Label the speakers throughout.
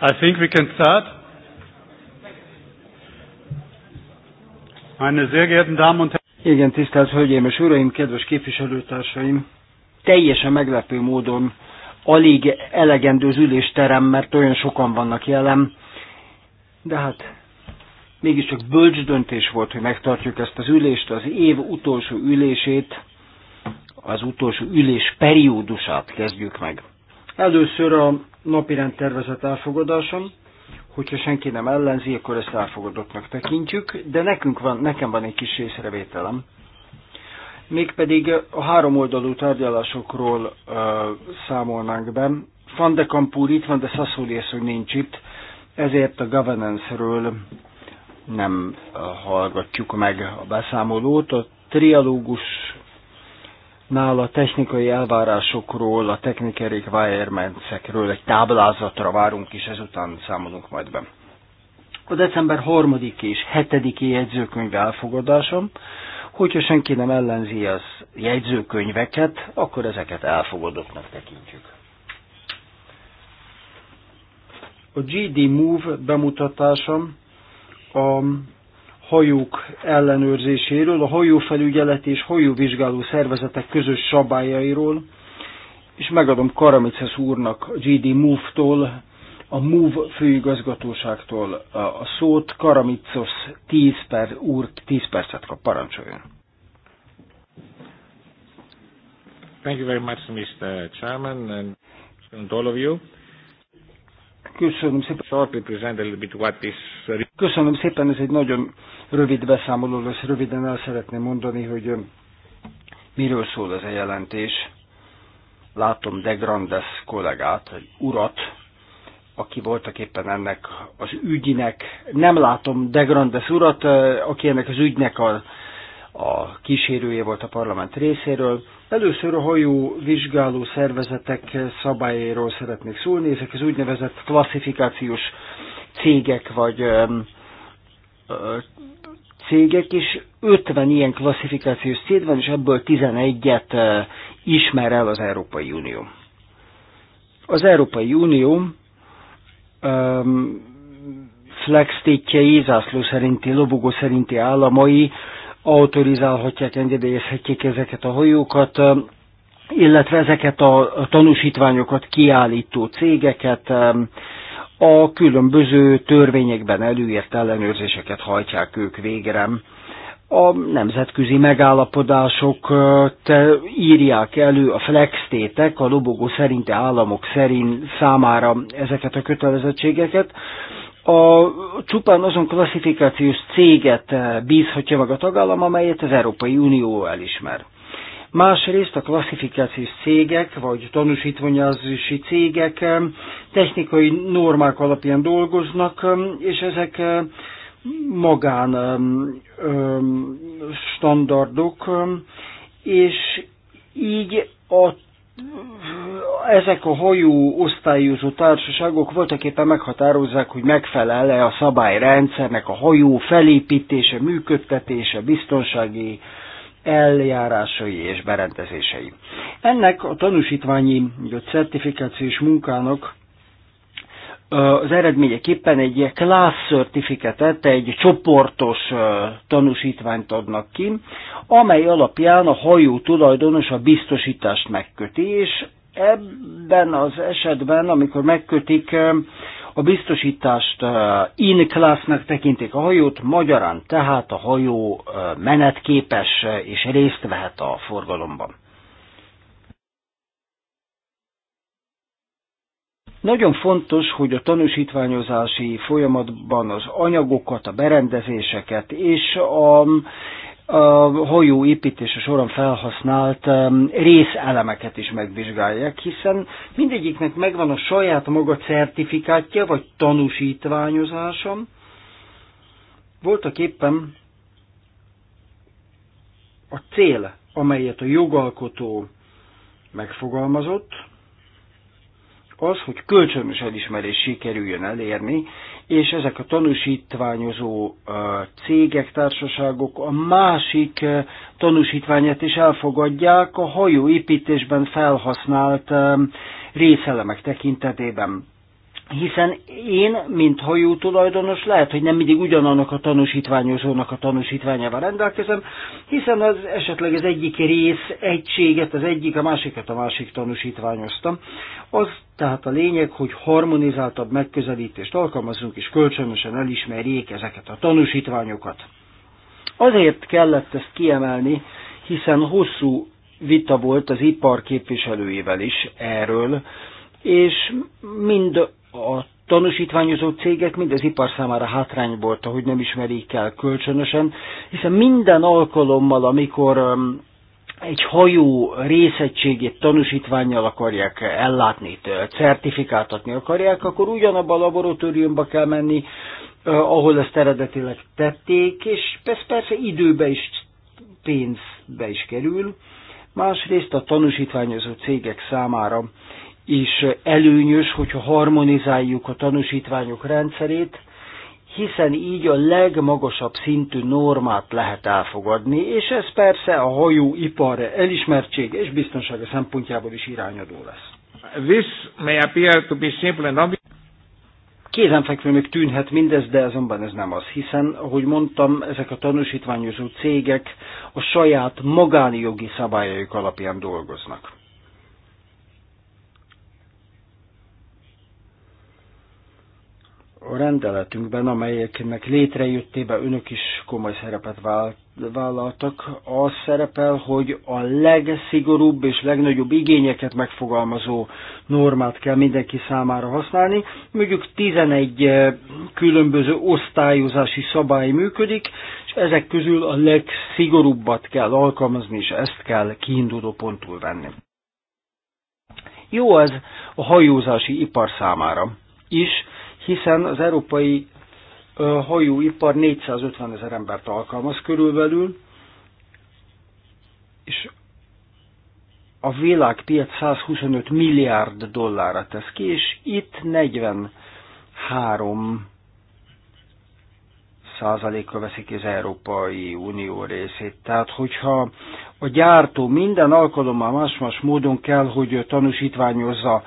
Speaker 1: I think we can start.
Speaker 2: Meine sehr geehrten Damen und Herren. Igen, tisztelt Hölgyeim és Uraim, kedves képviselőtársaim! Teljesen meglepő módon alig elegendő az ülésterem, mert olyan sokan vannak jelen, de hát mégiscsak bölcs döntés volt, hogy megtartjuk ezt az ülést, az év utolsó ülését, az utolsó ülés periódusát kezdjük meg. Először a napirend tervezet elfogadásom, hogyha senki nem ellenzi, akkor ezt elfogadottnak tekintjük, de nekünk van, nekem van egy kis észrevételem. Mégpedig a három oldalú tárgyalásokról ö, számolnánk be. Van de Kampúr itt van, de Szaszóli hogy nincs itt, ezért a governance-ről nem hallgatjuk meg a beszámolót. A trialógus nála technikai elvárásokról, a technikai requirementsekről egy táblázatra várunk, és ezután számolunk majd be. A december 3 és 7 jegyzőkönyv elfogadásom, hogyha senki nem ellenzi az jegyzőkönyveket, akkor ezeket elfogadottnak tekintjük. A GD Move bemutatásom. a hajók ellenőrzéséről, a hajófelügyelet és hajóvizsgáló szervezetek közös szabályairól, és megadom Karamicesz úrnak a GD Move-tól, a MOVE főigazgatóságtól a szót. Karamicos 10 per úr 10 percet kap, parancsoljon.
Speaker 3: Thank you very much, Mr. Chairman, and all of you.
Speaker 2: Köszönöm szépen. Shortly present a little bit what is... Köszönöm szépen, ez egy nagyon rövid beszámoló lesz. Röviden el szeretném mondani, hogy miről szól ez a jelentés. Látom De Grandes kollégát, egy urat, aki voltak éppen ennek az ügynek, nem látom De Grandes urat, aki ennek az ügynek a, a kísérője volt a parlament részéről, Először a hajó vizsgáló szervezetek szabályairól szeretnék szólni, ezek az úgynevezett klasszifikációs cégek vagy cégek, és 50 ilyen klasszifikációs cég van, és ebből 11-et ismer el az Európai Unió. Az Európai Unió flex tétjei, zászló szerinti, lobogó szerinti államai autorizálhatják, engedélyezhetjék ezeket a hajókat, illetve ezeket a tanúsítványokat kiállító cégeket a különböző törvényekben előírt ellenőrzéseket hajtják ők végre. A nemzetközi megállapodások te írják elő a flextétek, a lobogó szerinte államok szerint számára ezeket a kötelezettségeket, a csupán azon klasszifikációs céget eh, bízhatja meg a tagállam, amelyet az Európai Unió elismer. Másrészt a klasszifikációs cégek, vagy tanúsítványozási cégek eh, technikai normák alapján dolgoznak, eh, és ezek magán standardok, és így a ezek a hajó osztályozó társaságok voltak éppen meghatározzák, hogy megfelel-e a szabályrendszernek a hajó felépítése, működtetése, biztonsági eljárásai és berendezései. Ennek a tanúsítványi, vagy a certifikációs munkának az eredményeképpen egy class certificate-et, egy csoportos tanúsítványt adnak ki, amely alapján a hajó tulajdonos a biztosítást megköti, és ebben az esetben, amikor megkötik a biztosítást in classnak tekintik a hajót, magyarán tehát a hajó menetképes és részt vehet a forgalomban. Nagyon fontos, hogy a tanúsítványozási folyamatban az anyagokat, a berendezéseket és a, a hajó építése során felhasznált részelemeket is megvizsgálják, hiszen mindegyiknek megvan a saját maga certifikátja vagy tanúsítványozása. Voltak éppen a cél, amelyet a jogalkotó megfogalmazott, az, hogy kölcsönös elismerés sikerüljön elérni, és ezek a tanúsítványozó cégek, társaságok a másik tanúsítványát is elfogadják a hajóépítésben felhasznált részelemek tekintetében hiszen én, mint hajó tulajdonos, lehet, hogy nem mindig ugyanannak a tanúsítványozónak a tanúsítványával rendelkezem, hiszen az esetleg az egyik rész egységet, az egyik, a másikat a másik tanúsítványoztam. Az tehát a lényeg, hogy harmonizáltabb megközelítést alkalmazunk, és kölcsönösen elismerjék ezeket a tanúsítványokat. Azért kellett ezt kiemelni, hiszen hosszú vita volt az ipar képviselőjével is erről, és mind a tanúsítványozó cégek mind az ipar számára hátrány volt, ahogy nem ismerik el kölcsönösen, hiszen minden alkalommal, amikor um, egy hajó részegységét tanúsítványjal akarják ellátni, certifikáltatni akarják, akkor ugyanabba a laboratóriumba kell menni, ahol ezt eredetileg tették, és persze, persze időbe is, pénzbe is kerül. Másrészt a tanúsítványozó cégek számára és előnyös, hogyha harmonizáljuk a tanúsítványok rendszerét, hiszen így a legmagasabb szintű normát lehet elfogadni, és ez persze a ipar elismertség és biztonsága szempontjából is irányadó lesz. This may appear to be simple and obvious. Kézenfekvőnek tűnhet mindez, de azonban ez nem az, hiszen, ahogy mondtam, ezek a tanúsítványozó cégek a saját magánjogi szabályaik alapján dolgoznak. a rendeletünkben, amelyeknek létrejöttében önök is komoly szerepet vállaltak, az szerepel, hogy a legszigorúbb és legnagyobb igényeket megfogalmazó normát kell mindenki számára használni. Mondjuk 11 eh, különböző osztályozási szabály működik, és ezek közül a legszigorúbbat kell alkalmazni, és ezt kell kiinduló pontul venni. Jó ez a hajózási ipar számára is, hiszen az európai hajóipar 450 ezer embert alkalmaz körülbelül, és a világpiac 125 milliárd dollárra tesz ki, és itt 43 százaléka veszik ki az Európai Unió részét. Tehát, hogyha a gyártó minden alkalommal más-más módon kell, hogy tanúsítványozza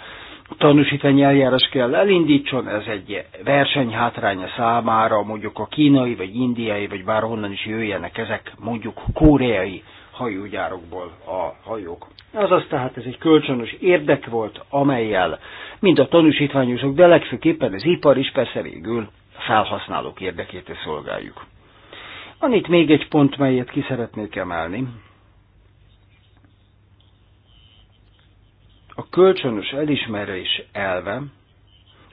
Speaker 2: tanúsítvány eljárás kell elindítson, ez egy versenyhátránya számára, mondjuk a kínai, vagy indiai, vagy bárhonnan is jöjjenek ezek, mondjuk koreai hajógyárokból a hajók. Azaz tehát ez egy kölcsönös érdek volt, amelyel mind a tanúsítványosok, de legfőképpen az ipar is persze végül felhasználók érdekét szolgáljuk. Van itt még egy pont, melyet ki szeretnék emelni. a kölcsönös elismerés elve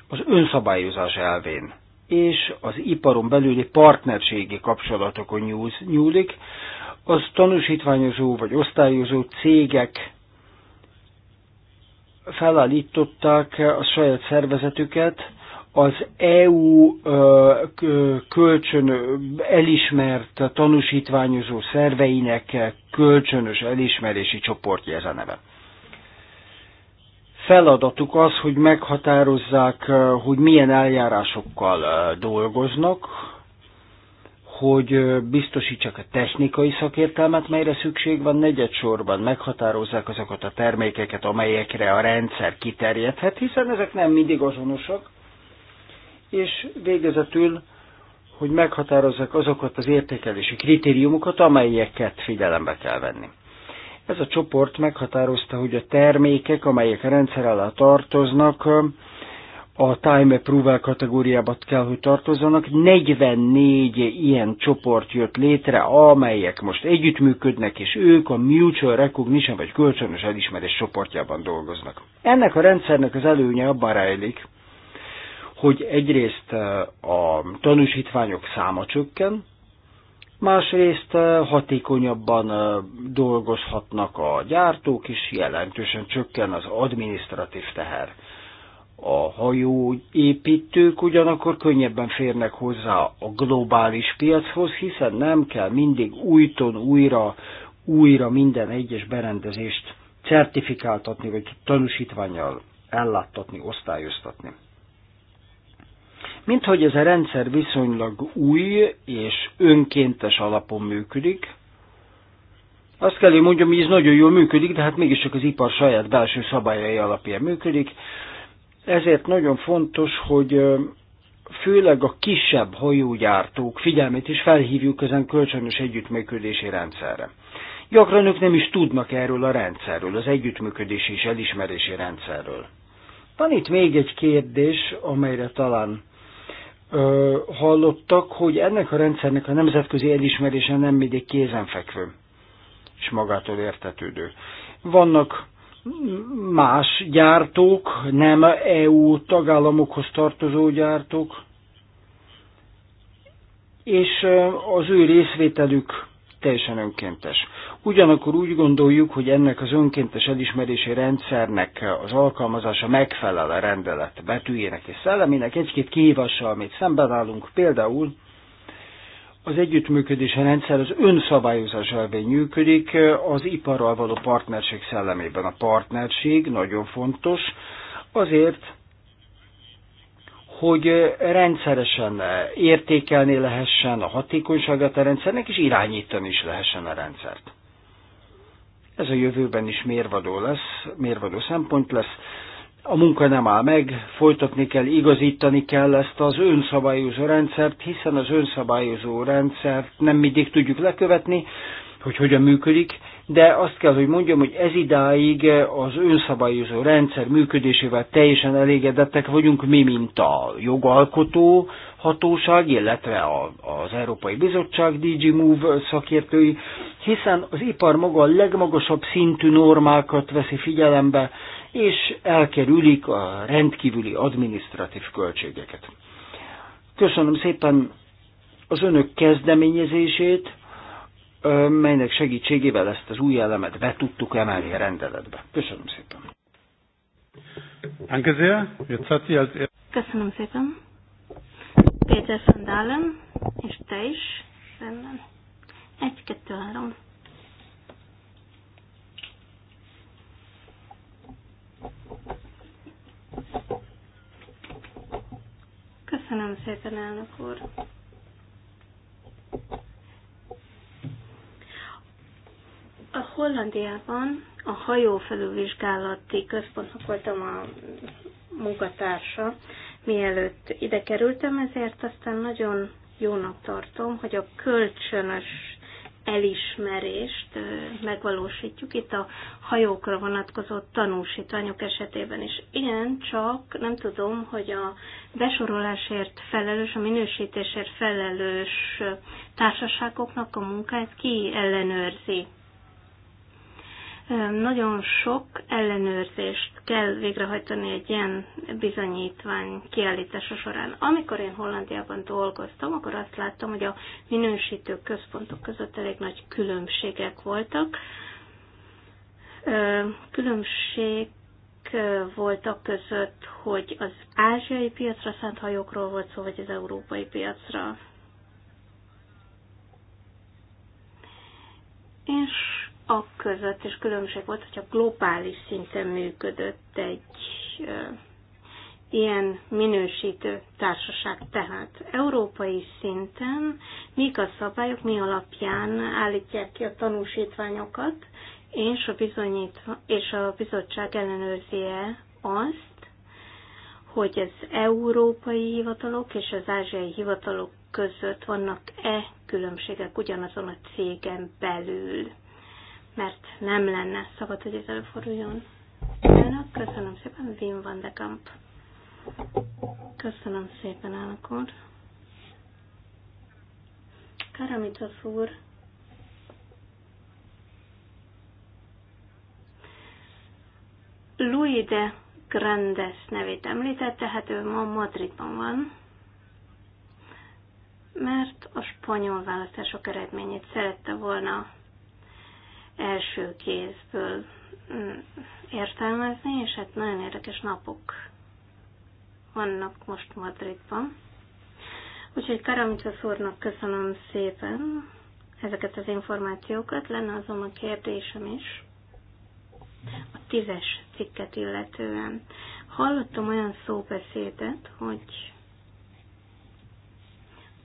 Speaker 2: az önszabályozás elvén és az iparon belüli partnerségi kapcsolatokon nyúlik, az tanúsítványozó vagy osztályozó cégek felállították a saját szervezetüket, az EU kölcsön elismert tanúsítványozó szerveinek kölcsönös elismerési csoportja ez a neve feladatuk az, hogy meghatározzák, eh, hogy milyen eljárásokkal eh, dolgoznak, hogy eh, biztosítsák a technikai szakértelmet, melyre szükség van, negyedsorban meghatározzák azokat a termékeket, amelyekre a rendszer kiterjedhet, hiszen ezek nem mindig azonosak, és végezetül, hogy meghatározzák azokat az értékelési kritériumokat, amelyeket figyelembe kell venni. Ez a csoport meghatározta, hogy a termékek, amelyek a rendszer alá tartoznak, a Time Approval kategóriába kell, hogy tartozzanak. 44 ilyen csoport jött létre, amelyek most együttműködnek, és ők a Mutual Recognition vagy kölcsönös elismerés csoportjában dolgoznak. Ennek a rendszernek az előnye abban rejlik, hogy egyrészt eh, a tanúsítványok száma csökken, másrészt hatékonyabban dolgozhatnak a gyártók, és jelentősen csökken az administratív teher. A hajóépítők ugyanakkor könnyebben férnek hozzá a globális piachoz, hiszen nem kell mindig újton újra, újra minden egyes berendezést certifikáltatni, vagy tanúsítványjal elláttatni, osztályoztatni. Mint hogy ez a rendszer viszonylag új és önkéntes alapon működik, azt kell, hogy mondjam, hogy ez nagyon jól működik, de hát mégiscsak az ipar saját belső szabályai alapján működik. Ezért nagyon fontos, hogy főleg a kisebb hajógyártók figyelmét is felhívjuk ezen kölcsönös együttműködési rendszerre. Gyakran ők nem is tudnak erről a rendszerről, az együttműködési és elismerési rendszerről. Van itt még egy kérdés, amelyre talán hallottak, hogy ennek a rendszernek a nemzetközi elismerése nem mindig kézenfekvő és magától értetődő. Vannak más gyártók, nem EU tagállamokhoz tartozó gyártók, és az ő részvételük teljesen önkéntes. Ugyanakkor úgy gondoljuk, hogy ennek az önkéntes elismerési rendszernek az alkalmazása megfelel a rendelet betűjének és szellemének. Egy-két kihívással, amit szemben állunk, például az együttműködés rendszer az önszabályozás elvén működik, az iparral való partnerség szellemében. A partnerség nagyon fontos, azért, hogy rendszeresen értékelni lehessen a hatékonyságát a rendszernek, és irányítani is lehessen a rendszert. Ez a jövőben is mérvadó lesz, mérvadó szempont lesz. A munka nem áll meg, folytatni kell, igazítani kell ezt az önszabályozó rendszert, hiszen az önszabályozó rendszert nem mindig tudjuk lekövetni, hogy hogyan működik, de azt kell, hogy mondjam, hogy ez idáig az önszabályozó rendszer működésével teljesen elégedettek vagyunk mi, mint a jogalkotó hatóság, illetve a, az Európai Bizottság DG Move szakértői, hiszen az ipar maga a legmagasabb szintű normákat veszi figyelembe, és elkerülik a rendkívüli adminisztratív költségeket. Köszönöm szépen az önök kezdeményezését, melynek segítségével ezt az új elemet be tudtuk emelni a rendeletbe. Köszönöm szépen. Er-
Speaker 4: Köszönöm szépen. Péter Szandálem, és te is. Rendben. Egy, kettő, három. Köszönöm szépen, elnök úr. A Hollandiában a hajófelülvizsgálati központnak voltam a munkatársa, mielőtt ide kerültem, ezért aztán nagyon jónak tartom, hogy a kölcsönös elismerést megvalósítjuk itt a hajókra vonatkozó tanúsítványok esetében is. Igen, csak nem tudom, hogy a besorolásért felelős, a minősítésért felelős társaságoknak a munkáját ki ellenőrzi. Nagyon sok ellenőrzést kell végrehajtani egy ilyen bizonyítvány kiállítása során. Amikor én Hollandiában dolgoztam, akkor azt láttam, hogy a minősítő központok között elég nagy különbségek voltak. Különbség voltak között, hogy az ázsiai piacra szánt hajókról volt szó, vagy az európai piacra. És a között és különbség volt, hogyha globális szinten működött egy ilyen minősítő társaság. Tehát európai szinten mik a szabályok, mi alapján állítják ki a tanúsítványokat, és a, bizonyítva, és a bizottság ellenőrzi-e azt, hogy az európai hivatalok és az ázsiai hivatalok között vannak-e különbségek ugyanazon a cégen belül mert nem lenne szabad, hogy ez előforduljon. Önök, köszönöm szépen, Wim van de Kamp. Köszönöm szépen, elnök úr. Karamicos úr, Louis de Grandes nevét említette, hát ő ma Madridban van, mert a spanyol választások eredményét szerette volna első kézből mm, értelmezni, és hát nagyon érdekes napok vannak most Madridban. Úgyhogy Karamica szórnak köszönöm szépen ezeket az információkat. Lenne azon a kérdésem is a tízes cikket illetően. Hallottam olyan szóbeszédet, hogy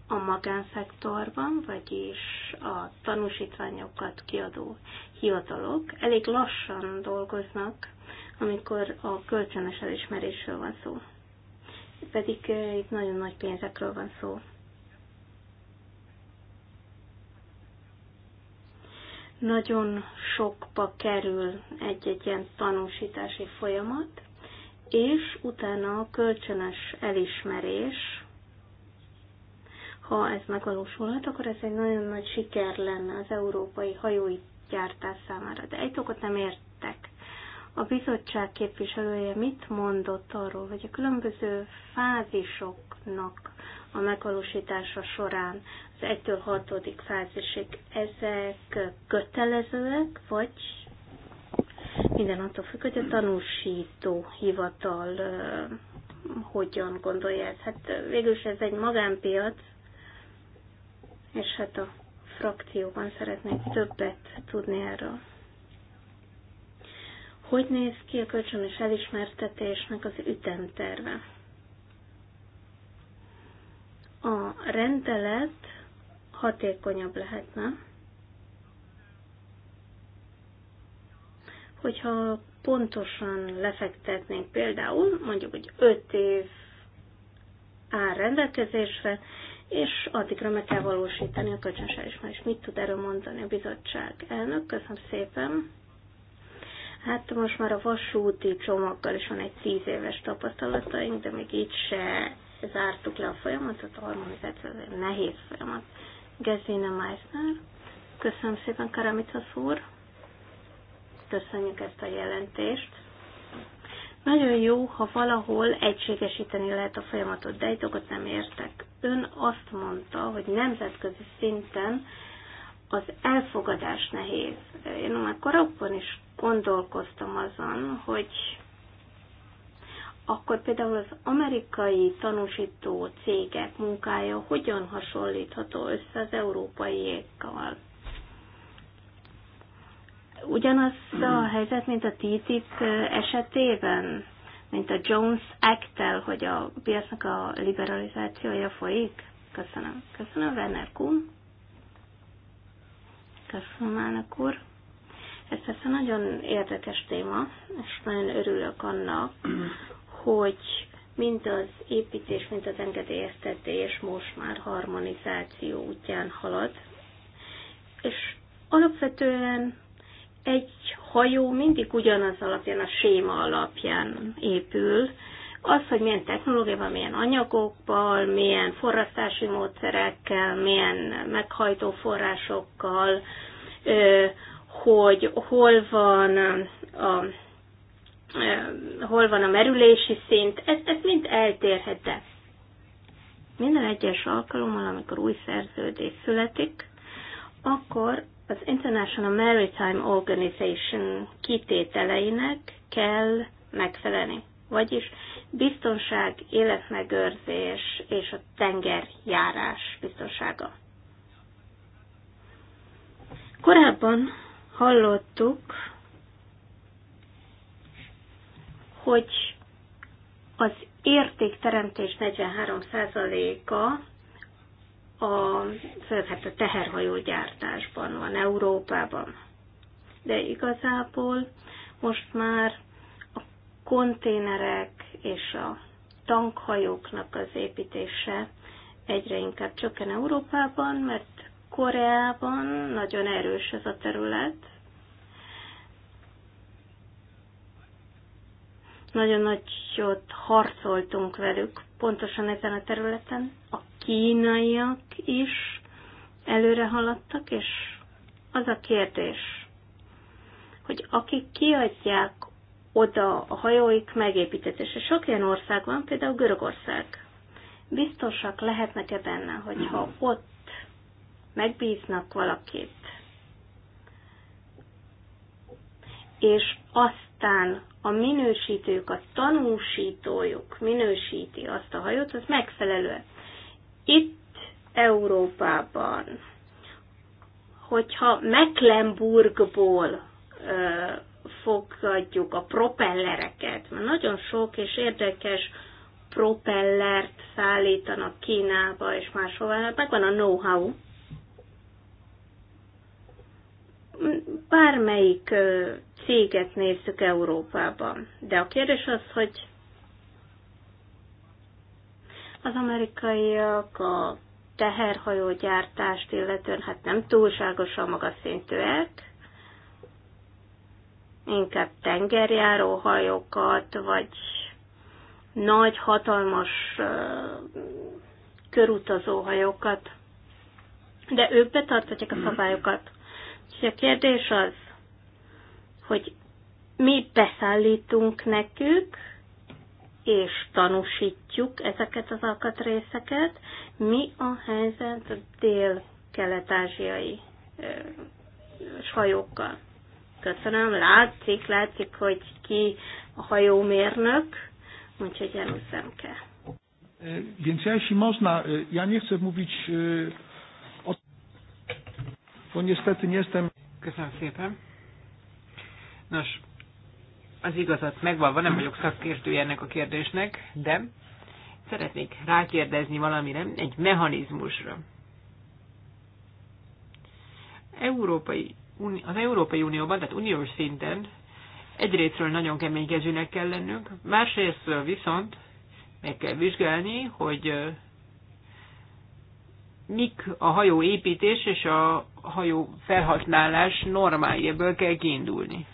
Speaker 4: a magánszektorban, vagyis a tanúsítványokat kiadó hivatalok elég lassan dolgoznak, amikor a kölcsönös elismerésről van szó. Pedig itt nagyon nagy pénzekről van szó. Nagyon sokba kerül egy-egy ilyen tanúsítási folyamat, és utána a kölcsönös elismerés ha ez megvalósulhat, akkor ez egy nagyon nagy siker lenne az európai hajói gyártás számára. De egy dolgot nem értek. A bizottság képviselője mit mondott arról, hogy a különböző fázisoknak a megvalósítása során az 1-től 6. fázisig ezek kötelezőek, vagy minden attól függ, hogy a tanúsító hivatal hogyan gondolja ezt. Hát végülis ez egy magánpiac, és hát a frakcióban szeretnék többet tudni erről. Hogy néz ki a kölcsönös elismertetésnek az ütemterve? A rendelet hatékonyabb lehetne, hogyha pontosan lefektetnénk például, mondjuk, hogy 5 év áll rendelkezésre, és addigra meg kell valósítani a kölcsönséges és mit tud erről mondani a bizottság elnök. Köszönöm szépen. Hát most már a vasúti csomaggal is van egy tíz éves tapasztalataink, de még így se zártuk le a folyamatot, a harmonizáció egy nehéz folyamat. Gezina Meissner, köszönöm szépen Karamitasz úr, köszönjük ezt a jelentést. Nagyon jó, ha valahol egységesíteni lehet a folyamatot, de egy dolgot nem értek ön azt mondta, hogy nemzetközi szinten az elfogadás nehéz. Én már korábban is gondolkoztam azon, hogy akkor például az amerikai tanúsító cégek munkája hogyan hasonlítható össze az európaiékkal. Ugyanaz a helyzet, mint a TTIP esetében, mint a Jones Act-tel, hogy a piacnak a liberalizációja folyik? Köszönöm. Köszönöm, Werner Kuhn. Köszönöm, Ának úr. Ez persze nagyon érdekes téma, és nagyon örülök annak, hogy mind az építés, mind az engedélyeztetés most már harmonizáció útján halad, és alapvetően egy hajó mindig ugyanaz alapján, a séma alapján épül. Az, hogy milyen technológiával, milyen anyagokkal, milyen forrasztási módszerekkel, milyen meghajtó forrásokkal, hogy hol van a hol van a merülési szint, ez, ez mind eltérhet, de minden egyes alkalommal, amikor új szerződés születik, akkor az International Maritime Organization kitételeinek kell megfelelni. Vagyis biztonság, életmegőrzés és a tengerjárás biztonsága. Korábban hallottuk, hogy az értékteremtés 43%-a a, főleg szóval, hát a teherhajógyártásban van, Európában. De igazából most már a konténerek és a tankhajóknak az építése egyre inkább csökken Európában, mert Koreában nagyon erős ez a terület. Nagyon nagyot harcoltunk velük pontosan ezen a területen. A kínaiak is előre haladtak, és az a kérdés, hogy akik kiadják oda a hajóik megépítetése. Sok ilyen ország van, például Görögország. Biztosak lehetnek-e benne, hogyha ott megbíznak valakit, és aztán a minősítők, a tanúsítójuk minősíti azt a hajót, az megfelelő itt Európában, hogyha Mecklenburgból ö, fogadjuk a propellereket, mert nagyon sok és érdekes propellert szállítanak Kínába és máshova, hát megvan a know-how. Bármelyik céget nézzük Európában. De a kérdés az, hogy az amerikaiak a teherhajógyártást illetően hát nem túlságosan magas szintűek, inkább tengerjáró hajókat, vagy nagy, hatalmas körutazó hajókat, de ők betartatják a szabályokat. És a kérdés az, hogy mi beszállítunk nekük, és tanúsítjuk ezeket az alkatrészeket. Mi a helyzet a dél-kelet-ázsiai hajókkal? Köszönöm, látszik, látszik, hogy ki a hajómérnök, úgyhogy Jeruzsálemke.
Speaker 1: Więc ja jeśli można, e, ja nie chcę mówić e, o... Bo niestety nie jestem... Köszönöm szépen.
Speaker 5: Nos, az igazat megvalva, nem vagyok szakértője ennek a kérdésnek, de szeretnék rákérdezni valamire, egy mechanizmusra. Európai, az Európai Unióban, tehát uniós szinten egyrésztről nagyon keménykezőnek kell lennünk, másrésztről viszont meg kell vizsgálni, hogy mik a hajó építés és a hajó felhasználás normái, ebből kell kiindulni.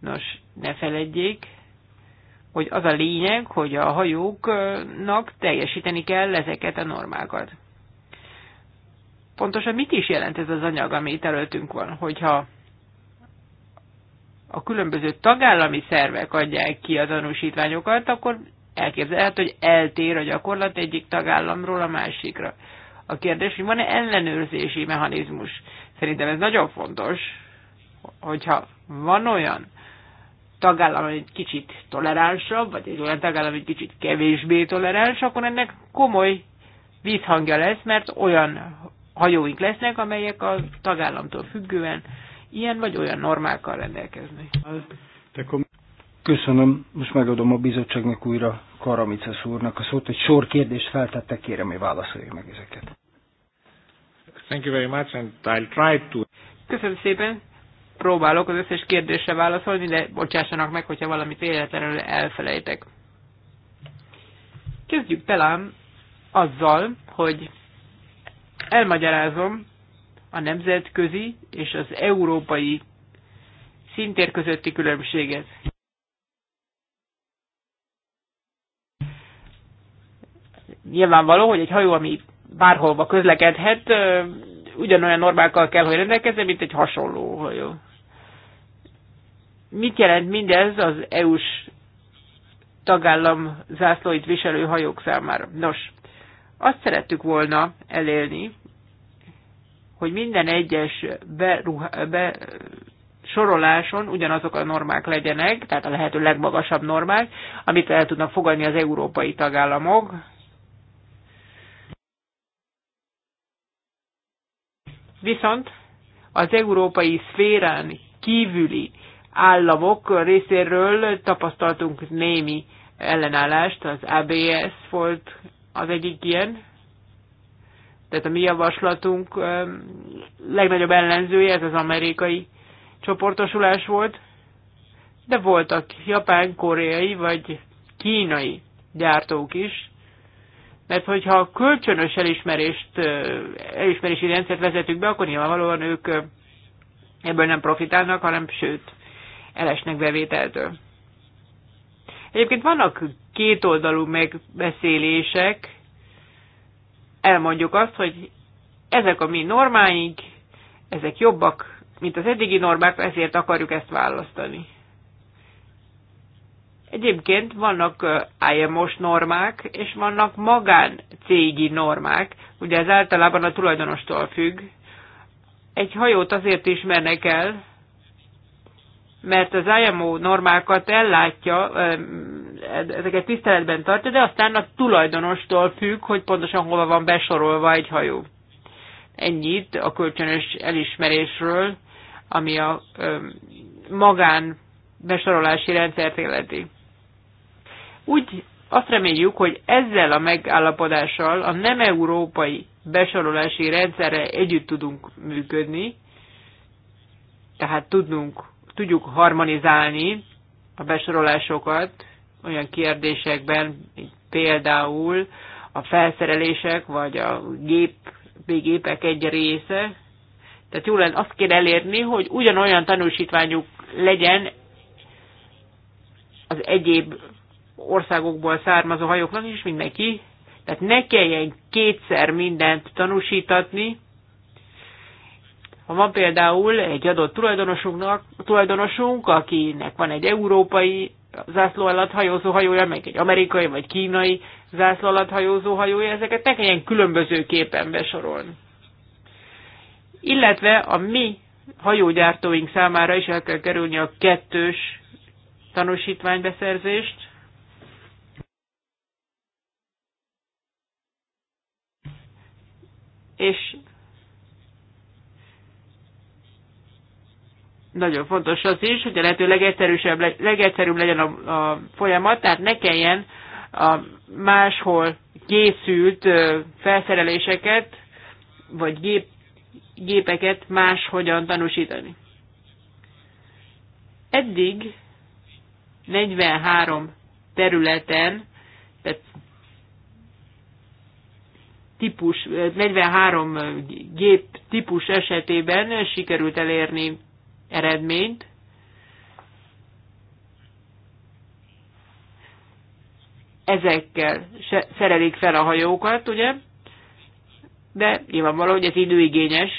Speaker 5: Nos, ne feledjék, hogy az a lényeg, hogy a hajóknak teljesíteni kell ezeket a normákat. Pontosan mit is jelent ez az anyag, ami itt előttünk van? Hogyha a különböző tagállami szervek adják ki a tanúsítványokat, akkor elképzelhet, hogy eltér a gyakorlat egyik tagállamról a másikra. A kérdés, hogy van-e ellenőrzési mechanizmus? Szerintem ez nagyon fontos, hogyha van olyan tagállam egy kicsit toleránsabb, vagy egy olyan tagállam egy kicsit kevésbé toleráns, akkor ennek komoly vízhangja lesz, mert olyan hajóink lesznek, amelyek a tagállamtól függően ilyen vagy olyan normákkal rendelkeznek.
Speaker 2: Köszönöm, most megadom a bizottságnak újra Karamicesz úrnak a szót, egy sor kérdést feltettek, kérem, hogy válaszolja meg ezeket.
Speaker 5: Thank you very much,
Speaker 2: and I'll try to...
Speaker 5: Köszönöm szépen, próbálok az összes kérdésre válaszolni, de bocsássanak meg, hogyha valamit véletlenül elfelejtek. Kezdjük talán azzal, hogy elmagyarázom a nemzetközi és az európai szintér közötti különbséget. Nyilvánvaló, hogy egy hajó, ami bárholba közlekedhet, ugyanolyan normákkal kell, hogy rendelkezzen, mint egy hasonló hajó mit jelent mindez az EU-s tagállam zászlóit viselő hajók számára? Nos, azt szerettük volna elérni, hogy minden egyes beruha, be, soroláson ugyanazok a normák legyenek, tehát a lehető legmagasabb normák, amit el tudnak fogadni az európai tagállamok. Viszont az európai szférán kívüli államok részéről tapasztaltunk némi ellenállást, az ABS volt az egyik ilyen, tehát a mi javaslatunk legnagyobb ellenzője, ez az amerikai csoportosulás volt, de voltak japán, koreai vagy kínai gyártók is, mert hogyha a kölcsönös elismerést, elismerési rendszert vezetünk be, akkor nyilvánvalóan ők ebből nem profitálnak, hanem sőt, elesnek bevételtől. Egyébként vannak kétoldalú megbeszélések, elmondjuk azt, hogy ezek a mi normáink, ezek jobbak, mint az eddigi normák, ezért akarjuk ezt választani. Egyébként vannak IMO-s normák, és vannak magáncégi normák, ugye ez általában a tulajdonostól függ. Egy hajót azért ismernek el, mert az IMO normákat ellátja, ezeket tiszteletben tartja, de aztán a tulajdonostól függ, hogy pontosan hova van besorolva egy hajó. Ennyit a kölcsönös elismerésről, ami a magán besorolási rendszert illeti. Úgy azt reméljük, hogy ezzel a megállapodással a nem európai besorolási rendszerre együtt tudunk működni, tehát tudnunk tudjuk harmonizálni a besorolásokat olyan kérdésekben, például a felszerelések, vagy a gép, gépek egy része. Tehát jól lenne, azt kéne elérni, hogy ugyanolyan tanúsítványuk legyen az egyéb országokból származó hajóknak is mindenki. Tehát ne kelljen kétszer mindent tanúsítatni, ha van például egy adott tulajdonosunknak, tulajdonosunk, akinek van egy európai zászló alatt hajózó hajója, meg egy amerikai vagy kínai zászló alatt hajózó hajója, ezeket ne kelljen képen besorolni. Illetve a mi hajógyártóink számára is el kell kerülni a kettős tanúsítványbeszerzést. És nagyon fontos az is, hogy a lehető legegyszerűsebb, legegyszerűbb legyen a, a folyamat, tehát ne kelljen a máshol készült felszereléseket, vagy gép, gépeket máshogyan tanúsítani. Eddig 43 területen, tehát típus, 43 gép típus esetében sikerült elérni eredményt. Ezekkel szerelik fel a hajókat, ugye? De nyilvánvaló, hogy ez időigényes.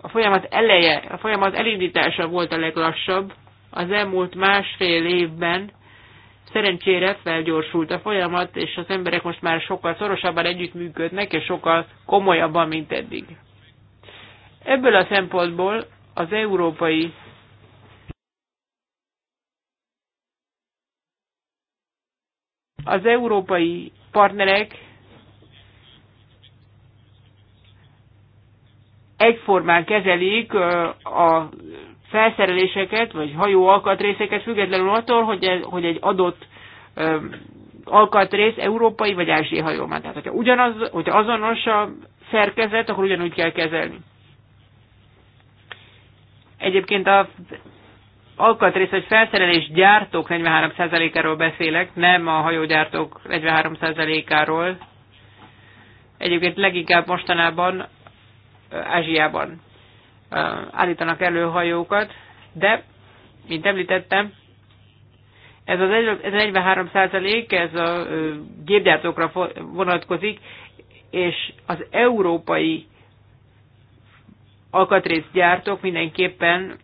Speaker 5: A folyamat eleje, a folyamat elindítása volt a leglassabb. Az elmúlt másfél évben Szerencsére felgyorsult a folyamat, és az emberek most már sokkal szorosabban együttműködnek, és sokkal komolyabban, mint eddig. Ebből a szempontból az európai az európai partnerek egyformán kezelik a felszereléseket, vagy hajó alkatrészeket, függetlenül attól, hogy, ez, hogy egy adott alkatrész európai vagy ázsiai hajó. Tehát, hogyha, ugyanaz, hogyha azonos a szerkezet, akkor ugyanúgy kell kezelni. Egyébként a alkatrész vagy felszerelés gyártók 43%-áról beszélek, nem a hajógyártók 43%-áról. Egyébként leginkább mostanában Ázsiában állítanak elő hajókat, de, mint említettem, ez az 43 százalék, ez a gépgyártókra vonatkozik, és az európai gyártók mindenképpen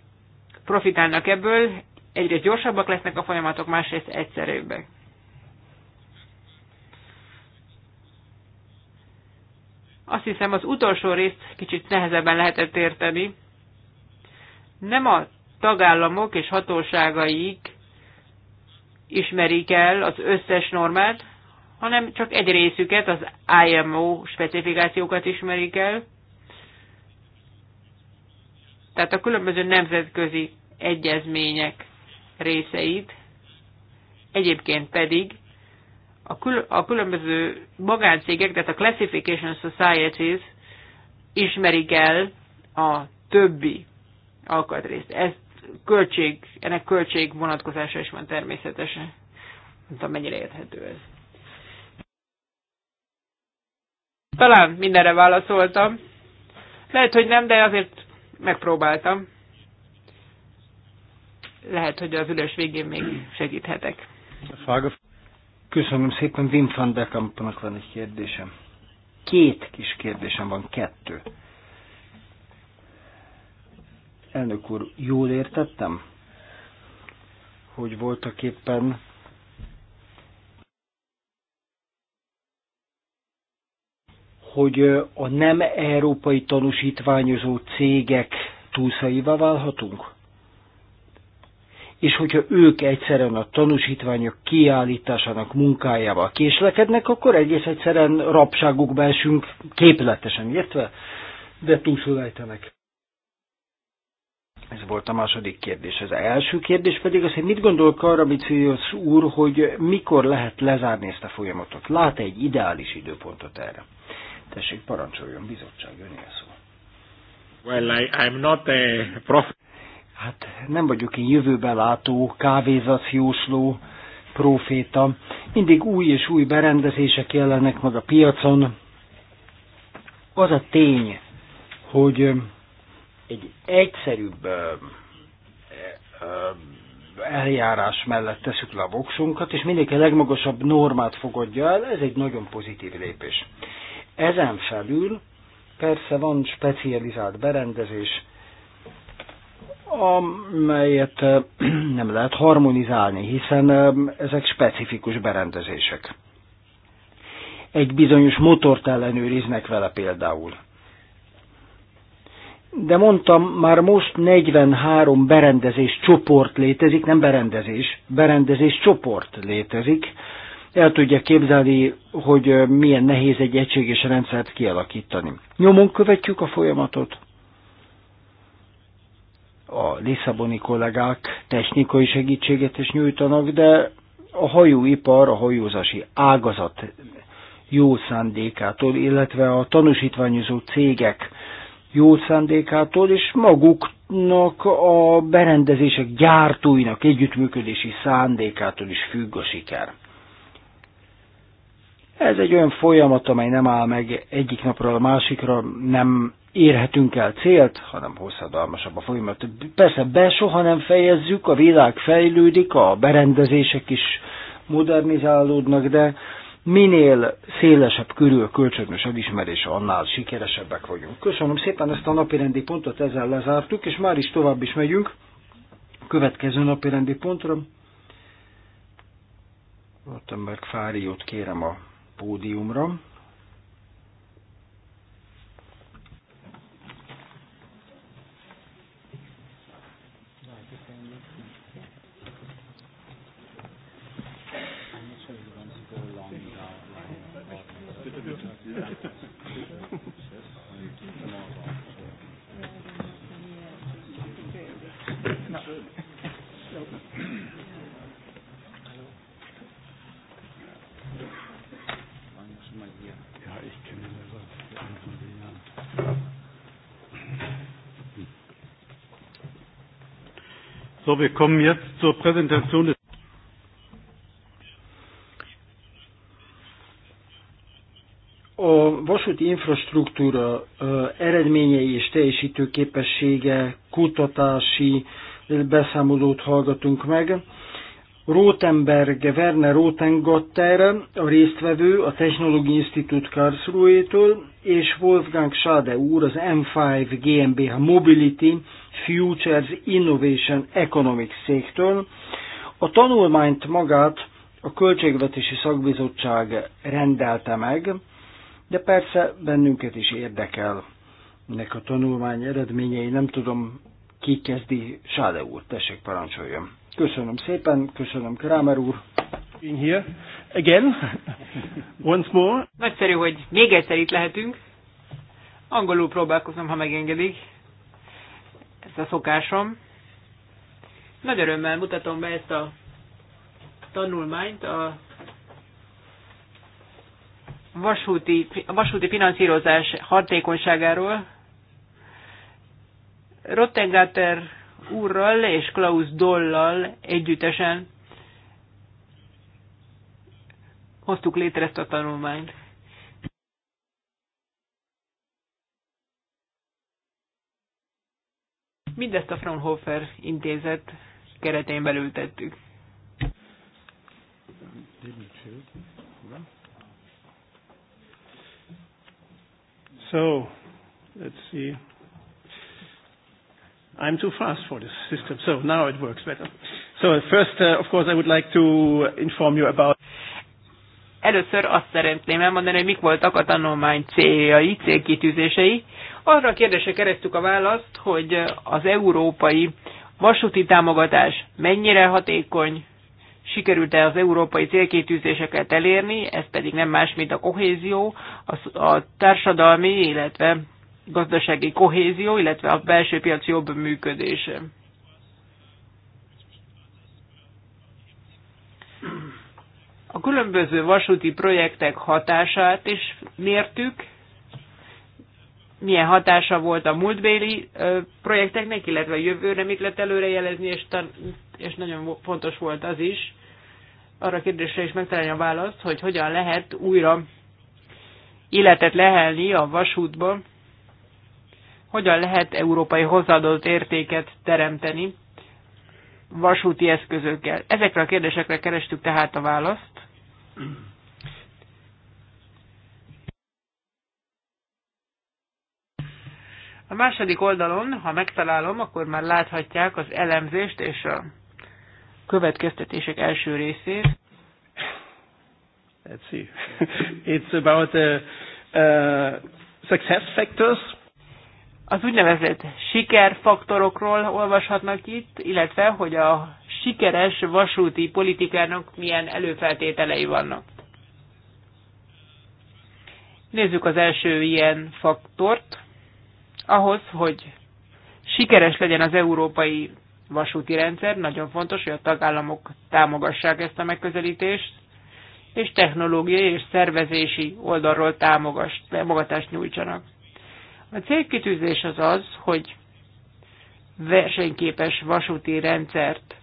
Speaker 5: profitálnak ebből, egyre gyorsabbak lesznek a folyamatok, másrészt egyszerűbbek. Azt hiszem az utolsó részt kicsit nehezebben lehetett érteni. Nem a tagállamok és hatóságaik ismerik el az összes normát, hanem csak egy részüket, az IMO specifikációkat ismerik el, tehát a különböző nemzetközi egyezmények részeit, egyébként pedig a, kül- a különböző magáncégek, tehát a Classification Societies ismerik el a többi alkatrészt. Ez költség, ennek költség vonatkozása is van természetesen. Nem tudom, mennyire érthető ez. Talán mindenre válaszoltam. Lehet, hogy nem, de azért megpróbáltam. Lehet, hogy az ülés végén még segíthetek.
Speaker 2: Köszönöm szépen, Wim van der Kampnak van egy kérdésem. Két kis kérdésem van, kettő. Elnök úr, jól értettem, hogy voltak éppen hogy a nem európai tanúsítványozó cégek túlszaivá válhatunk? És hogyha ők egyszerűen a tanúsítványok kiállításának munkájával késlekednek, akkor egész egyszerűen rabságukba esünk, képletesen értve, de túlszulejtenek. Ez volt a második kérdés. Az első kérdés pedig az, hogy mit gondol az úr, hogy mikor lehet lezárni ezt a folyamatot? lát -e egy ideális időpontot erre? Tessék, parancsoljon, bizottság, önél szó. Well, I, I'm not a prof. Hát nem vagyok én jövőbelátó, kávézatjósló, proféta. Mindig új és új berendezések jelennek meg a piacon. Az a tény, hogy egy egyszerűbb eljárás mellett teszük le a voksunkat, és mindenki a legmagasabb normát fogadja el, ez egy nagyon pozitív lépés. Ezen felül persze van specializált berendezés, amelyet nem lehet harmonizálni, hiszen ezek specifikus berendezések. Egy bizonyos motort ellenőriznek vele például. De mondtam, már most 43 berendezés csoport létezik, nem berendezés, berendezés csoport létezik, el tudja képzelni, hogy milyen nehéz egy egységes rendszert kialakítani. Nyomon követjük a folyamatot. A Lisszaboni kollégák technikai segítséget is nyújtanak, de a hajóipar, a hajózási ágazat jó szándékától, illetve a tanúsítványozó cégek jó szándékától, és maguknak a berendezések gyártóinak együttműködési szándékától is függ a siker. Ez egy olyan folyamat, amely nem áll meg egyik napról a másikra, nem érhetünk el célt, hanem hosszadalmasabb a folyamat. Persze be soha nem fejezzük, a világ fejlődik, a berendezések is modernizálódnak, de minél szélesebb körül a kölcsönös elismerés, annál sikeresebbek vagyunk. Köszönöm szépen ezt a napirendi pontot, ezzel lezártuk, és már is tovább is megyünk a következő napirendi pontra. Rottenberg Fáriót kérem a pódiumra.
Speaker 6: Thank you.
Speaker 1: So, wir kommen jetzt zur Präsentation des
Speaker 2: A vasúti infrastruktúra eredményei és teljesítő képessége kutatási beszámolót hallgatunk meg. Rotenberg, Werner Rotengatter, a résztvevő a Technológiai Institut Karlsruhe-től, és Wolfgang Schade úr, az M5 GmbH Mobility Futures Innovation Economics széktől. A tanulmányt magát a Költségvetési Szakbizottság rendelte meg, de persze bennünket is érdekel ennek a tanulmány eredményei. Nem tudom, ki kezdi. Sáde úr, tessék parancsoljon. Köszönöm szépen, köszönöm Krámer úr. In here again, once more.
Speaker 5: Nagyszerű, hogy még egyszer itt lehetünk. Angolul próbálkozom, ha megengedik ez a szokásom. Nagy örömmel mutatom be ezt a tanulmányt a vasúti, a vasúti finanszírozás hatékonyságáról. Rottengáter úrral és Klaus Dollal együttesen hoztuk létre ezt a tanulmányt. Mindezt a Fraunhofer intézet keretén belül tettük.
Speaker 1: So, let's see. I'm too fast for this system, so now it works better. So first, uh, of course,
Speaker 5: I would like to inform you about Először azt szeretném elmondani, hogy mik voltak a tanulmány céljai, célkitűzései. Arra a kérdésre keresztük a választ, hogy az európai vasúti támogatás mennyire hatékony, sikerült-e az európai célkétűzéseket elérni, ez pedig nem más, mint a kohézió, a társadalmi, illetve gazdasági kohézió, illetve a belső piac jobb működése. A különböző vasúti projektek hatását is mértük, milyen hatása volt a múltbéli projekteknek, illetve a jövőre mit lehet előrejelezni, és, és nagyon fontos volt az is, arra a kérdésre is megtalálni a választ, hogy hogyan lehet újra életet lehelni a vasútba, hogyan lehet európai hozzáadott értéket teremteni vasúti eszközökkel. Ezekre a kérdésekre kerestük tehát a választ. A második oldalon, ha megtalálom, akkor már láthatják az elemzést és a következtetések első részét. Let's see. It's about the uh, uh, success factors. Az úgynevezett sikerfaktorokról olvashatnak itt, illetve hogy a sikeres vasúti politikának milyen előfeltételei vannak. Nézzük az első ilyen faktort. Ahhoz, hogy sikeres legyen az európai vasúti rendszer, nagyon fontos, hogy a tagállamok támogassák ezt a megközelítést, és technológiai és szervezési oldalról támogatást nyújtsanak. A célkitűzés az az, hogy versenyképes vasúti rendszert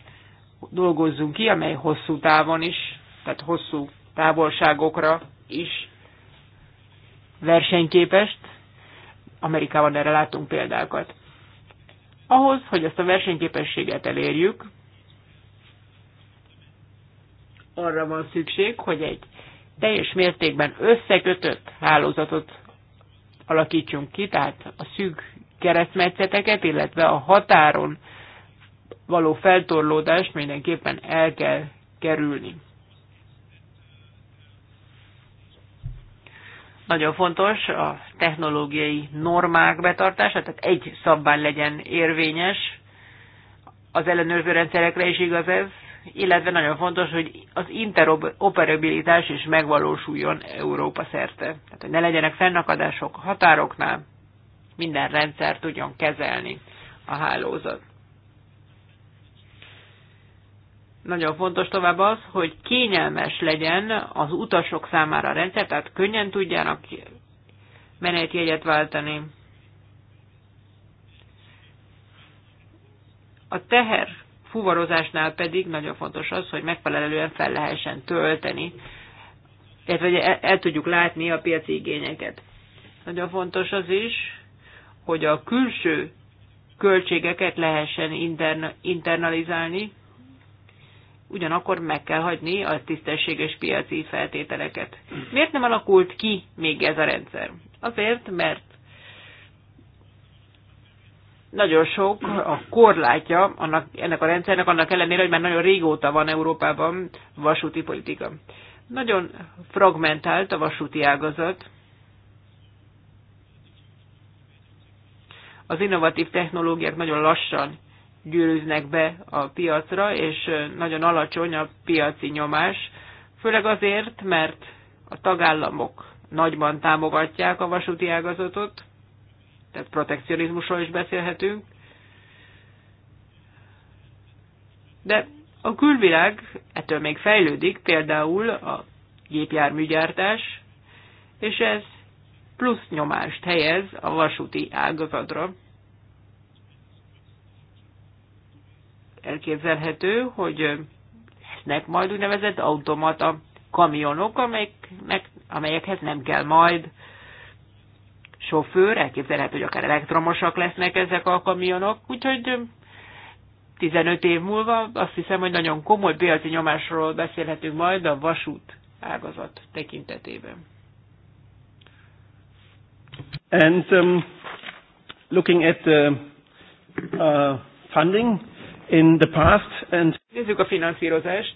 Speaker 5: dolgozzunk ki, amely hosszú távon is, tehát hosszú távolságokra is versenyképest, Amerikában erre látunk példákat. Ahhoz, hogy ezt a versenyképességet elérjük, arra van szükség, hogy egy teljes mértékben összekötött hálózatot alakítsunk ki, tehát a szűk keresztmetszeteket, illetve a határon való feltorlódást mindenképpen el kell kerülni. Nagyon fontos a technológiai normák betartása, tehát egy szabvány legyen érvényes, az ellenőrző rendszerekre is igaz ez, illetve nagyon fontos, hogy az interoperabilitás is megvalósuljon Európa szerte. Tehát, hogy ne legyenek fennakadások határoknál, minden rendszer tudjon kezelni a hálózat. Nagyon fontos tovább az, hogy kényelmes legyen az utasok számára a rendszer, tehát könnyen tudjanak menetjegyet váltani. A teher fuvarozásnál pedig nagyon fontos az, hogy megfelelően fel lehessen tölteni, illetve el, el tudjuk látni a piaci igényeket. Nagyon fontos az is, hogy a külső költségeket lehessen interna, internalizálni, ugyanakkor meg kell hagyni a tisztességes piaci feltételeket. Miért nem alakult ki még ez a rendszer? Azért, mert nagyon sok a korlátja annak, ennek a rendszernek, annak ellenére, hogy már nagyon régóta van Európában vasúti politika. Nagyon fragmentált a vasúti ágazat. Az innovatív technológiák nagyon lassan gyűrűznek be a piacra, és nagyon alacsony a piaci nyomás, főleg azért, mert a tagállamok nagyban támogatják a vasúti ágazatot, tehát protekcionizmusról is beszélhetünk, de a külvilág ettől még fejlődik, például a gépjárműgyártás, és ez plusz nyomást helyez a vasúti ágazatra. elképzelhető, hogy lesznek majd úgynevezett automata kamionok, amelyek, amelyekhez nem kell majd sofőr, elképzelhető, hogy akár elektromosak lesznek ezek a kamionok, úgyhogy 15 év múlva azt hiszem, hogy nagyon komoly piaci nyomásról beszélhetünk majd a vasút ágazat tekintetében.
Speaker 3: And um, looking at the uh,
Speaker 1: uh, funding, in the past and
Speaker 5: Nézzük a finanszírozást.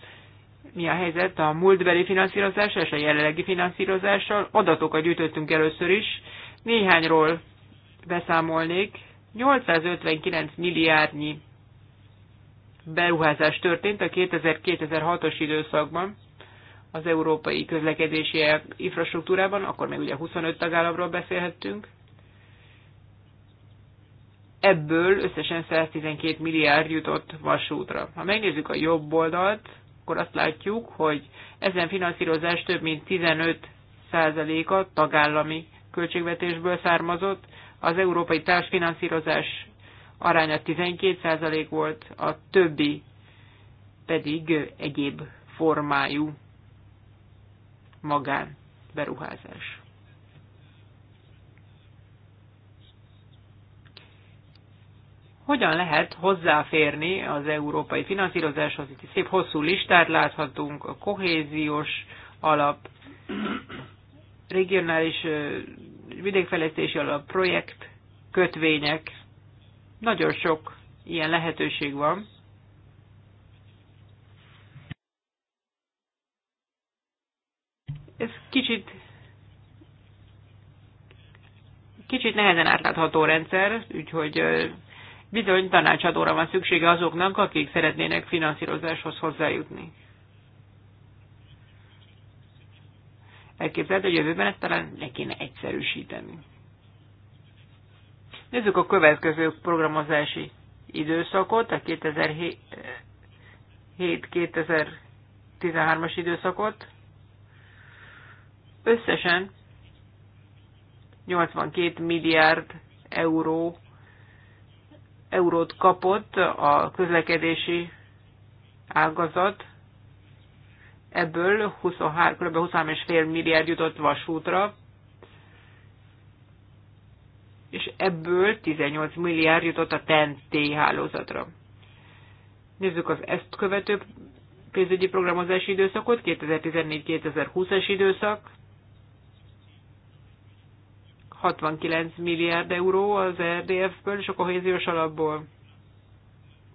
Speaker 5: Mi a helyzet a múltbeli finanszírozással és a jelenlegi finanszírozással? Adatokat gyűjtöttünk először is. Néhányról beszámolnék. 859 milliárdnyi beruházás történt a 2000-2006-os időszakban az európai közlekedési infrastruktúrában, akkor még ugye 25 tagállamról beszélhettünk ebből összesen 112 milliárd jutott vasútra. Ha megnézzük a jobb oldalt, akkor azt látjuk, hogy ezen finanszírozás több mint 15%-a tagállami költségvetésből származott, az európai társfinanszírozás aránya 12% volt, a többi pedig egyéb formájú magánberuházás. hogyan lehet hozzáférni az európai finanszírozáshoz. Itt szép hosszú listát láthatunk, a kohéziós alap, regionális vidékfejlesztési alap, projekt, kötvények. Nagyon sok ilyen lehetőség van. Ez kicsit kicsit nehezen átlátható rendszer, úgyhogy Bizony tanácsadóra van szüksége azoknak, akik szeretnének finanszírozáshoz hozzájutni. Elképzelhető, hogy jövőben ezt talán ne kéne egyszerűsíteni. Nézzük a következő programozási időszakot, a 2007-2013-as időszakot. Összesen 82 milliárd euró eurót kapott a közlekedési ágazat, ebből 23, kb. 23,5 milliárd jutott vasútra, és ebből 18 milliárd jutott a TNT hálózatra. Nézzük az ezt követő pénzügyi programozási időszakot, 2014-2020-es időszak. 69 milliárd euró az RDF-ből e és a kohéziós alapból.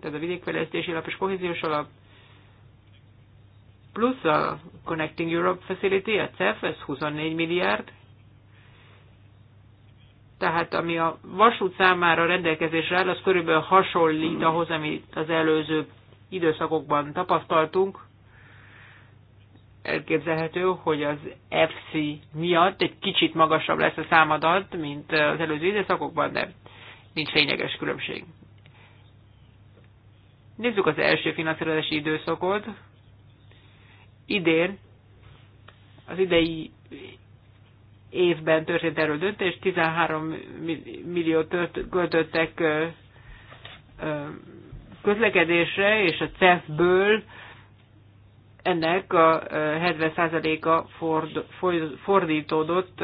Speaker 5: Tehát a vidékfejlesztési alap és kohéziós alap plusz a Connecting Europe Facility, a CEF, ez 24 milliárd, tehát ami a vasút számára rendelkezésre áll, az körülbelül hasonlít ahhoz, amit az előző időszakokban tapasztaltunk elképzelhető, hogy az FC miatt egy kicsit magasabb lesz a számadat, mint az előző időszakokban, de nincs lényeges különbség. Nézzük az első finanszírozási időszakot. Idén, az idei évben történt erről döntés, 13 millió költöttek közlekedésre, és a CEF-ből ennek a 70%-a ford, fordítódott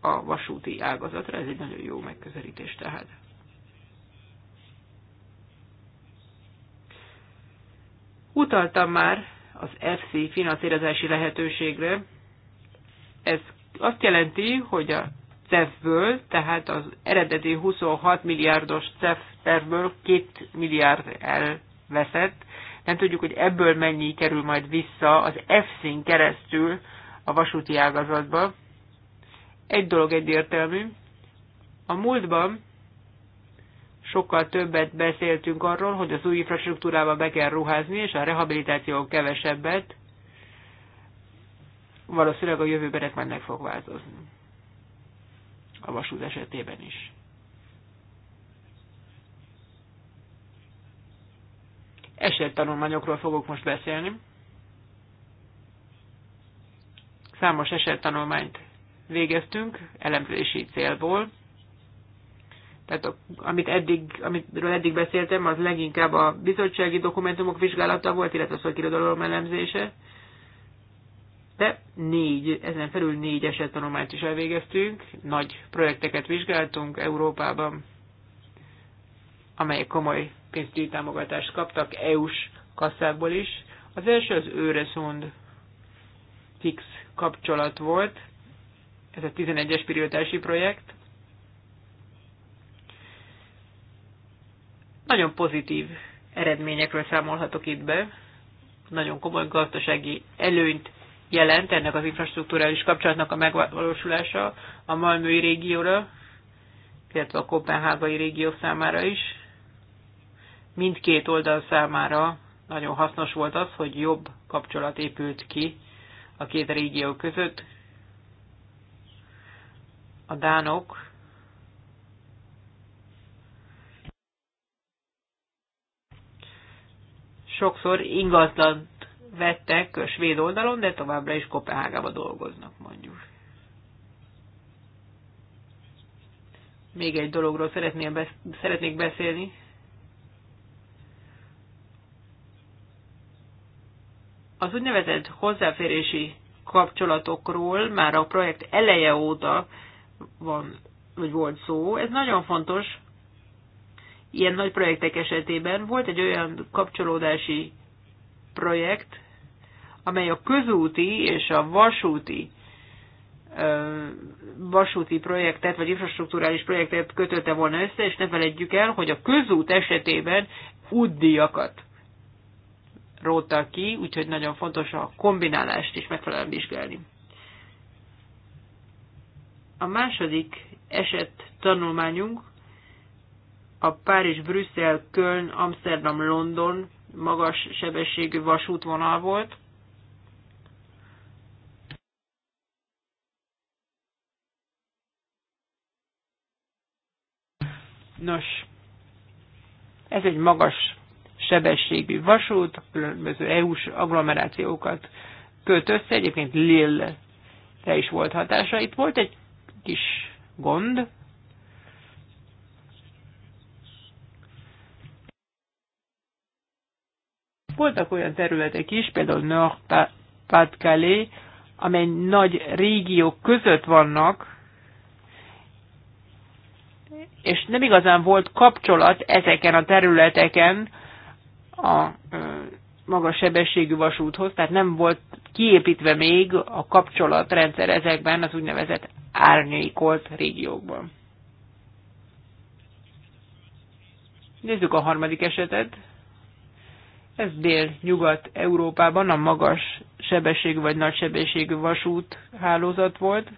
Speaker 5: a vasúti ágazatra. Ez egy nagyon jó megközelítés tehát. Utaltam már az FC finanszírozási lehetőségre. Ez azt jelenti, hogy a CEF-ből, tehát az eredeti 26 milliárdos CEF tervből 2 milliárd elveszett, nem tudjuk, hogy ebből mennyi kerül majd vissza az F-szín keresztül a vasúti ágazatba. Egy dolog egyértelmű. A múltban sokkal többet beszéltünk arról, hogy az új infrastruktúrába be kell ruházni, és a rehabilitáció kevesebbet. Valószínűleg a jövőben ez meg fog változni. A vasút esetében is. esettanulmányokról fogok most beszélni. Számos esettanulmányt végeztünk elemzési célból. Tehát amit eddig, amitről eddig beszéltem, az leginkább a bizottsági dokumentumok vizsgálata volt, illetve a szakirodalom elemzése. De négy, ezen felül négy esettanulmányt is elvégeztünk, nagy projekteket vizsgáltunk Európában, amelyek komoly pénzügyi támogatást kaptak EU-s kasszákból is. Az első az Őreszond fix kapcsolat volt, ez a 11-es pirítási projekt. Nagyon pozitív eredményekről számolhatok itt be, nagyon komoly gazdasági előnyt jelent ennek az infrastruktúrális kapcsolatnak a megvalósulása a Malmői régióra, illetve a Kopenhágai régió számára is mindkét oldal számára nagyon hasznos volt az, hogy jobb kapcsolat épült ki a két régió között. A dánok sokszor ingatlant vettek a svéd oldalon, de továbbra is Kopenhágába dolgoznak, mondjuk. Még egy dologról szeretnék beszélni. Az úgynevezett hozzáférési kapcsolatokról már a projekt eleje óta van, vagy volt szó. Ez nagyon fontos, ilyen nagy projektek esetében volt egy olyan kapcsolódási projekt, amely a közúti és a vasúti vasúti projektet, vagy infrastruktúrális projektet kötötte volna össze, és ne felejtjük el, hogy a közút esetében útdíjakat róta ki, úgyhogy nagyon fontos a kombinálást is megfelelően vizsgálni. A második eset tanulmányunk a Párizs, Brüsszel, Köln, Amsterdam, London magas sebességű vasútvonal volt. Nos, ez egy magas sebességű vasút, különböző EU-s agglomerációkat költ össze, egyébként Lille-re is volt hatása. Itt volt egy kis gond, voltak olyan területek is, például Nord-Pas-de-Calais, amely nagy régiók között vannak, és nem igazán volt kapcsolat ezeken a területeken a magas sebességű vasúthoz, tehát nem volt kiépítve még a kapcsolatrendszer ezekben az úgynevezett árnyékolt régiókban. Nézzük a harmadik esetet. Ez dél-nyugat-európában a magas sebességű vagy nagy sebességű vasút hálózat volt.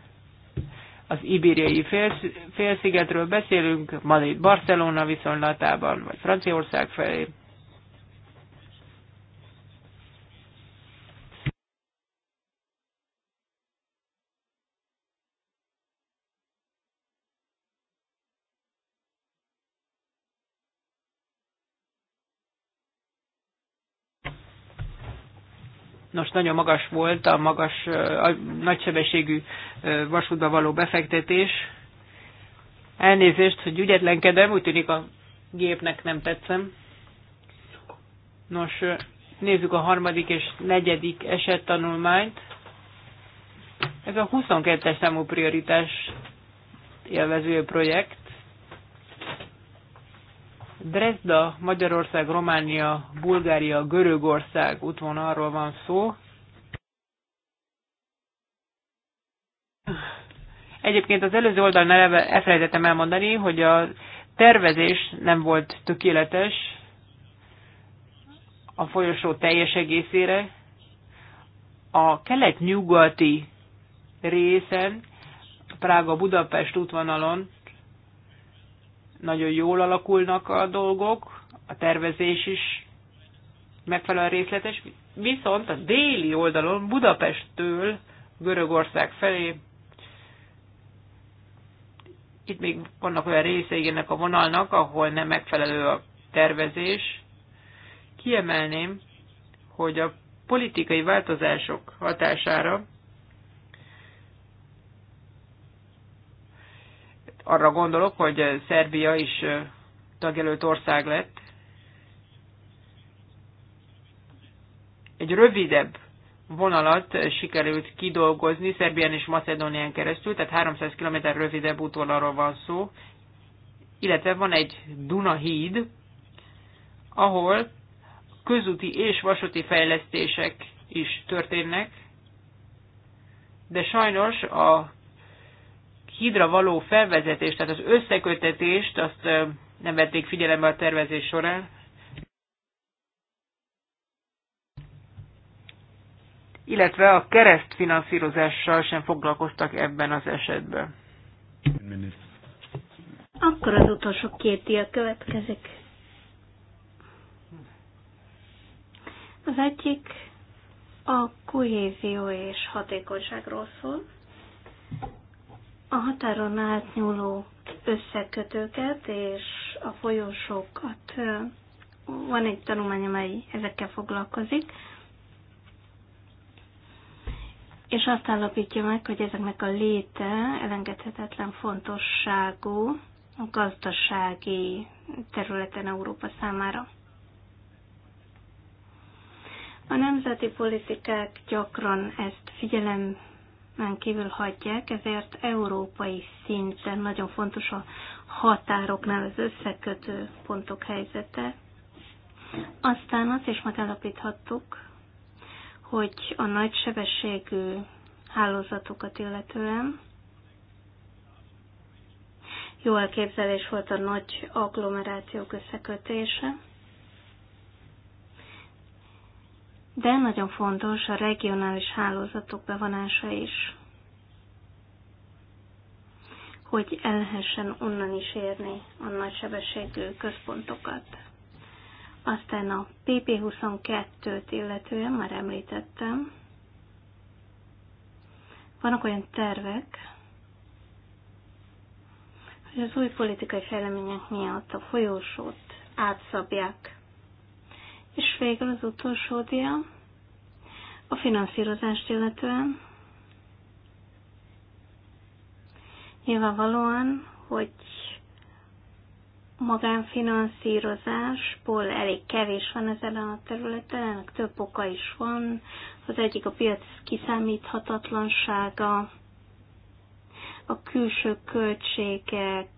Speaker 5: Az ibériai félsz félszigetről beszélünk, Madrid-Barcelona viszonylatában, vagy Franciaország felé. Nos, nagyon magas volt a magas, a nagysebességű vasútba való befektetés. Elnézést, hogy ügyetlenkedem, úgy tűnik a gépnek nem tetszem. Nos, nézzük a harmadik és negyedik esettanulmányt. Ez a 22-es számú prioritás élvező projekt. Dresda, Magyarország, Románia, Bulgária, Görögország útvonalról van szó. Egyébként az előző oldalnál elfelejtettem elmondani, hogy a tervezés nem volt tökéletes a folyosó teljes egészére. A kelet-nyugati részen, Prága-Budapest útvonalon nagyon jól alakulnak a dolgok, a tervezés is megfelelően részletes, viszont a déli oldalon Budapesttől Görögország felé itt még vannak olyan részei ennek a vonalnak, ahol nem megfelelő a tervezés. Kiemelném, hogy a politikai változások hatására arra gondolok, hogy eh, Szerbia is eh, tagjelölt ország lett. Egy rövidebb vonalat eh, sikerült kidolgozni Szerbián és Macedónián keresztül, tehát 300 km rövidebb útvonalról van szó, illetve van egy Duna híd, ahol közúti és vasúti fejlesztések is történnek, de sajnos a hídra való felvezetést, tehát az összekötetést, azt nem vették figyelembe a tervezés során. Illetve a keresztfinanszírozással sem foglalkoztak ebben az
Speaker 4: esetben. Akkor az utolsó két dia következik. Az egyik a kohézió és hatékonyságról szól, a határon átnyúló összekötőket és a folyósókat. Van egy tanulmány, amely ezekkel foglalkozik, és azt állapítja meg, hogy ezeknek a léte elengedhetetlen fontosságú a gazdasági területen Európa számára. A nemzeti politikák gyakran ezt figyelem figyelmen kívül hagyják, ezért európai szinten nagyon fontos a határoknál az összekötő pontok helyzete. Aztán azt is megállapíthattuk, hogy a nagysebességű hálózatokat illetően jó elképzelés volt a nagy agglomerációk összekötése, de nagyon fontos a regionális hálózatok bevonása is, hogy el lehessen onnan is érni a nagysebességű központokat. Aztán a PP22-t illetően már említettem, vannak olyan tervek, hogy az új politikai fejlemények miatt a folyósót átszabják és végül az utolsó dia, a finanszírozást illetően. Nyilvánvalóan, hogy magánfinanszírozásból elég kevés van ezen a területen, ennek több oka is van. Az egyik a piac kiszámíthatatlansága, a külső költségeket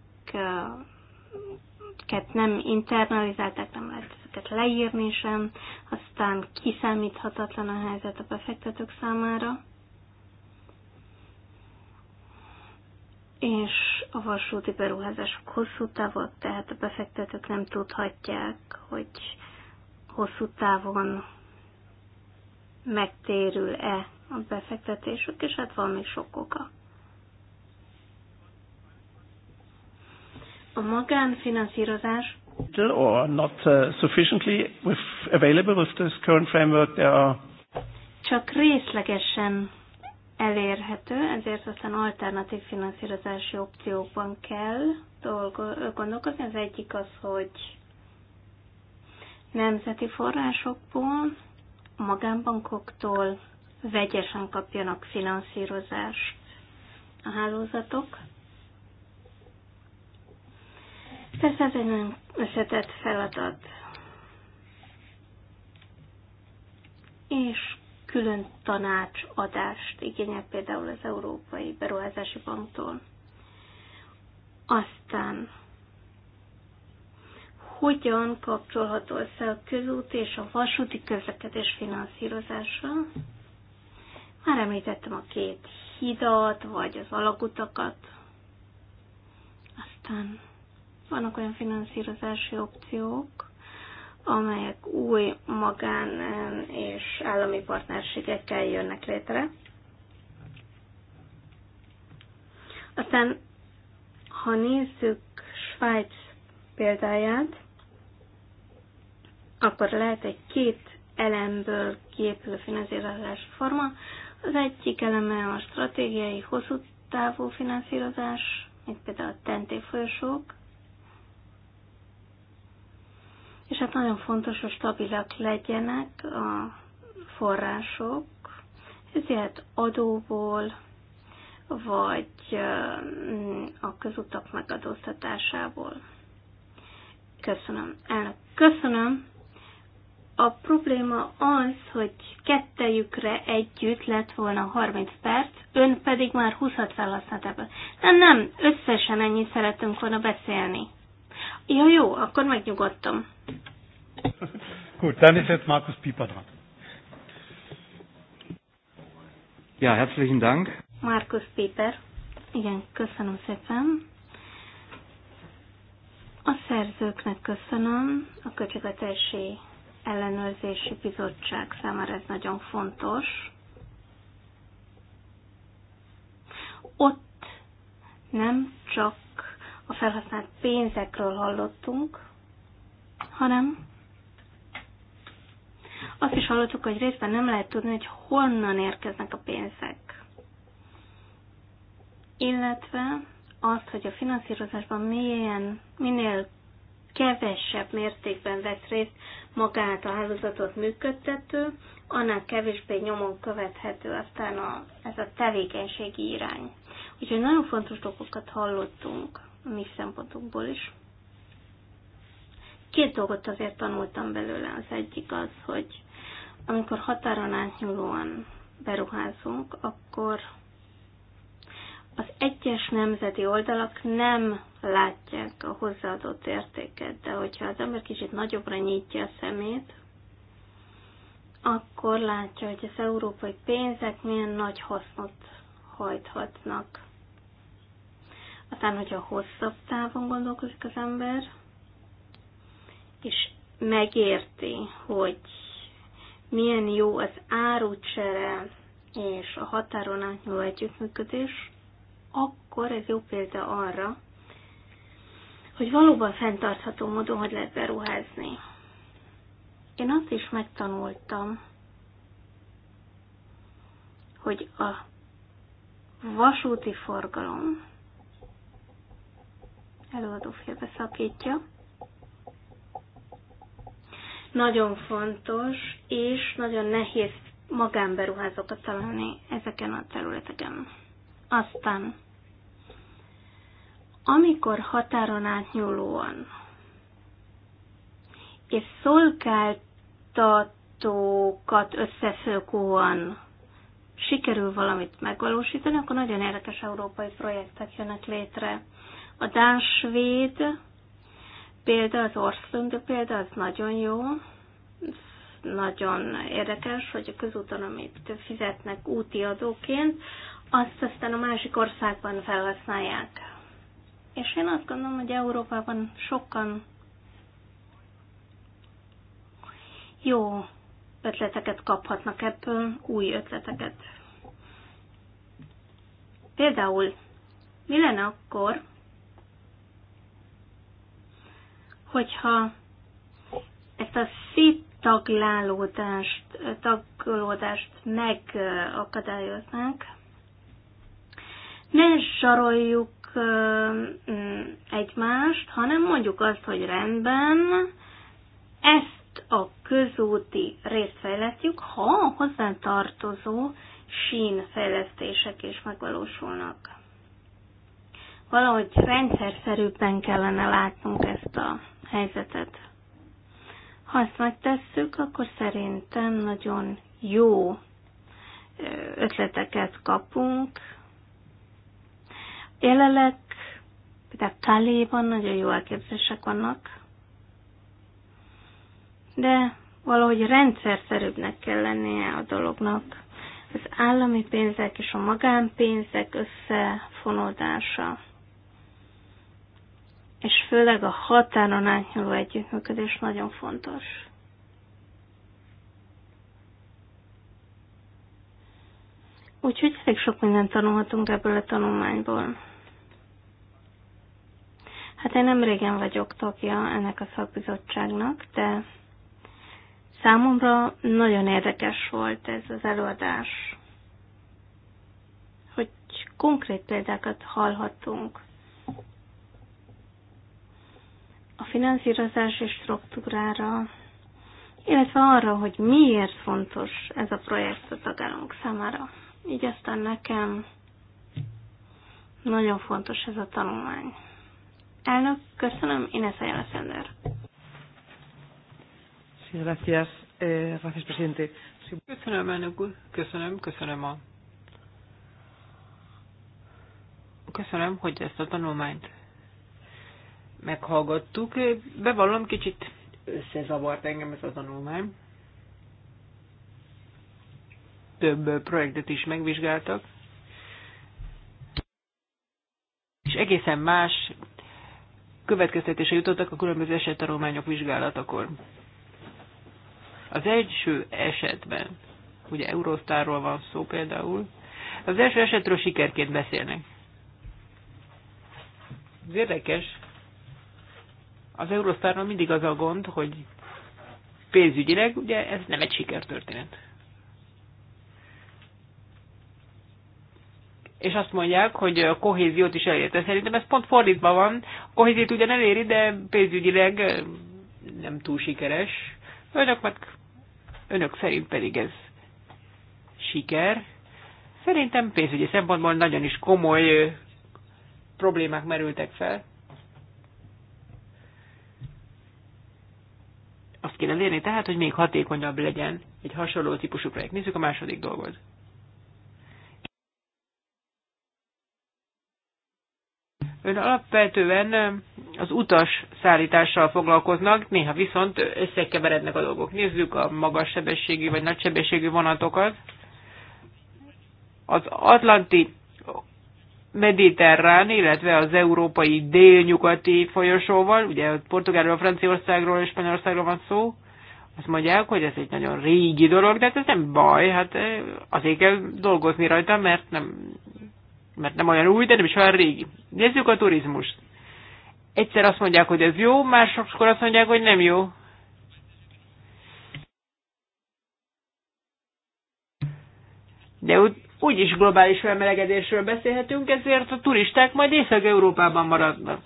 Speaker 4: nem internalizálták, nem ezeket leírni sem, aztán kiszámíthatatlan a helyzet a befektetők számára. és a vasúti beruházások hosszú távot, tehát a befektetők nem tudhatják, hogy hosszú távon megtérül-e a befektetésük, és hát van még sok oka. A magánfinanszírozás
Speaker 1: or not uh, sufficiently with, available with this current framework, there are
Speaker 4: csak részlegesen elérhető, ezért aztán alternatív finanszírozási opciókban kell gondolkozni. Az egyik az, hogy nemzeti forrásokból, magánbankoktól vegyesen kapjanak finanszírozást a hálózatok, Persze ez hát egy nagyon összetett feladat. És külön tanácsadást igényel például az Európai Beruházási Banktól. Aztán hogyan kapcsolható össze a közút és a vasúti közlekedés finanszírozása? Már említettem a két hidat, vagy az alagutakat. Aztán vannak olyan finanszírozási opciók, amelyek új magán és állami partnerségekkel jönnek létre. Aztán, ha nézzük Svájc példáját, akkor lehet egy két elemből kiépülő finanszírozási forma. Az egyik eleme a stratégiai hosszú távú finanszírozás, mint például a tenté folyosók, és hát nagyon fontos, hogy stabilak legyenek a források, ez jöhet adóból, vagy a közutak megadóztatásából. Köszönöm. Elnök, köszönöm. A probléma az, hogy kettejükre együtt lett volna 30 perc, ön pedig már 20-at felhasznált ebből. De nem, összesen ennyi szeretünk volna beszélni. Jó, jó, akkor megnyugodtam.
Speaker 1: Gut, dann ist jetzt Markus Pieper dran. Ja, herzlichen Dank.
Speaker 4: Markus Pieper. Igen, köszönöm szépen. A szerzőknek köszönöm, a Költségvetési Ellenőrzési Bizottság számára ez nagyon fontos. Ott nem csak a felhasznált pénzekről hallottunk, hanem azt is hallottuk, hogy részben nem lehet tudni, hogy honnan érkeznek a pénzek. Illetve azt, hogy a finanszírozásban milyen, minél kevesebb mértékben vesz részt magát a hálózatot működtető, annál kevésbé nyomon követhető aztán a, ez a tevékenységi irány. Úgyhogy nagyon fontos dolgokat hallottunk mi szempontokból is. Két dolgot azért tanultam belőle. Az egyik az, hogy amikor határon átnyúlóan beruházunk, akkor az egyes nemzeti oldalak nem látják a hozzáadott értéket, de hogyha az ember kicsit nagyobbra nyitja a szemét, akkor látja, hogy az európai pénzek milyen nagy hasznot hajthatnak aztán, hogyha hosszabb távon gondolkozik az ember, és megérti, hogy milyen jó az árucsere és a határon átnyúló együttműködés, akkor ez jó példa arra, hogy valóban fenntartható módon hogy lehet beruházni. Én azt is megtanultam, hogy a vasúti forgalom Előadó szakítja. Nagyon fontos, és nagyon nehéz magánberuházókat találni ezeken a területeken. Aztán, amikor határon átnyúlóan és szolgáltatókat összefőkúan sikerül valamit megvalósítani, akkor nagyon érdekes európai projektek jönnek létre. A dánsvéd példa, az Orslund példa, az nagyon jó. Ez nagyon érdekes, hogy a közúton, amit fizetnek úti adóként, azt aztán a másik országban felhasználják. És én azt gondolom, hogy Európában sokan jó ötleteket kaphatnak ebből, új ötleteket. Például, mi lenne akkor, hogyha ezt a széttaglálódást taglódást megakadályoznánk, ne saroljuk mm, egymást, hanem mondjuk azt, hogy rendben, ezt a közúti részt fejlesztjük, ha a hozzátartozó sínfejlesztések is megvalósulnak. Valahogy rendszerszerűbben kellene látnunk ezt a helyzetet. Ha ezt megtesszük, akkor szerintem nagyon jó ötleteket kapunk. Jelenleg például Kaléban nagyon jó elképzelések vannak, de valahogy rendszerszerűbbnek kell lennie a dolognak. Az állami pénzek és a magánpénzek összefonódása és főleg a határon átnyúló együttműködés nagyon fontos. Úgyhogy elég sok mindent tanulhatunk ebből a tanulmányból. Hát én nem régen vagyok tagja ennek a szakbizottságnak, de számomra nagyon érdekes volt ez az előadás, hogy konkrét példákat hallhatunk a finanszírozási struktúrára, illetve arra, hogy miért fontos ez a projekt a tagállamok számára. Így aztán nekem nagyon fontos ez a tanulmány. Elnök, köszönöm, Ines Ayala Sender.
Speaker 5: Eh, köszönöm, elnök úr. Köszönöm, köszönöm a... Köszönöm, hogy ezt a tanulmányt meghallgattuk. Bevallom, kicsit összezavart engem ez a tanulmány. Több projektet is megvizsgáltak. És egészen más következtetése jutottak a különböző esettanulmányok vizsgálatakor. Az első esetben, ugye Eurostarról van szó például, az első esetről sikerként beszélnek. Az érdekes, az Eurostarnal mindig az a gond, hogy pénzügyileg ugye ez nem egy sikertörténet. És azt mondják, hogy a kohéziót is elérte. Szerintem ez pont fordítva van. A kohéziót ugyan eléri, de pénzügyileg nem túl sikeres. Önök, meg, önök szerint pedig ez siker. Szerintem pénzügyi szempontból nagyon is komoly problémák merültek fel. Azt kéne elérni tehát, hogy még hatékonyabb legyen egy hasonló típusú projekt. Nézzük a második dolgot. Ön alapvetően um, az utas szállítással foglalkoznak, néha viszont összekeverednek a dolgok. Nézzük a magas sebességű vagy nagy sebességű vonatokat. Az Atlanti mediterrán, illetve az európai délnyugati folyosóval, ugye Portugálról, Franciaországról és Spanyolországról van szó, azt mondják, hogy ez egy nagyon régi dolog, de hát ez nem baj, hát eh, azért kell dolgozni rajta, mert nem, mert nem olyan új, de nem is olyan régi. Nézzük a turizmust. Egyszer azt mondják, hogy ez jó, másokkor azt mondják, hogy nem jó. De úgyis globális felmelegedésről beszélhetünk, ezért a turisták majd Észak-Európában maradnak.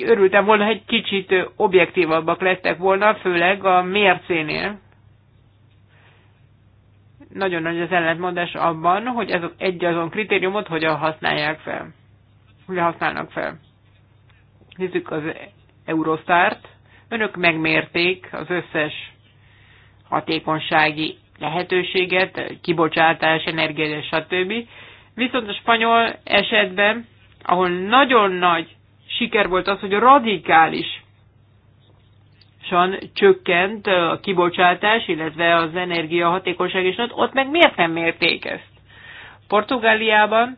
Speaker 5: Örültem volna, hogy kicsit objektívabbak lettek volna, főleg a mércénél. Nagyon nagy az ellentmondás abban, hogy ez egy azon kritériumot hogyan használják fel. Hogyan használnak fel. Nézzük az Eurostart. Önök megmérték az összes hatékonysági lehetőséget, kibocsátás, energia, stb. Viszont a spanyol esetben, ahol nagyon nagy siker volt az, hogy radikális csökkent a kibocsátás, illetve az energia hatékonyság is, ott meg miért nem mérték ezt? Portugáliában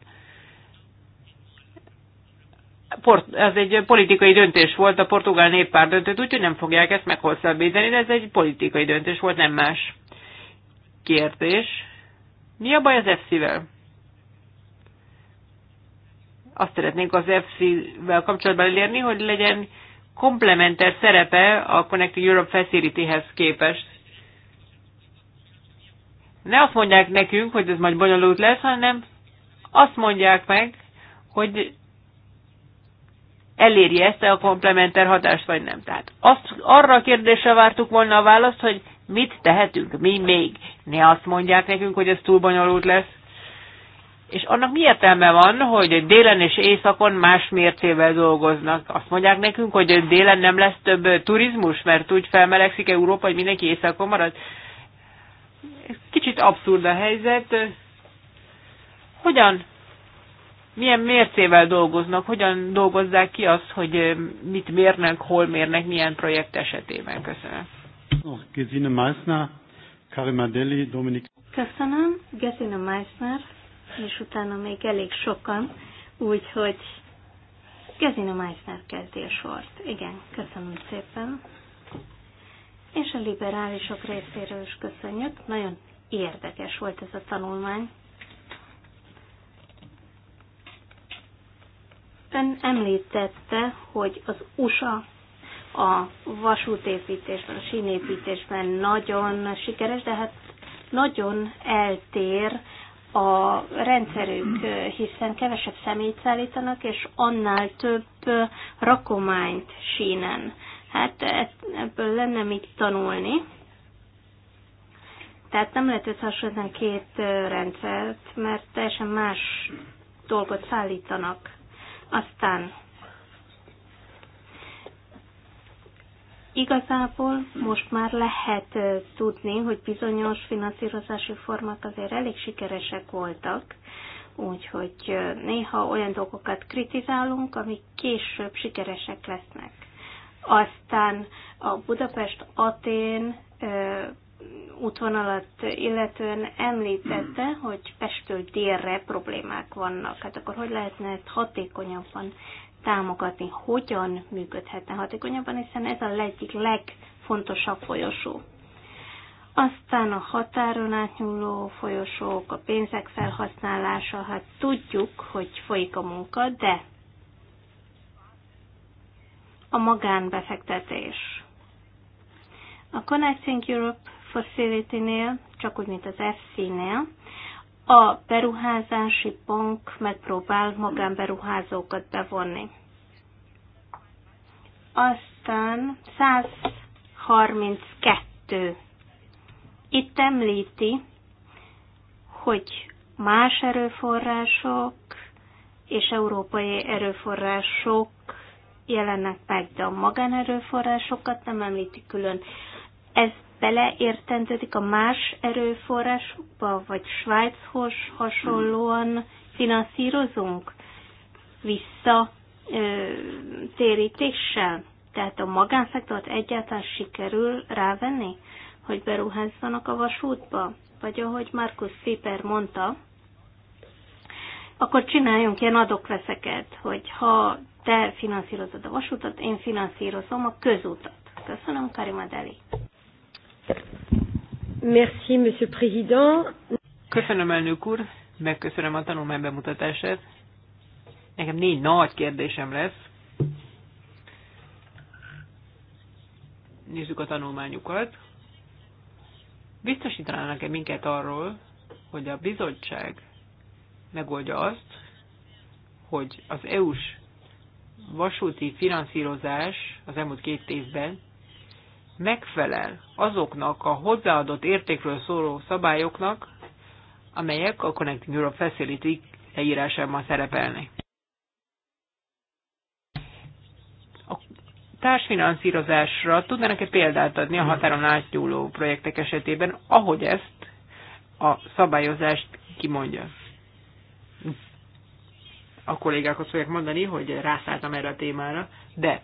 Speaker 5: ez egy politikai döntés volt, a portugál néppár döntött, úgyhogy nem fogják ezt meghosszabbítani, de ez egy politikai döntés volt, nem más kérdés. Mi a baj az EFSZ-vel? Azt szeretnénk az EFSZ-vel kapcsolatban elérni, hogy legyen komplementer szerepe a Connecting Europe Facility-hez képest. Ne azt mondják nekünk, hogy ez majd bonyolult lesz, hanem azt mondják meg, hogy eléri ezt a komplementer hatást, vagy nem. Tehát azt, arra a kérdésre vártuk volna a választ, hogy mit tehetünk, mi még. Ne azt mondják nekünk, hogy ez túl bonyolult lesz. És annak mi értelme van, hogy délen és éjszakon más mércével dolgoznak? Azt mondják nekünk, hogy délen nem lesz több turizmus, mert úgy felmelegszik Európa, hogy mindenki éjszakon marad. Kicsit abszurd a helyzet. Hogyan milyen mércével dolgoznak, hogyan dolgozzák ki azt, hogy mit mérnek, hol mérnek, milyen projekt esetében. Köszönöm.
Speaker 1: Gesine Meissner, Karimadelli, Dominik.
Speaker 4: Köszönöm, Gesine Meissner, és utána még elég sokan, úgyhogy Gesine Meissner kezdi a sort. Igen, köszönöm szépen. És a liberálisok részéről is köszönjük. Nagyon érdekes volt ez a tanulmány. éppen említette, hogy az USA a vasútépítésben, a sínépítésben nagyon sikeres, de hát nagyon eltér a rendszerük, hiszen kevesebb személyt szállítanak, és annál több rakományt sínen. Hát e-, ebből lenne mit tanulni. Tehát nem lehet összehasonlítani két rendszert, mert teljesen más dolgot szállítanak. Aztán Igazából most már lehet tudni, hogy bizonyos finanszírozási formák azért elég sikeresek voltak, úgyhogy néha olyan dolgokat kritizálunk, amik később sikeresek lesznek. Aztán a Budapest-Atén útvonalat illetően említette, hogy Pestől délre problémák vannak. Hát akkor hogy lehetne ezt hatékonyabban támogatni? Hogyan működhetne hatékonyabban, hiszen ez a egyik legfontosabb folyosó. Aztán a határon átnyúló folyosók, a pénzek felhasználása, hát tudjuk, hogy folyik a munka, de a magánbefektetés. A Connecting Europe Facility-nél, csak úgy, mint az FC-nél, a beruházási bank megpróbál magánberuházókat bevonni. Aztán 132. Itt említi, hogy más erőforrások és európai erőforrások jelennek meg, de a magánerőforrásokat nem említi külön. Ez beleértendődik a más erőforrásokba, vagy Svájchoz hasonlóan finanszírozunk visszatérítéssel? Tehát a magánszektort egyáltalán sikerül rávenni, hogy beruházzanak a vasútba? Vagy ahogy Markus Piper mondta, akkor csináljunk ilyen adokveszeket, hogy ha te finanszírozod a vasútat, én finanszírozom a közutat. Köszönöm, Karima Deli.
Speaker 5: Merci, Monsieur Président. Köszönöm, elnök úr, megköszönöm a tanulmány bemutatását. Nekem négy nagy kérdésem lesz. Nézzük a tanulmányukat. Biztosítanának-e minket arról, hogy a bizottság megoldja azt, hogy az EU-s vasúti finanszírozás az elmúlt két évben megfelel azoknak a hozzáadott értékről szóló szabályoknak, amelyek a Connecting Europe Facility leírásában szerepelnek. A társfinanszírozásra tudnának-e példát adni a határon átnyúló projektek esetében, ahogy ezt a szabályozást kimondja? A kollégákhoz fogják mondani, hogy rászálltam erre a témára, de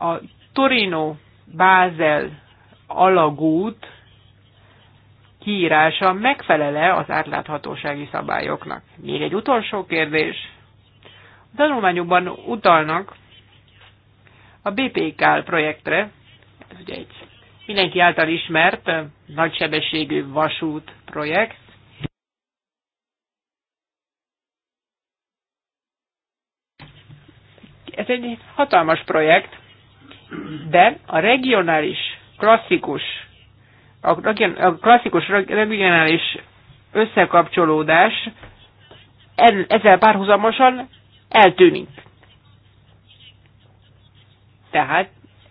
Speaker 5: A Torino-Bázel alagút kiírása megfelele az átláthatósági szabályoknak. Még egy utolsó kérdés. A tanulmányokban utalnak a BPK projektre, ez ugye egy mindenki által ismert eh, nagysebességű vasút projekt, ez egy hatalmas projekt, de a regionális, klasszikus, a klasszikus regionális összekapcsolódás ezzel párhuzamosan eltűnik. Tehát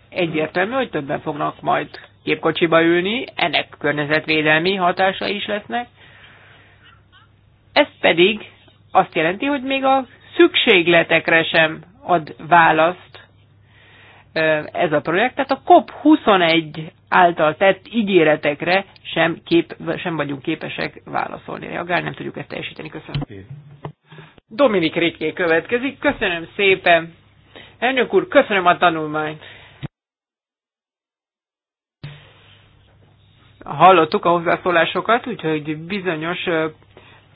Speaker 5: egyértelmű, hogy többen fognak majd képkocsiba ülni, ennek környezetvédelmi hatása is lesznek. Ez pedig azt jelenti, hogy még a szükségletekre sem ad választ ez a projekt, tehát a COP21 által tett ígéretekre sem, kép, sem vagyunk képesek válaszolni, reagálni, nem tudjuk ezt teljesíteni. Köszönöm. Dominik Riké következik. Köszönöm szépen. Elnök úr, köszönöm a tanulmányt. Hallottuk a hozzászólásokat, úgyhogy bizonyos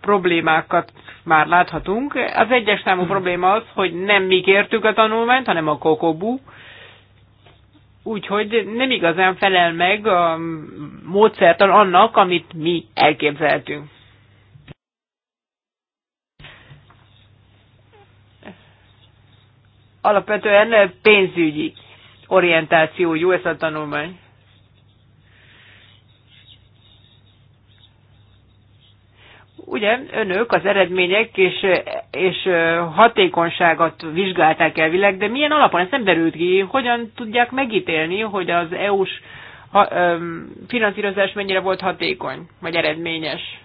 Speaker 5: problémákat már láthatunk. Az egyes számú probléma az, hogy nem mi kértük a tanulmányt, hanem a kokobú úgyhogy nem igazán felel meg a módszertan annak, amit mi elképzeltünk. Alapvetően pénzügyi orientációjú ez a tanulmány. Ugye önök az eredmények és, és hatékonyságot vizsgálták elvileg, de milyen alapon ez nem derült ki? Hogyan tudják megítélni, hogy az EU-s finanszírozás mennyire volt hatékony, vagy eredményes?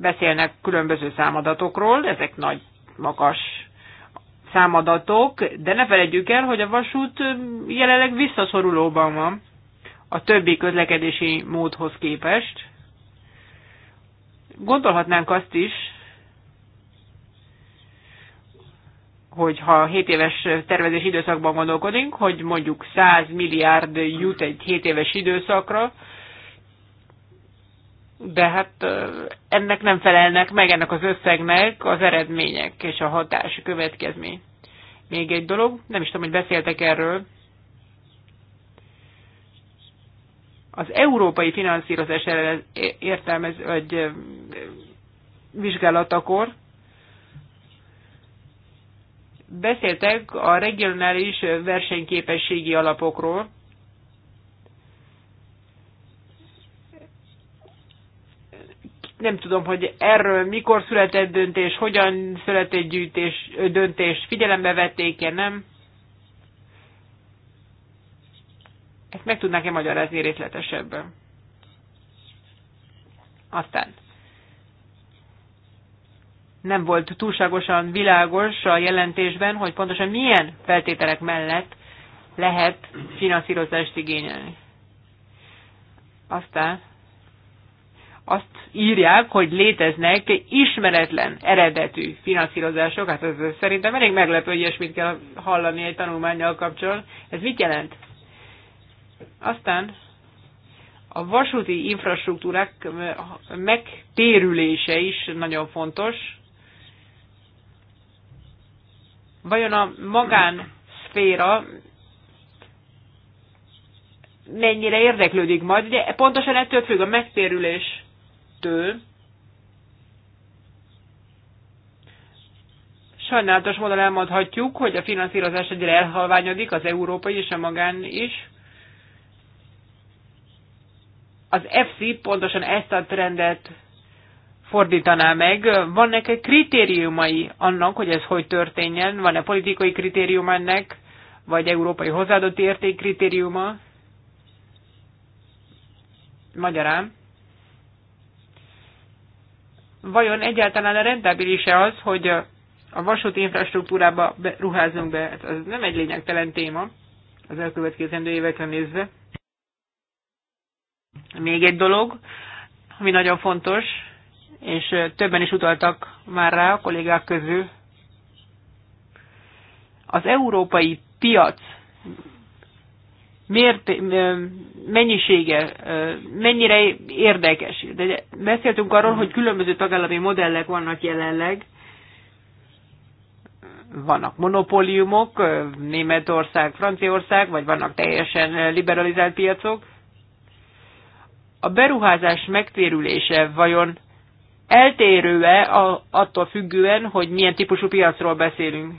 Speaker 5: Beszélnek különböző számadatokról, ezek nagy, magas számadatok, de ne felejtjük el, hogy a vasút jelenleg visszaszorulóban van a többi közlekedési módhoz képest. Gondolhatnánk azt is, hogy ha 7 éves tervezés időszakban gondolkodunk, hogy mondjuk 100 milliárd jut egy 7 éves időszakra, de hát ennek nem felelnek meg, ennek az összegnek az eredmények és a hatás, következmény. Még egy dolog, nem is tudom, hogy beszéltek erről, az európai finanszírozás értelmez, vagy vizsgálatakor beszéltek a regionális versenyképességi alapokról, nem tudom, hogy erről mikor született döntés, hogyan született gyűjtés, döntés, figyelembe vették-e, nem? Ezt meg tudnák-e magyarázni részletesebben? Aztán nem volt túlságosan világos a jelentésben, hogy pontosan milyen feltételek mellett lehet finanszírozást igényelni. Aztán azt írják, hogy léteznek ismeretlen eredetű finanszírozások, hát ez szerintem elég meglepő, hogy ilyesmit kell hallani egy tanulmányjal kapcsolatban. Ez mit jelent? Aztán a vasúti infrastruktúrák megtérülése is nagyon fontos. Vajon a magán szféra mennyire érdeklődik majd? Ugye pontosan ettől függ a megtérüléstől. Sajnálatos módon elmondhatjuk, hogy a finanszírozás egyre elhalványodik, az európai és a magán is az FC pontosan ezt a trendet fordítaná meg. Vannak-e kritériumai annak, hogy ez hogy történjen? Van-e politikai kritérium ennek, vagy európai hozzáadott érték kritériuma? Magyarán. Vajon egyáltalán rentábilis-e az, hogy a vasúti infrastruktúrába ruházunk be? Hát ez nem egy lényegtelen téma az elkövetkezendő évekre nézve. Még egy dolog, ami nagyon fontos, és többen is utaltak már rá a kollégák közül. Az európai piac mért, mennyisége, mennyire érdekes. De beszéltünk arról, hogy különböző tagállami modellek vannak jelenleg. Vannak monopóliumok, Németország, Franciaország, vagy vannak teljesen liberalizált piacok a beruházás megtérülése vajon eltérő-e attól függően, hogy milyen típusú piacról beszélünk?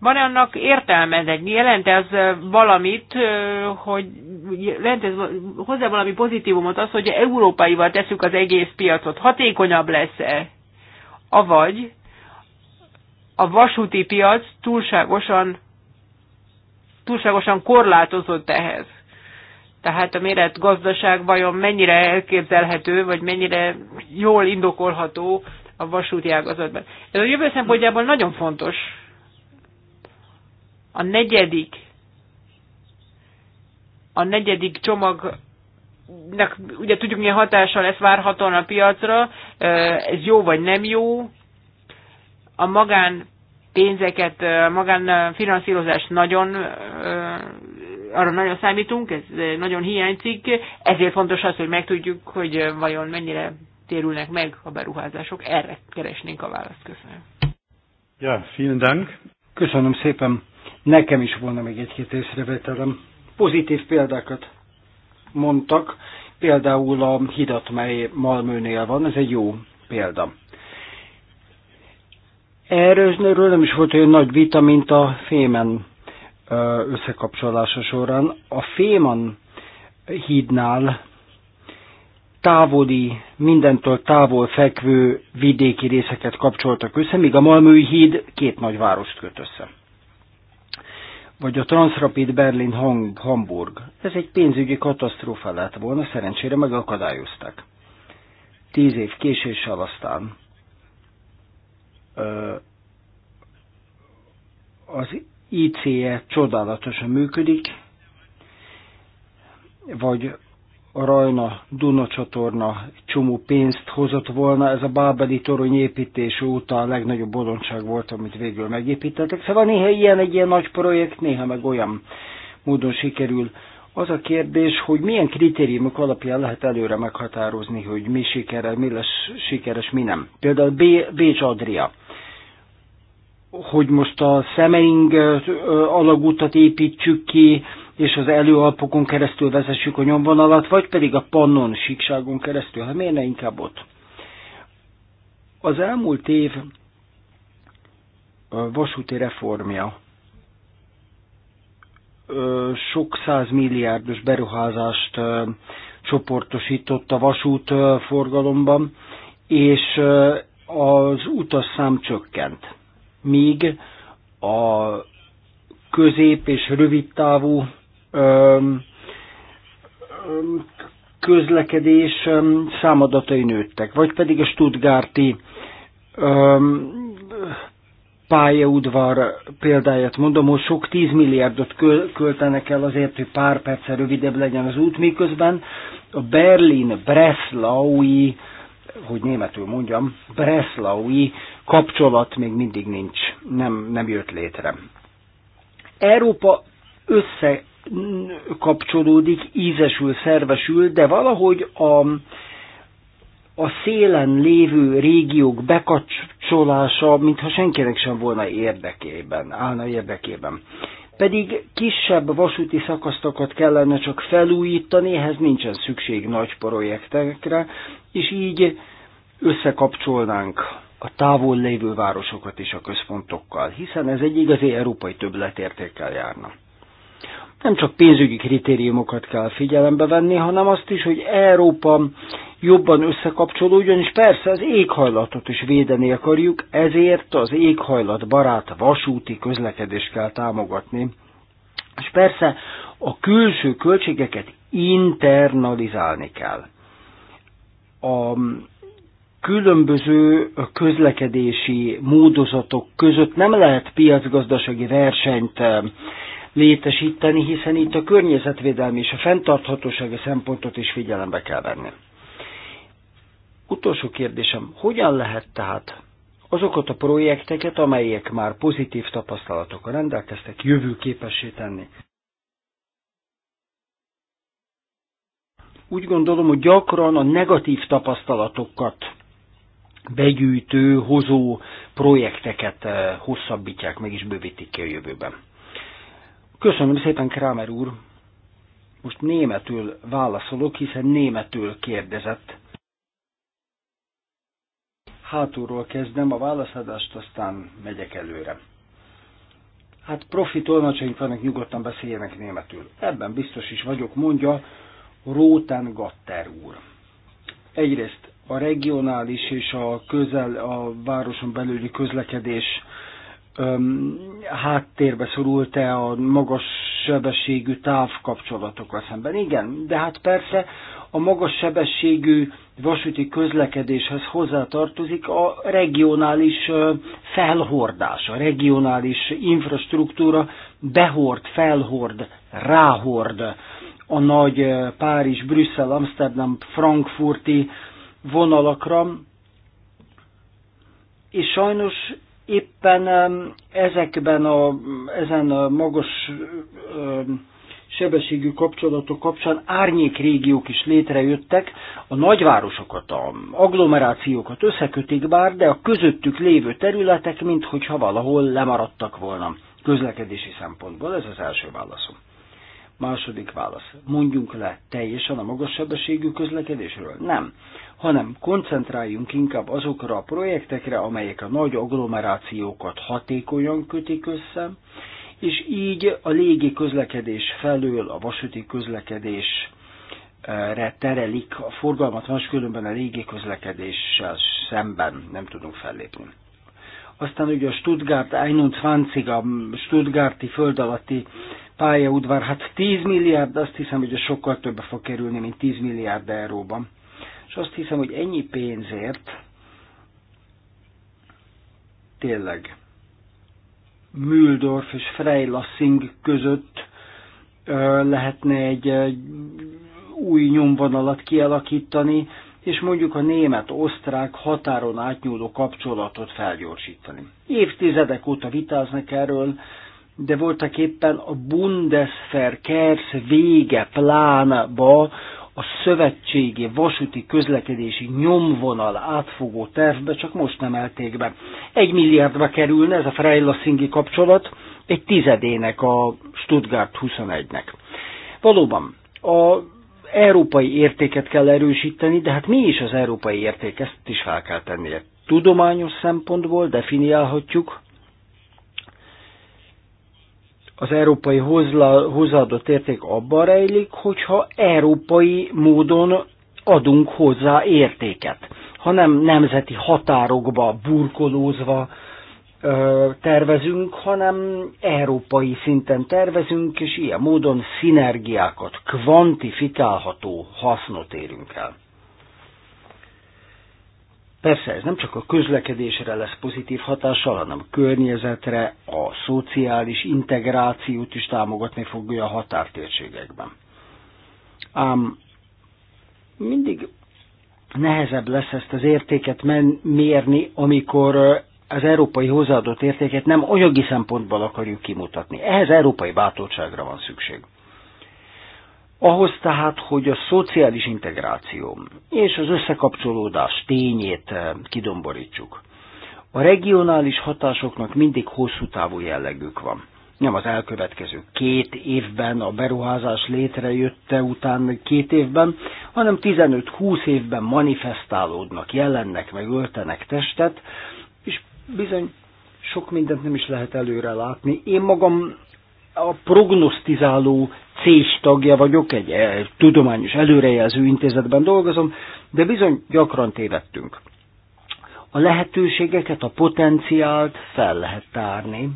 Speaker 5: Van -e annak értelme, de jelent ez valamit, hogy jelent ez hozzá valami pozitívumot az, hogy európaival teszük az egész piacot, hatékonyabb lesz-e? Avagy a vasúti piac túlságosan, túlságosan korlátozott ehhez. Tehát a méret gazdaság vajon mennyire elképzelhető, vagy mennyire jól indokolható a vasúti ágazatban. Ez a jövő szempontjából nagyon fontos. A negyedik, a negyedik csomag ugye tudjuk milyen hatással lesz várhatóan a piacra, ez jó vagy nem jó. A magán pénzeket, magánfinanszírozás nagyon arra nagyon számítunk, ez eh, nagyon hiányzik, ezért fontos az, hogy megtudjuk, hogy eh, vajon mennyire térülnek meg a beruházások. Erre keresnénk a választ. Köszönöm.
Speaker 2: Ja, vielen Dank. Köszönöm szépen. Nekem is volna még egy-két észrevételem. Pozitív példákat mondtak, például a hidat, mely Malmőnél van, ez egy jó példa. Erről nem is volt olyan nagy vita, mint a fémen összekapcsolása során. A Féman hídnál távoli, mindentől távol fekvő vidéki részeket kapcsoltak össze, míg a Malmői híd két nagy várost köt össze. Vagy a Transrapid Berlin Hamburg. Ez egy pénzügyi katasztrófa lett volna, szerencsére megakadályozták. Tíz év késéssel aztán az ICE csodálatosan működik, vagy a Rajna Duna csatorna csomó pénzt hozott volna, ez a bábeli torony építés óta a legnagyobb bolondság volt, amit végül megépítettek. Szóval néha ilyen egy ilyen nagy projekt, néha meg olyan módon sikerül. Az a kérdés, hogy milyen kritériumok alapján lehet előre meghatározni, hogy mi sikeres, mi lesz sikeres, mi nem. Például B- Bécs Adria hogy most a Semmering alagútat építsük ki, és az előalpokon keresztül vezessük a nyomvonalat, vagy pedig a pannon síkságon keresztül, ha hát miért ne inkább ott? Az elmúlt év vasúti reformja sok száz milliárdos beruházást csoportosított a vasút forgalomban, és az utasszám csökkent míg a közép és rövid távú közlekedés számadatai nőttek, vagy pedig a Stuttgarti pályaudvar példáját mondom, hogy sok tízmilliárdot költenek el azért, hogy pár perccel rövidebb legyen az út, miközben a Berlin-Breslaui hogy németül mondjam, breslaui kapcsolat még mindig nincs, nem, nem jött létre. Európa összekapcsolódik, ízesül, szervesül, de valahogy a, a szélen lévő régiók bekapcsolása, mintha senkinek sem volna érdekében, állna érdekében pedig kisebb vasúti szakasztokat kellene csak felújítani, ehhez nincsen szükség nagy projektekre, és így összekapcsolnánk a távol lévő városokat is a központokkal, hiszen ez egy igazi európai többletértékkel járna nem csak pénzügyi kritériumokat kell figyelembe venni, hanem azt is, hogy Európa jobban összekapcsolódjon, és persze az éghajlatot is védeni akarjuk, ezért az éghajlat barát vasúti közlekedést kell támogatni. És persze a külső költségeket internalizálni kell. A különböző közlekedési módozatok között nem lehet piacgazdasági versenyt eh, létesíteni, hiszen itt a környezetvédelmi és a fenntarthatósági szempontot is figyelembe kell venni. Utolsó kérdésem, hogyan lehet tehát azokat a projekteket, amelyek már pozitív tapasztalatokkal rendelkeztek, jövőképessé tenni? Úgy gondolom, hogy gyakran a negatív tapasztalatokat begyűjtő, hozó projekteket eh, hosszabbítják meg és bővítik ki a jövőben. Köszönöm szépen, Kramer úr. Most németül válaszolok, hiszen németül kérdezett. Hátulról kezdem a válaszadást, aztán megyek előre. Hát profi tolmácsaink vannak, nyugodtan beszéljenek németül. Ebben biztos is vagyok, mondja Róten Gatter úr. Egyrészt a regionális és a közel, a városon belüli közlekedés öm, háttérbe szorult-e a magas sebességű távkapcsolatokkal szemben. Igen, de hát persze a magas sebességű vasúti közlekedéshez hozzátartozik a regionális felhordás, a regionális infrastruktúra behord, felhord, ráhord a nagy Párizs, Brüsszel, Amsterdam, Frankfurti vonalakra, és sajnos éppen ezekben a, ezen a magas sebességű kapcsolatok kapcsán árnyék régiók is létrejöttek, a nagyvárosokat, a agglomerációkat összekötik bár, de a közöttük lévő területek, minthogyha valahol lemaradtak volna közlekedési szempontból. Ez az első válaszom. Második válasz. Mondjunk le teljesen a magas sebességű közlekedésről? Nem, hanem koncentráljunk inkább azokra a projektekre, amelyek a nagy agglomerációkat hatékonyan kötik össze, és így a légi közlekedés felől a vasúti közlekedésre terelik a forgalmat, máskülönben a légi közlekedéssel szemben nem tudunk fellépni aztán ugye a Stuttgart 21, a Stuttgarti föld alatti pályaudvar, hát 10 milliárd, azt hiszem, hogy ez sokkal többbe fog kerülni, mint 10 milliárd euróban. És azt hiszem, hogy ennyi pénzért tényleg Mühldorf és Freilassing között lehetne egy, egy új nyomvonalat kialakítani, és mondjuk a német-osztrák határon átnyúló kapcsolatot felgyorsítani. Évtizedek óta vitáznak erről, de voltak éppen a Bundesfer Kersz vége plánába a szövetségi vasúti közlekedési nyomvonal átfogó tervbe csak most nem elték be. Egy milliárdba kerülne ez a Freilassingi kapcsolat, egy tizedének a Stuttgart 21-nek. Valóban, a európai értéket kell erősíteni, de hát mi is az európai érték, ezt is fel kell tennie. Tudományos szempontból definiálhatjuk, az európai hozzáadott érték abban rejlik, hogyha európai módon adunk hozzá értéket, hanem nemzeti határokba burkolózva ö, tervezünk, hanem európai szinten tervezünk, és ilyen módon szinergiákat, kvantifikálható hasznot érünk el. Persze ez nem csak a közlekedésre lesz pozitív hatással, hanem a környezetre, a szociális integrációt is támogatni fogja a határtérségekben. Ám mindig nehezebb lesz ezt az értéket mérni, amikor az európai hozzáadott értéket nem anyagi szempontból akarjuk kimutatni. Ehhez európai bátorságra van szükség. Ahhoz tehát, hogy a szociális integráció és az összekapcsolódás tényét eh, kidomborítsuk. A regionális hatásoknak mindig hosszú távú jellegük van. Nem az elkövetkező két évben, a beruházás létrejötte után két évben, hanem 15-20 évben manifestálódnak, jelennek, meg öltenek testet, és bizony sok mindent nem is lehet előre látni. Én magam a prognosztizáló CÉS tagja vagyok, e, egy tudományos előrejelző intézetben dolgozom, de bizony gyakran tévedtünk. A lehetőségeket, a potenciált fel lehet tárni.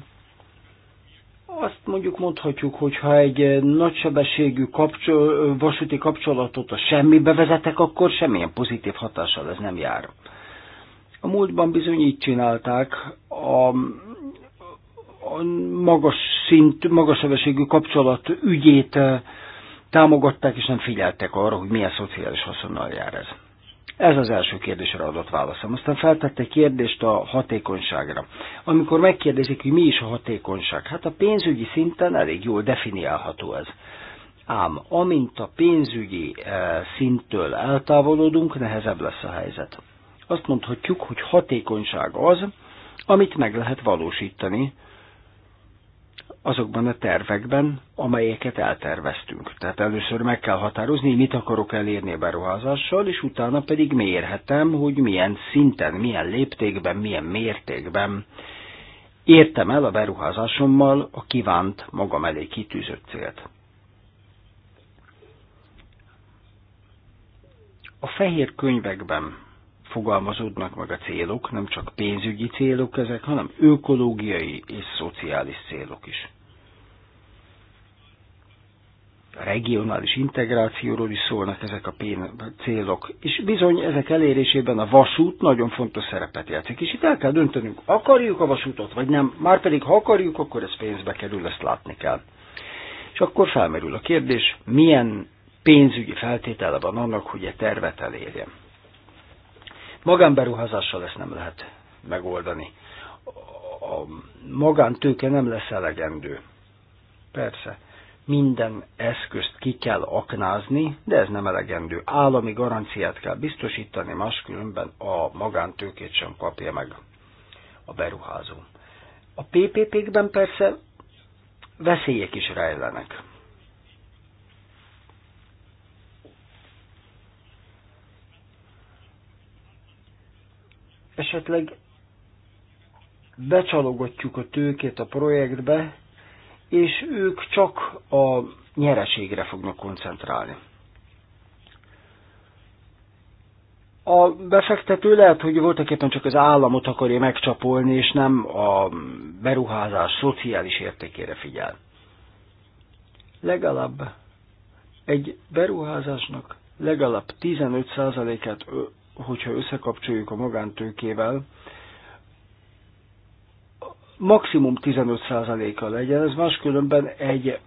Speaker 2: Azt mondjuk mondhatjuk, hogy ha egy e, nagysebességű kapcsol, e, vasúti kapcsolatot a semmibe vezetek, akkor semmilyen pozitív hatással ez nem jár. A múltban bizony így csinálták, a a magas szint, magas sebességű kapcsolat ügyét eh, támogatták, és nem figyeltek arra, hogy milyen szociális haszonnal jár ez. Ez az első kérdésre adott válaszom. Aztán feltette kérdést a hatékonyságra. Amikor megkérdezik, hogy mi is a hatékonyság, hát a pénzügyi szinten elég jól definiálható ez. Ám amint a pénzügyi eh, szinttől eltávolodunk, nehezebb lesz a helyzet. Azt mondhatjuk, hogy hatékonyság az, amit meg lehet valósítani, azokban a tervekben, amelyeket elterveztünk. Tehát először meg kell határozni, mit akarok elérni a beruházással, és utána pedig mérhetem, hogy milyen szinten, milyen léptékben, milyen mértékben értem el a beruházásommal a kívánt magam elé kitűzött célt. A fehér könyvekben fogalmazódnak meg a célok, nem csak pénzügyi célok ezek, hanem ökológiai és szociális célok is. A regionális integrációról is szólnak ezek a célok, és bizony ezek elérésében a vasút nagyon fontos szerepet játszik, és itt el kell döntenünk, akarjuk a vasútot, vagy nem, már pedig ha akarjuk, akkor ez pénzbe kerül, ezt látni kell. És akkor felmerül a kérdés, milyen pénzügyi feltétele van annak, hogy a tervet elérjem. Magánberuházással ezt nem lehet megoldani. A magántőke nem lesz elegendő. Persze, minden eszközt ki kell aknázni, de ez nem elegendő. Állami garanciát kell biztosítani, máskülönben a magántőkét sem kapja meg a beruházó. A PPP-kben persze veszélyek is rejlenek. esetleg becsalogatjuk a tőkét a projektbe, és ők csak a nyereségre fognak koncentrálni. A befektető lehet, hogy voltak éppen csak az államot akarja megcsapolni, és nem a beruházás szociális értékére figyel. Legalább egy beruházásnak legalább 15%-át hogyha összekapcsoljuk a magántőkével, maximum 15%-a legyen, ez máskülönben egy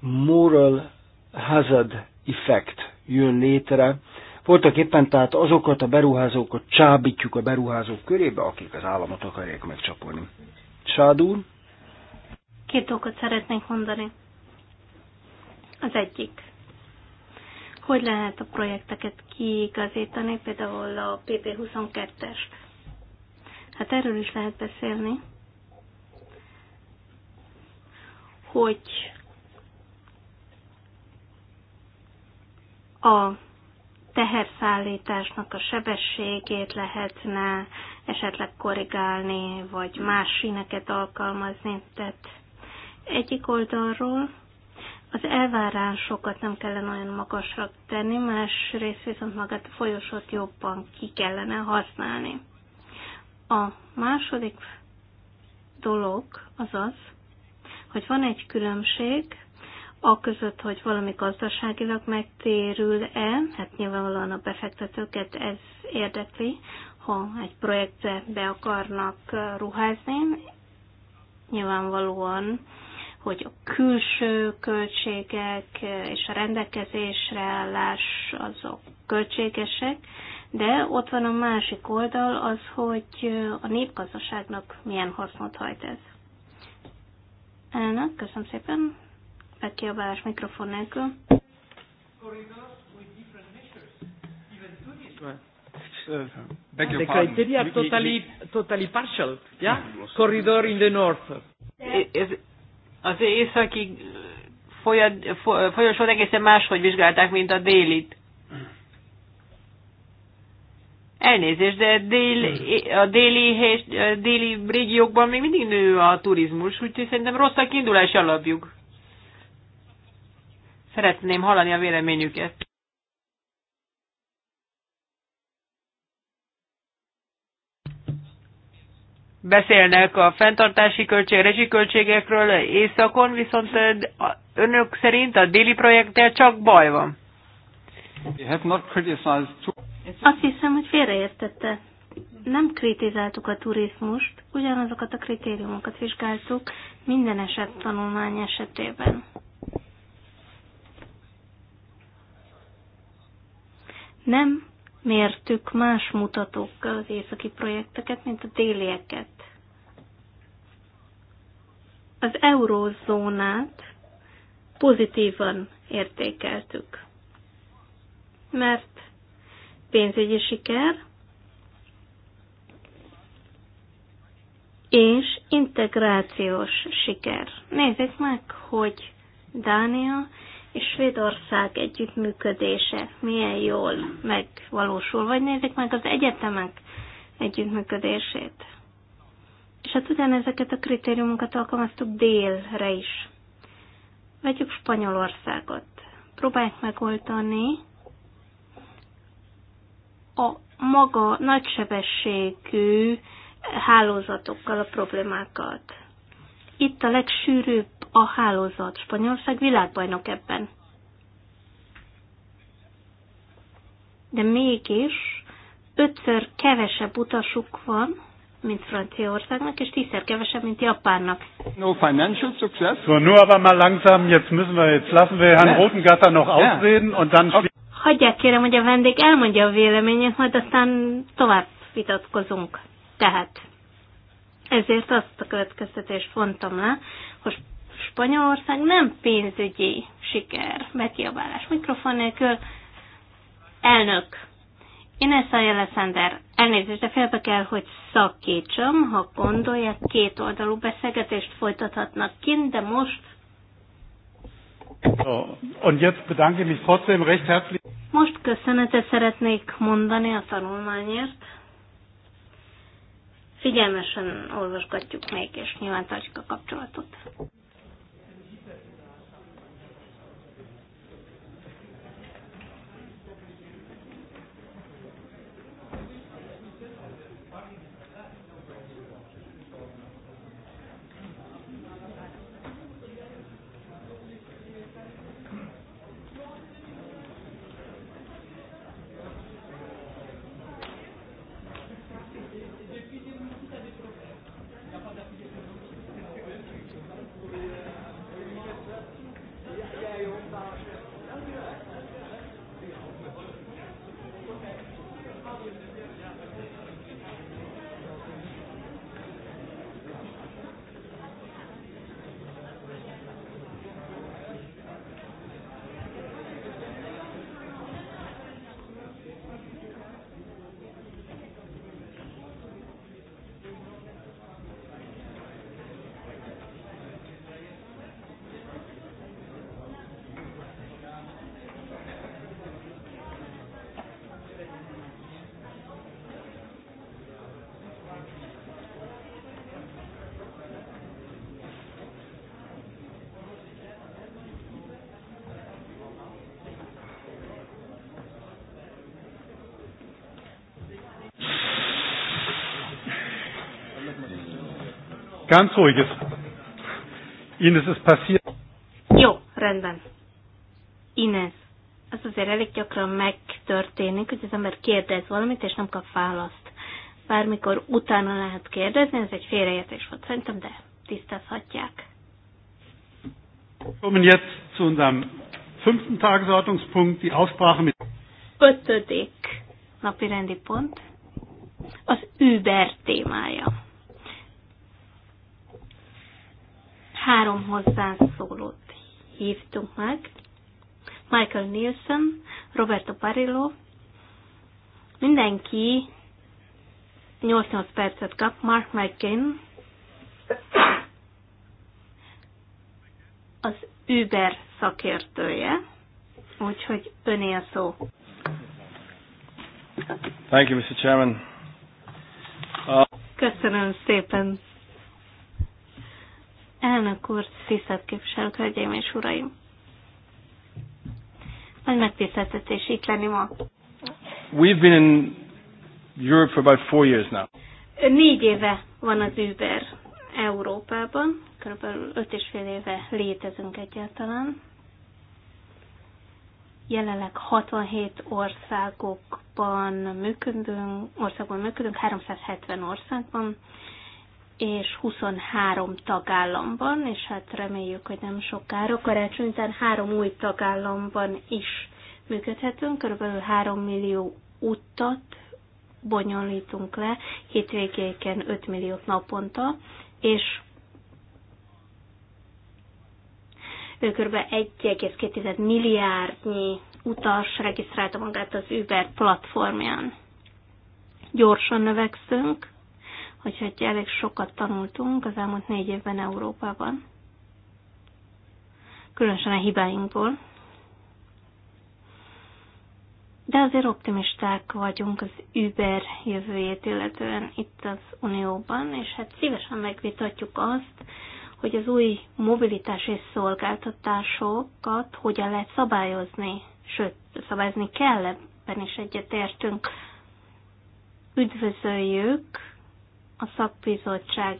Speaker 2: moral hazard effect jön létre. Voltak éppen tehát azokat a beruházókat csábítjuk a beruházók körébe, akik az államot akarják megcsapolni. Sádúr?
Speaker 4: Két dolgot szeretnék mondani. Az egyik hogy lehet a projekteket kiigazítani, például a PP22-es. Hát erről is lehet beszélni, hogy a teherszállításnak a sebességét lehetne esetleg korrigálni, vagy más síneket alkalmazni. Tehát egyik oldalról az elvárásokat nem kellene olyan magasra tenni, másrészt viszont magát a folyosót jobban ki kellene használni. A második dolog az az, hogy van egy különbség a között, hogy valami gazdaságilag megtérül-e, hát nyilvánvalóan a befektetőket ez érdekli, ha egy projektbe be akarnak ruházni, nyilvánvalóan hogy a külső költségek és a rendelkezésre állás azok költségesek, de ott van a másik oldal az, hogy a népgazdaságnak milyen hasznot hajt ez. Elnök, köszönöm szépen. Bekiabálás mikrofon nélkül. Beg your the criteria
Speaker 5: totally, totally partial, yeah? Corridor in the north. Is, az északi folyosót egészen máshogy vizsgálták, mint a délit. Elnézést, de dél, a déli, déli régiókban még mindig nő a turizmus, úgyhogy szerintem rossz a kiindulási alapjuk. Szeretném hallani a véleményüket. beszélnek a fenntartási költség, rezsiköltségekről északon, viszont önök szerint a déli projekttel csak baj van.
Speaker 4: Azt hiszem, hogy félreértette. Nem kritizáltuk a turizmust, ugyanazokat a kritériumokat vizsgáltuk minden eset tanulmány esetében. Nem mértük más mutatókkal az északi projekteket, mint a délieket az eurózónát pozitívan értékeltük. Mert pénzügyi siker, és integrációs siker. Nézzük meg, hogy Dánia és Svédország együttműködése milyen jól megvalósul, vagy nézzük meg az egyetemek együttműködését. És hát ugyanezeket a kritériumokat alkalmaztuk délre is. Vegyük Spanyolországot. Próbáljuk megoldani a maga nagysebességű hálózatokkal a problémákat. Itt a legsűrűbb a hálózat. Spanyolország világbajnok ebben. De mégis ötször kevesebb utasuk van, mint Franciaországnak, és tízszer kevesebb, mint Japánnak.
Speaker 1: No financial success. So, nur aber mal langsam, jetzt müssen wir, jetzt lassen wir Herrn yeah. Rotengatter noch yeah. ausreden, und dann... Okay.
Speaker 4: Hagyják kérem, hogy a vendég elmondja a véleményét, majd aztán tovább vitatkozunk. Tehát ezért azt a következtetést fontam le, hogy Spanyolország nem pénzügyi siker, bekiabálás mikrofon nélkül, elnök. Ines Ayala Sander, Elnézést, de felbe kell, hogy szakítsam, ha gondolják, két oldalú beszélgetést folytathatnak kint, de most... Most köszönetet szeretnék mondani a tanulmányért. Figyelmesen olvasgatjuk még, és nyilván tartjuk a kapcsolatot.
Speaker 1: Ganz ist. Ines, ist passiert.
Speaker 4: Jó, rendben. Ines, az azért elég gyakran megtörténik, hogy az ember kérdez valamit, és nem kap választ. Bármikor utána lehet kérdezni, ez egy félreértés volt szerintem, de tisztázhatják.
Speaker 1: Kommen jetzt zu unserem fünften Tagesordnungspunkt, die Aussprache mit...
Speaker 4: Ötödik napi rendi pont, az Uber témája. Három hozzászólót hívtunk meg. Michael Nielsen, Roberto Parillo. Mindenki 8-8 percet kap. Mark McGinn. Az Uber szakértője. Úgyhogy öné a szó.
Speaker 2: Thank you, Mr. Chairman.
Speaker 5: Uh...
Speaker 4: Köszönöm szépen, Elnök úr, tisztelt képviselők, hölgyeim és uraim! Nagy megtiszteltetés itt lenni ma.
Speaker 1: We've been in Europe for about four years now.
Speaker 4: Négy éve van az Uber Európában, körülbelül öt és fél éve létezünk egyáltalán. Jelenleg 67 országokban működünk, országban működünk, 370 országban, és 23 tagállamban, és hát reméljük, hogy nem sokára. Karácsony után három új tagállamban is működhetünk, körülbelül 3 millió utat bonyolítunk le, hétvégéken 5 milliót naponta, és kb. 1,2 milliárdnyi utas regisztrálta magát az Uber platformján. Gyorsan növekszünk, hát elég sokat tanultunk az elmúlt négy évben Európában, különösen a hibáinkból. De azért optimisták vagyunk az Uber jövőjét, illetően itt az Unióban, és hát szívesen megvitatjuk azt, hogy az új és szolgáltatásokat hogyan lehet szabályozni, sőt, szabályozni kell, ebben is egyetértünk. Üdvözöljük a szakbizottság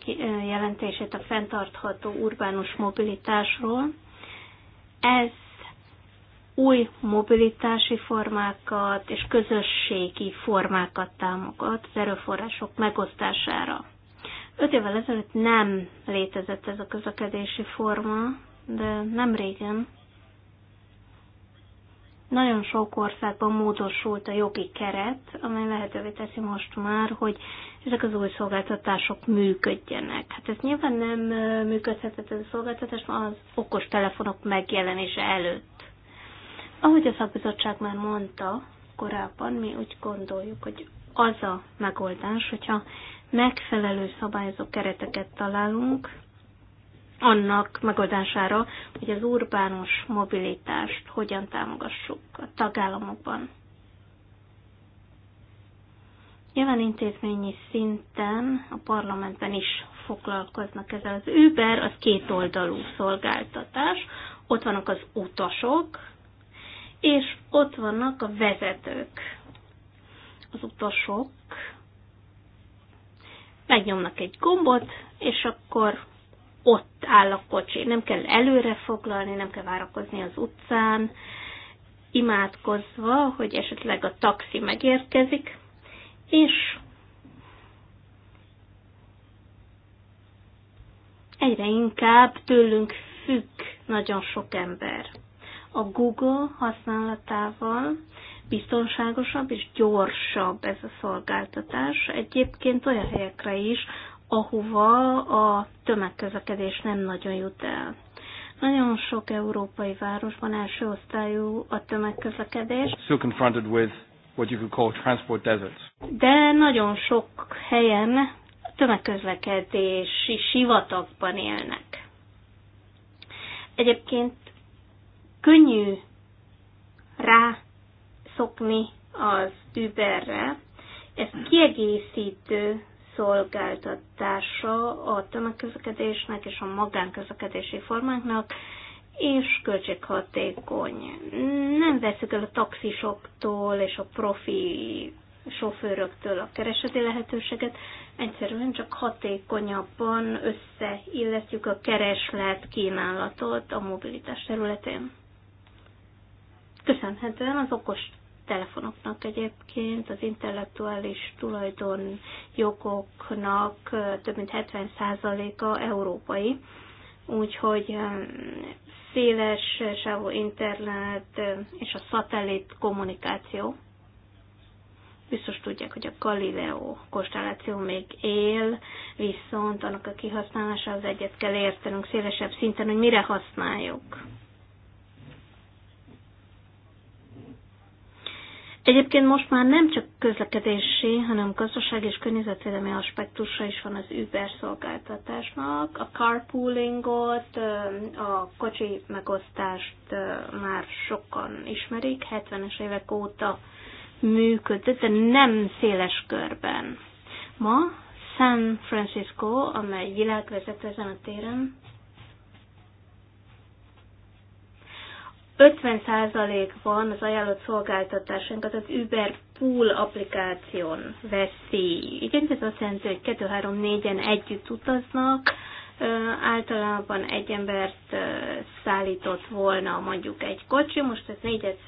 Speaker 4: jelentését a fenntartható urbánus mobilitásról. Ez új mobilitási formákat és közösségi formákat támogat az erőforrások megosztására. Öt évvel ezelőtt nem létezett ez a közlekedési forma, de nem régen nagyon sok országban módosult a jogi keret, amely lehetővé teszi most már, hogy ezek az új szolgáltatások működjenek. Hát ez nyilván nem működhetett ez a szolgáltatás az okos telefonok megjelenése előtt. Ahogy a szakbizottság már mondta korábban, mi úgy gondoljuk, hogy az a megoldás, hogyha megfelelő szabályozó kereteket találunk, annak megoldására, hogy az urbánus mobilitást hogyan támogassuk a tagállamokban. Nyilván intézményi szinten a parlamentben is foglalkoznak ezzel. Az Uber az kétoldalú szolgáltatás, ott vannak az utasok, és ott vannak a vezetők. Az utasok megnyomnak egy gombot, és akkor ott áll a kocsi. Nem kell előre foglalni, nem kell várakozni az utcán, imádkozva, hogy esetleg a taxi megérkezik, és egyre inkább tőlünk függ nagyon sok ember. A Google használatával biztonságosabb és gyorsabb ez a szolgáltatás. Egyébként olyan helyekre is, ahova a tömegközlekedés nem nagyon jut el. Nagyon sok európai városban első osztályú a tömegközlekedés.
Speaker 2: Still confronted with what you could call transport deserts.
Speaker 4: De nagyon sok helyen tömegközlekedési sivatagban élnek. Egyébként könnyű rá szokni az Uberre. Ez kiegészítő szolgáltatása a tömegközlekedésnek és a magánközlekedési formáknak, és költséghatékony. Nem veszük el a taxisoktól és a profi sofőröktől a kereseti lehetőséget, egyszerűen csak hatékonyabban összeilletjük a kereslet kínálatot a mobilitás területén. Köszönhetően az okos telefonoknak egyébként, az intellektuális tulajdon jogoknak több mint 70%-a európai, úgyhogy széles sávú internet és a szatellit kommunikáció. Biztos tudják, hogy a Galileo konstelláció még él, viszont annak a kihasználása az egyet kell értenünk szélesebb szinten, hogy mire használjuk. Egyébként most már nem csak közlekedési, hanem gazdaság és környezetvédelmi aspektusa is van az Uber szolgáltatásnak. A carpoolingot, a kocsi megosztást már sokan ismerik, 70-es évek óta működött, de nem széles körben. Ma San Francisco, amely világvezető ezen a téren, 50%-ban az ajánlott szolgáltatásunk, az Uber Pool applikáción veszi Igen, Ez azt jelenti, hogy 2-3-4-en együtt utaznak, általában egy embert szállított volna mondjuk egy kocsi, most ez négyet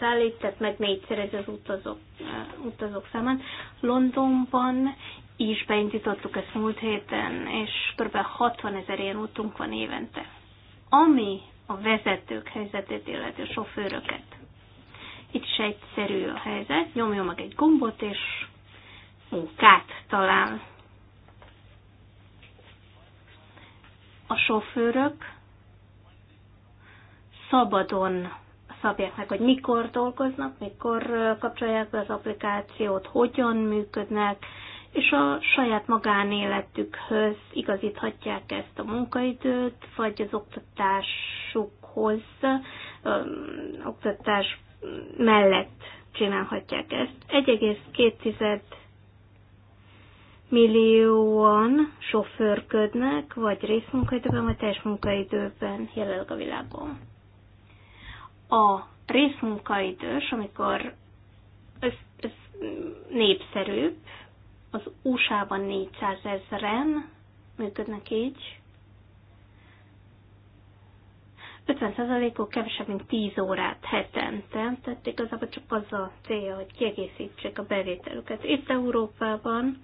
Speaker 4: szállít, tehát meg négyszer ez az utazók, utazók számán. Londonban is beindítottuk ezt múlt héten, és kb. 60 ezer ilyen útunk van évente. Ami a vezetők helyzetét, illető sofőröket. Itt is egyszerű a helyzet, nyomja meg egy gombot, és munkát talál. A sofőrök szabadon szabják meg, hogy mikor dolgoznak, mikor kapcsolják be az applikációt, hogyan működnek, és a saját magánéletükhöz igazíthatják ezt a munkaidőt, vagy az oktatás tudásukhoz, oktatás mellett csinálhatják ezt. 1,2 millióan sofőrködnek, vagy részmunkaidőben, vagy teljes munkaidőben jelenleg a világon. A részmunkaidős, amikor ez, ez népszerűbb, az USA-ban 400 ezeren működnek így, 50%-ok kevesebb, mint 10 órát hetente, tehát igazából csak az a célja, hogy kiegészítsék a bevételüket. Itt Európában,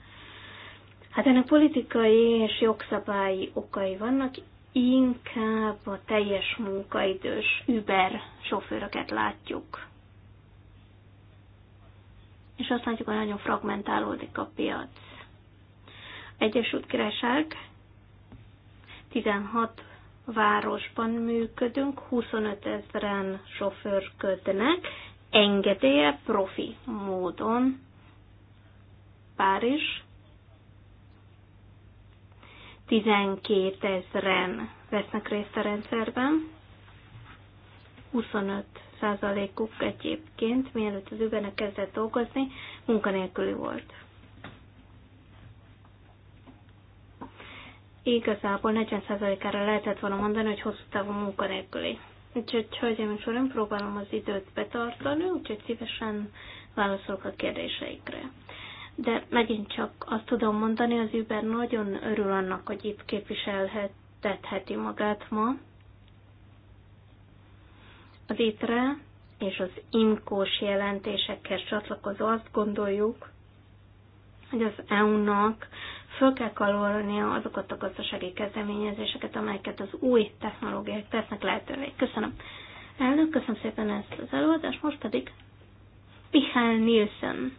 Speaker 4: hát ennek politikai és jogszabályi okai vannak, inkább a teljes munkaidős Uber sofőröket látjuk. És azt látjuk, hogy nagyon fragmentálódik a piac. Egyesült Királyság 16 városban működünk, 25 ezeren sofőrködnek, engedélye profi módon Párizs, 12 ezeren vesznek részt a rendszerben, 25 százalékuk egyébként, mielőtt az Ubernek kezdett dolgozni, munkanélküli volt. igazából 40 százalékára lehetett volna mondani, hogy hosszú távú munkanélküli. Úgyhogy, hölgyeim és uram, próbálom az időt betartani, úgyhogy szívesen válaszolok a kérdéseikre. De megint csak azt tudom mondani, az Uber nagyon örül annak, hogy itt képviselhetetheti magát ma. Az ITRE és az IMKÓS jelentésekkel csatlakozó azt gondoljuk, hogy az EU-nak föl kell karolnia azokat a gazdasági kezdeményezéseket, amelyeket az új technológiák tesznek lehetővé. Köszönöm. Elnök, köszönöm szépen ezt az előadást, most pedig Pihel Nielsen.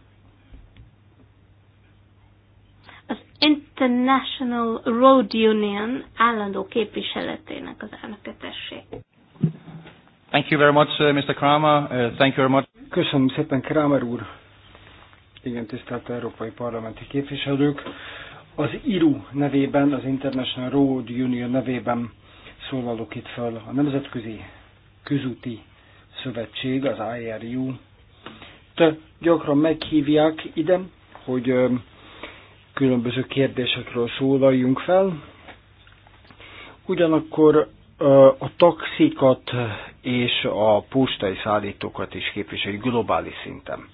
Speaker 4: Az International Road Union állandó képviseletének az elnöke tessék.
Speaker 2: Thank you very much, uh, Mr. Kramer. Uh, thank you very much. Köszönöm szépen, Kramer úr igen tisztelt európai parlamenti képviselők. Az IRU nevében, az International Road Union nevében szólalok itt fel a Nemzetközi Közúti Szövetség, az IRU. Te gyakran meghívják ide, hogy különböző kérdésekről szólaljunk fel. Ugyanakkor a taxikat és a postai szállítókat is képviseljük globális szinten.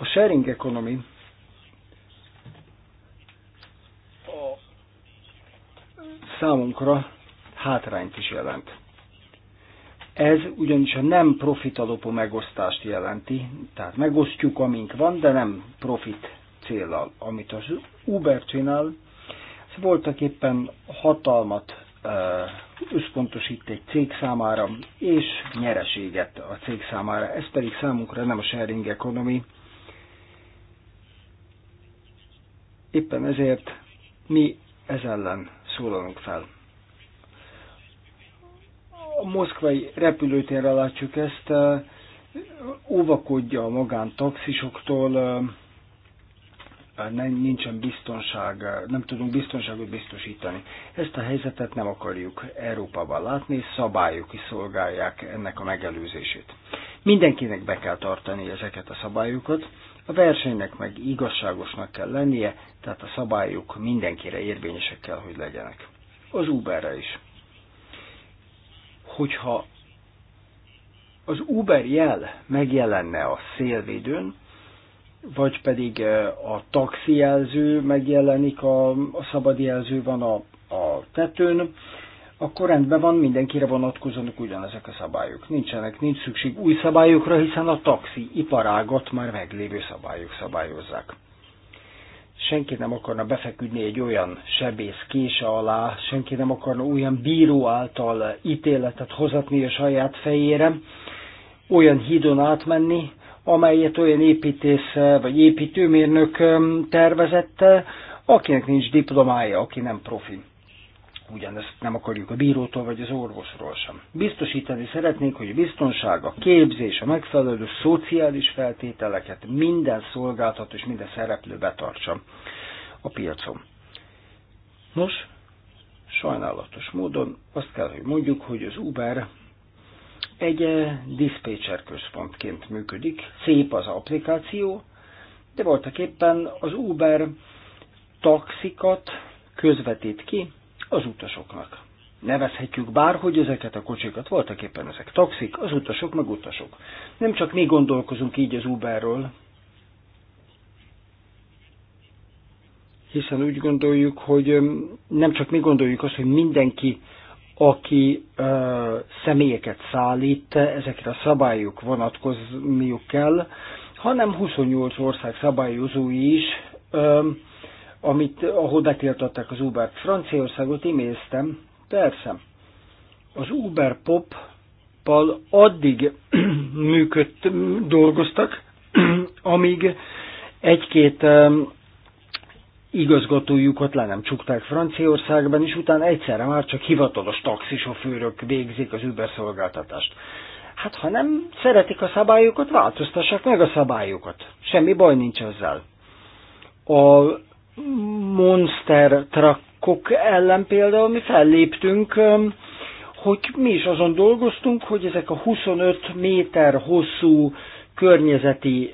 Speaker 2: A sharing economy a számunkra hátrányt is jelent. Ez ugyanis a nem profit alapú megosztást jelenti, tehát megosztjuk, amink van, de nem profit célral, amit az Uber csinál. Ez voltak éppen hatalmat összpontosít egy cég számára, és nyereséget a cég számára. Ez pedig számunkra nem a sharing economy, Éppen ezért mi ez ellen szólalunk fel. A moszkvai repülőtérre látjuk ezt, eh, óvakodja a magántaxisoktól, eh, nem, nincsen biztonság, eh, nem tudunk biztonságot biztosítani. Ezt a helyzetet nem akarjuk Európában látni, szabályok is szolgálják ennek a megelőzését. Mindenkinek be kell tartani ezeket a szabályokat, a versenynek meg igazságosnak kell lennie, tehát a szabályok mindenkire érvényesek kell, hogy legyenek. Az Uberre is. Hogyha az Uber jel megjelenne a szélvédőn, vagy pedig e, a taxi jelző megjelenik, a, a szabad jelző van a, a tetőn, akkor rendben van, mindenkire vonatkozónak ugyanezek a szabályok. Nincsenek, nincs szükség új szabályokra, hiszen a taxi iparágat már meglévő szabályok szabályozzák. Senki nem akarna befeküdni egy olyan sebész kése alá, senki nem akarna olyan bíró által ítéletet hozatni a saját fejére, olyan hídon átmenni, amelyet olyan építész vagy építőmérnök um, tervezett, uh, akinek nincs diplomája, aki nem profi. Ugyanezt nem akarjuk a bírótól vagy az orvosról sem. Biztosítani szeretnénk, hogy a biztonság, a képzés, a megfelelő szociális feltételeket minden szolgáltató és minden szereplő betartsa a piacon. Nos, sajnálatos módon azt kell, hogy mondjuk, hogy az Uber egy eh, dispatcher központként működik. Szép az applikáció, de voltak éppen az Uber taxikat közvetít ki az utasoknak. Nevezhetjük bárhogy ezeket a kocsikat, voltak éppen ezek taxik, az utasok meg utasok. Nem csak mi gondolkozunk így az Uberről, hiszen úgy gondoljuk, hogy nem csak mi gondoljuk azt, hogy mindenki, aki ö, személyeket szállít, ezekre a szabályok vonatkozniuk kell, hanem 28 ország szabályozói is ö, amit, ahol betiltották az Uber-t. Franciaországot iméztem, persze. Az Uber Pop-pal addig működt, dolgoztak, amíg egy-két igazgatójukat le nem csukták Franciaországban, és utána egyszerre már csak hivatalos taxisofőrök végzik az Uber szolgáltatást. Hát ha nem szeretik a szabályokat, változtassák meg a szabályokat. Semmi baj nincs ezzel. A monster truckok ellen például mi felléptünk, hogy mi is azon dolgoztunk, hogy ezek a 25 méter hosszú környezeti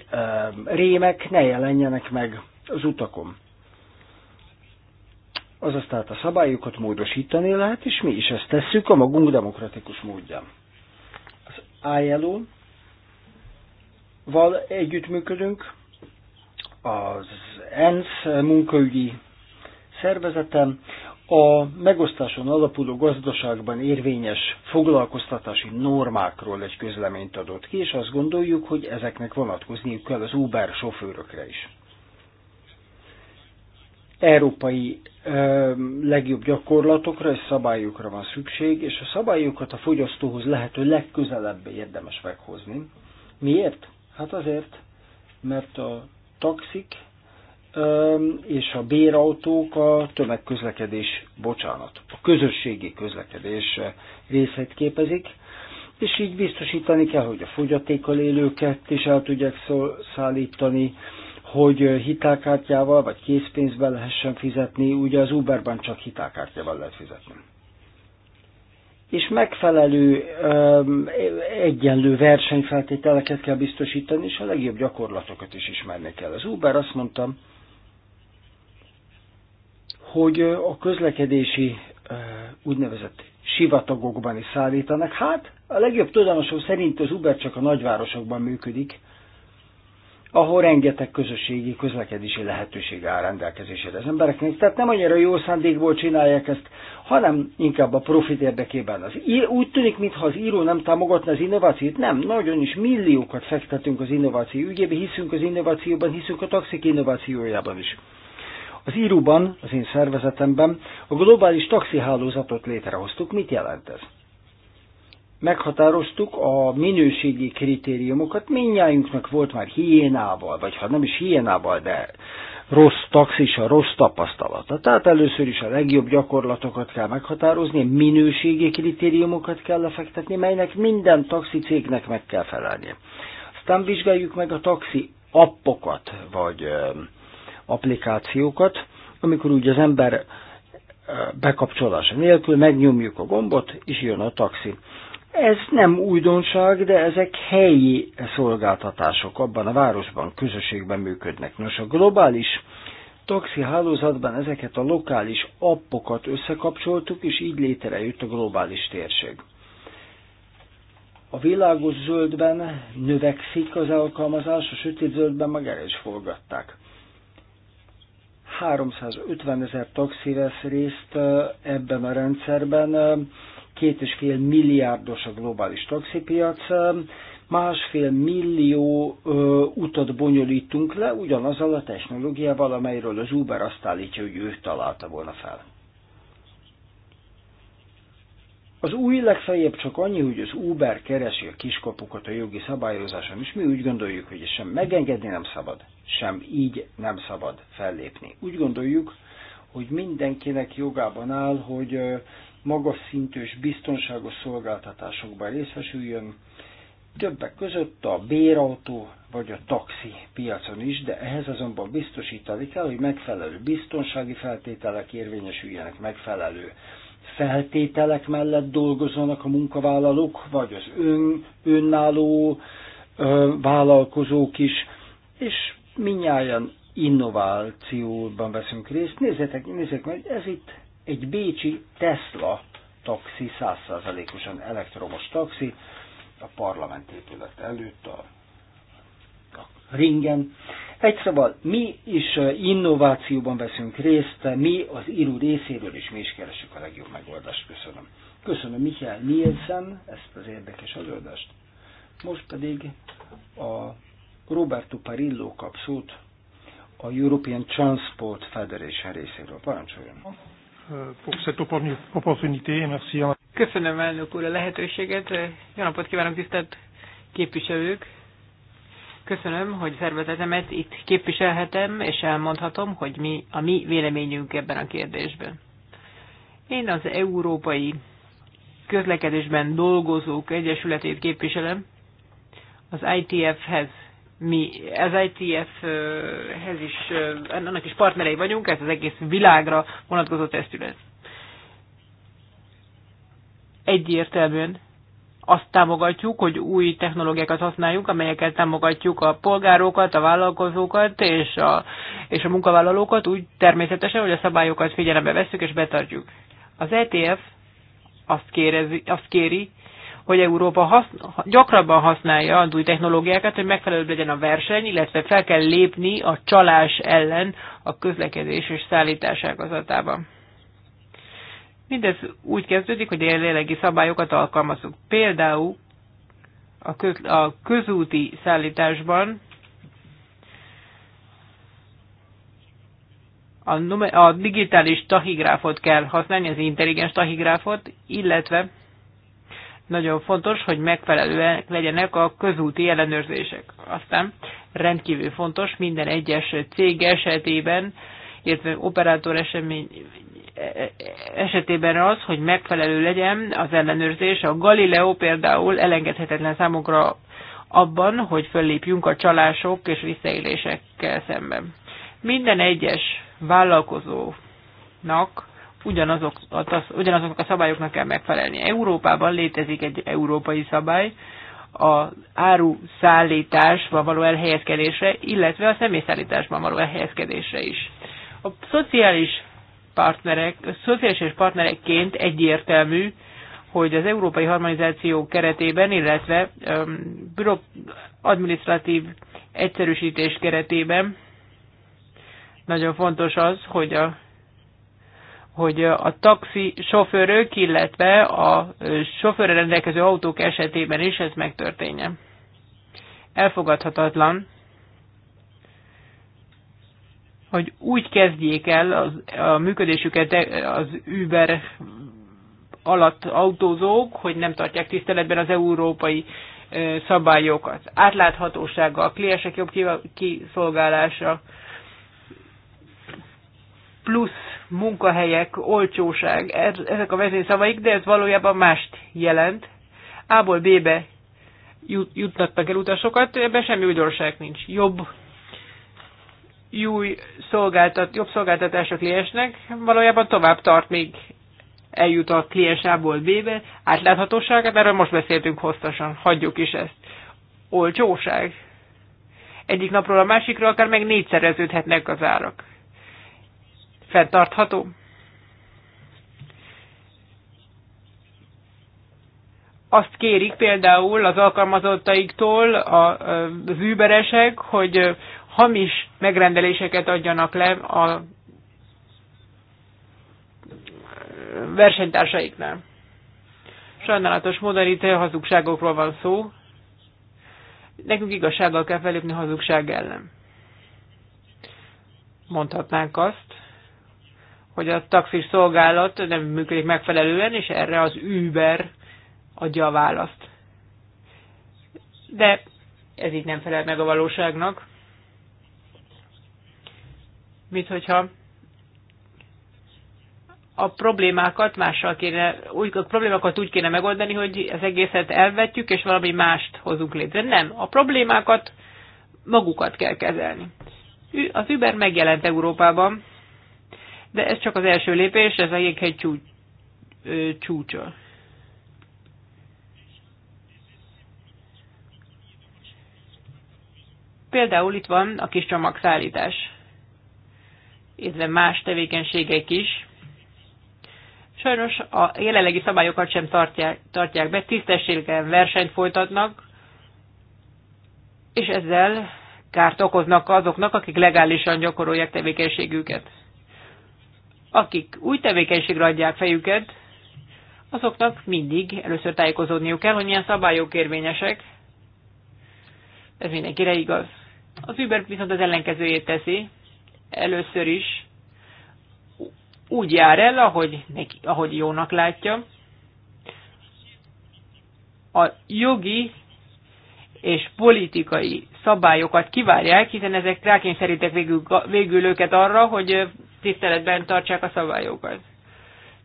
Speaker 2: rémek ne jelenjenek meg az utakon. Azaz tehát a szabályokat módosítani lehet, és mi is ezt tesszük a magunk demokratikus módján. Az ILO-val együttműködünk, az ENSZ munkaügyi szervezetem, a megosztáson alapuló gazdaságban érvényes foglalkoztatási normákról egy közleményt adott ki, és azt gondoljuk, hogy ezeknek vonatkozniuk kell az Uber sofőrökre is. Európai ö, legjobb gyakorlatokra és szabályokra van szükség, és a szabályokat a fogyasztóhoz lehető legközelebb érdemes meghozni. Miért? Hát azért, mert a taxik és a bérautók a tömegközlekedés, bocsánat, a közösségi közlekedés részét képezik, és így biztosítani kell, hogy a fogyatékkal élőket is el tudják szállítani, hogy hitelkártyával vagy készpénzben lehessen fizetni, ugye az Uberben csak hitelkártyával lehet fizetni és megfelelő egyenlő versenyfeltételeket kell biztosítani, és a legjobb gyakorlatokat is ismerni kell. Az Uber azt mondtam, hogy a közlekedési úgynevezett sivatagokban is szállítanak. Hát, a legjobb tudomásom szerint az Uber csak a nagyvárosokban működik, ahol rengeteg közösségi közlekedési lehetőség áll rendelkezésére az embereknek. Tehát nem annyira jó szándékból csinálják ezt, hanem inkább a profit érdekében. Az, úgy tűnik, mintha az író nem támogatna az innovációt. Nem, nagyon is milliókat fektetünk az innováció ügyébe, hiszünk az innovációban, hiszünk a taxik innovációjában is. Az íróban, az én szervezetemben a globális taxihálózatot létrehoztuk. Mit jelent ez? meghatároztuk a minőségi kritériumokat, minnyájunknak volt már hiénával, vagy ha nem is hiénával, de rossz taxis, a rossz tapasztalata. Tehát először is a legjobb gyakorlatokat kell meghatározni, minőségi kritériumokat kell lefektetni, melynek minden taxi cégnek meg kell felelnie. Aztán vizsgáljuk meg a taxi appokat, vagy ö, applikációkat, amikor úgy az ember bekapcsolása nélkül megnyomjuk a gombot, és jön a taxi. Ez nem újdonság, de ezek helyi szolgáltatások abban a városban, közösségben működnek. Nos, a globális taxi hálózatban ezeket a lokális appokat összekapcsoltuk, és így létrejött a globális térség. A világos zöldben növekszik az alkalmazás, a sötét zöldben meg el is forgatták. 350 ezer taxi vesz részt eh, ebben a rendszerben, eh, Két fél milliárdos a globális taxipiac, másfél millió ö, utat bonyolítunk le ugyanazzal a technológiával, amelyről az Uber azt állítja, hogy ő találta volna fel. Az új legfeljebb csak annyi, hogy az Uber keresi a kiskapukat a jogi szabályozáson, és mi úgy gondoljuk, hogy sem megengedni nem szabad, sem így nem szabad fellépni. Úgy gondoljuk, hogy mindenkinek jogában áll, hogy magas szintű és biztonságos szolgáltatásokban részesüljön, többek között a bérautó vagy a taxi piacon is, de ehhez azonban biztosítani kell, hogy megfelelő biztonsági feltételek érvényesüljenek, megfelelő feltételek mellett dolgozzanak a munkavállalók, vagy az ön, önálló ö, vállalkozók is, és minnyáján innovációban veszünk részt. Nézzétek, nézzék meg, ez itt egy bécsi Tesla taxi, 100%-osan elektromos taxi, a parlament épület előtt, a, a ringen. Egy szóval mi is innovációban veszünk részt, mi az író részéről is mi is keresünk a legjobb megoldást. Köszönöm. Köszönöm Michael Nielsen ezt az érdekes előadást. Most pedig a Roberto Parillo kap szót a European Transport Federation részéről. Parancsoljon!
Speaker 1: Euh, pour cette opportunité. Merci.
Speaker 5: Köszönöm elnök úr a lehetőséget. Jó napot kívánok, tisztelt képviselők! Köszönöm, hogy szervezetemet itt képviselhetem, és elmondhatom, hogy mi a mi véleményünk ebben a kérdésben. Én az Európai Közlekedésben Dolgozók Egyesületét képviselem. Az ITF-hez mi az ITF-hez is, annak is partnerei vagyunk, ez az egész világra vonatkozó testület. Egyértelműen azt támogatjuk, hogy új technológiákat használjunk, amelyeket támogatjuk a polgárokat, a vállalkozókat és a, és a munkavállalókat, úgy természetesen, hogy a szabályokat figyelembe veszük és betartjuk. Az ETF azt, kérezi, azt kéri, hogy Európa haszn- gyakrabban használja az új technológiákat, hogy megfelelőbb legyen a verseny, illetve fel kell lépni a csalás ellen a közlekedés és szállítás ágazatában. Mindez úgy kezdődik, hogy jelenlegi szabályokat alkalmazunk. Például a, köz, a közúti szállításban a, a digitális tahigráfot kell használni, az intelligens tahigráfot, illetve nagyon fontos, hogy megfelelőek legyenek a közúti ellenőrzések. Aztán rendkívül fontos minden egyes cég esetében, illetve operátor esemény esetében az, hogy megfelelő legyen az ellenőrzés. A Galileo például elengedhetetlen számokra abban, hogy föllépjünk a csalások és visszaélésekkel szemben. Minden egyes vállalkozónak ugyanazok, az, ugyanazoknak a szabályoknak kell megfelelni. Európában létezik egy európai szabály, a áru szállításban való elhelyezkedésre, illetve a személyszállításban való elhelyezkedésre is. A szociális partnerek, a szociális és partnerekként egyértelmű, hogy az európai harmonizáció keretében, illetve um, administratív egyszerűsítés keretében nagyon fontos az, hogy a hogy a taxi sofőrök, illetve a sofőrre rendelkező autók esetében is ez megtörténjen. Elfogadhatatlan, hogy úgy kezdjék el az, a működésüket e, az Uber alatt autózók, hogy nem tartják tiszteletben az európai szabályokat. Átláthatósága, a kliensek jobb kiszolgálása, plusz munkahelyek, olcsóság, ezek a vezényszavaik, de ez valójában mást jelent. A-ból B-be jut, juttatnak el utasokat, ebben semmi újdonság nincs. Jobb új szolgáltat, jobb szolgáltatás a kliensnek, valójában tovább tart, még eljut a kliens A-ból B-be, Átláthatóság, erről most beszéltünk hosszasan, hagyjuk is ezt. Olcsóság. Egyik napról a másikra akár meg négyszereződhetnek az árak fenntartható. Azt kérik például az alkalmazottaiktól az überesek, hogy hamis megrendeléseket adjanak le a versenytársaiknál. Sajnálatos módon itt hazugságokról van szó. Nekünk igazsággal kell felépni hazugság ellen. Mondhatnánk azt, hogy a taxis szolgálat nem működik megfelelően, és erre az Uber adja a választ. De ez így nem felel meg a valóságnak. Mint hogyha a problémákat mással kéne, úgy, a problémákat úgy kéne megoldani, hogy az egészet elvetjük, és valami mást hozunk létre. Nem, a problémákat magukat kell kezelni. Az Uber megjelent Európában, de ez csak az első lépés, ez a jéghegy csúcs, csúcsa. Például itt van a kis csomagszállítás, illetve más tevékenységek is. Sajnos a jelenlegi szabályokat sem tartják, tartják be, tisztességesen versenyt folytatnak, és ezzel kárt okoznak azoknak, akik legálisan gyakorolják tevékenységüket akik új tevékenységre adják fejüket, azoknak mindig először tájékozódniuk kell, hogy milyen szabályok érvényesek. Ez mindenkire igaz. Az Uber viszont az ellenkezőjét teszi. Először is úgy jár el, ahogy, neki, ahogy jónak látja. A jogi és politikai szabályokat kivárják, hiszen ezek rákényszerítek végül, végül őket arra, hogy tiszteletben tartsák a szabályokat.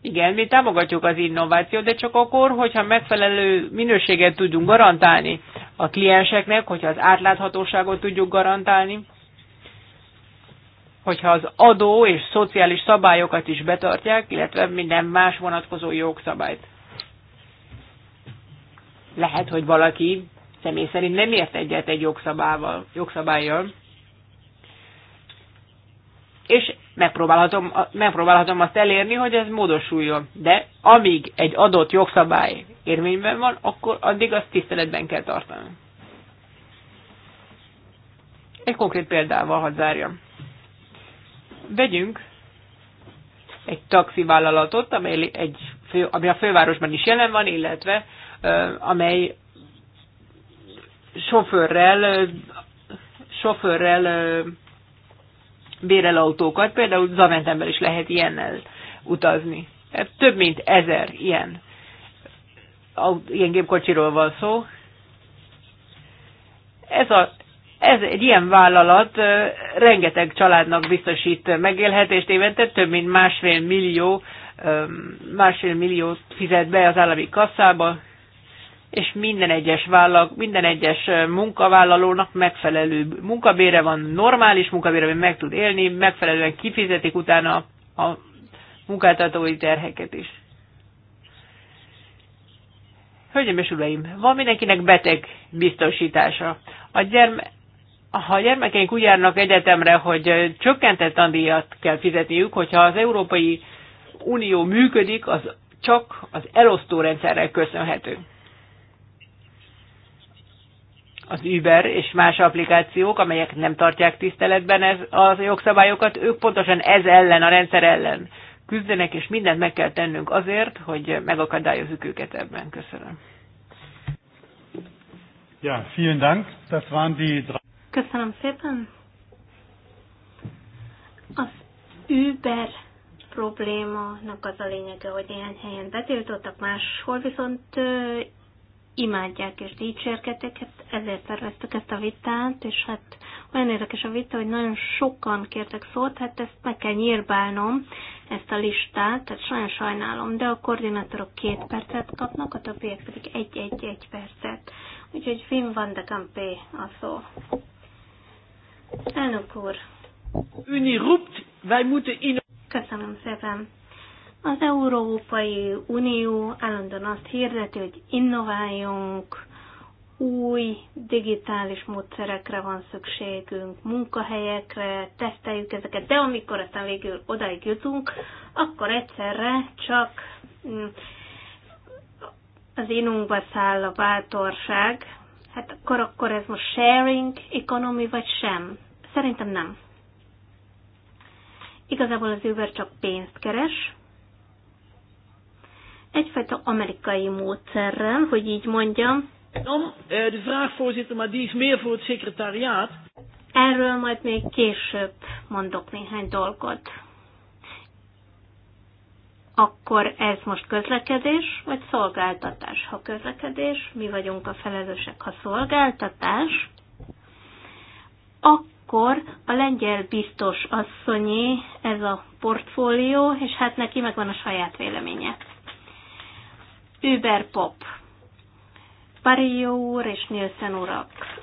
Speaker 5: Igen, mi támogatjuk az innovációt, de csak akkor, hogyha megfelelő minőséget tudjunk garantálni a klienseknek, hogyha az átláthatóságot tudjuk garantálni, hogyha az adó és szociális szabályokat is betartják, illetve minden más vonatkozó jogszabályt. Lehet, hogy valaki személy szerint nem ért egyet egy jogszabályjal, és megpróbálhatom, megpróbálhatom azt elérni, hogy ez módosuljon. De amíg egy adott jogszabály érvényben van, akkor addig azt tiszteletben kell tartani. Egy konkrét példával hadd zárjam. Vegyünk egy taxivállalatot, amely, egy fő, ami a fővárosban is jelen van, illetve ö, amely sofőrrel, ö, sofőrrel ö, autókat, például Zaventemben is lehet ilyennel utazni. Hát több mint ezer ilyen, ilyen gépkocsiról van szó. Ez, a, ez egy ilyen vállalat rengeteg családnak biztosít megélhetést évente, több mint másfél millió másfél milliót fizet be az állami kasszába, és minden egyes, vállal, minden egyes munkavállalónak megfelelő munkabére van, normális munkabére, ami meg tud élni, megfelelően kifizetik utána a munkáltatói terheket is. Hölgyeim és uraim, van mindenkinek beteg biztosítása. A gyerme, ha a gyermekeink úgy járnak egyetemre, hogy csökkentett tandíjat kell fizetniük, hogyha az Európai Unió működik, az csak az elosztó rendszerrel köszönhető az Uber és más applikációk, amelyek nem tartják tiszteletben ez, az jogszabályokat, ők pontosan ez ellen, a rendszer ellen küzdenek, és mindent meg kell tennünk azért, hogy megakadályozzuk őket ebben. Köszönöm.
Speaker 1: Ja, vielen Dank. Das waren die drei.
Speaker 4: Köszönöm szépen. Az Uber problémának az a lényege, hogy néhány helyen betiltottak, máshol viszont imádják és dicsérgetik, hát ezért terveztük ezt a vitát, és hát olyan érdekes a vita, hogy nagyon sokan kértek szót, hát ezt meg kell nyírbálnom, ezt a listát, tehát nagyon sajnálom, de a koordinátorok két percet kapnak, a többiek pedig egy-egy-egy percet. Úgyhogy Finn van de Kampé a szó. Elnök úr! Köszönöm szépen! Az Európai Unió állandóan azt hirdeti, hogy innováljunk, új digitális módszerekre van szükségünk, munkahelyekre, teszteljük ezeket, de amikor aztán végül odaig jutunk, akkor egyszerre csak mm, az inunkba száll a bátorság. Hát akkor, akkor ez most sharing economy vagy sem? Szerintem nem. Igazából az Uber csak pénzt keres, egyfajta amerikai módszerrel, hogy így mondjam. Nem, eh, de vraag, voorzitter, maar die is meer voor het secretariaat. Erről majd még később mondok néhány dolgot. Akkor ez most közlekedés, vagy szolgáltatás? Ha közlekedés, mi vagyunk a felelősek, ha szolgáltatás, akkor a lengyel biztos asszonyi ez a portfólió, és hát neki megvan a saját véleménye. Überpop, Parillo úr és Nielsen urak.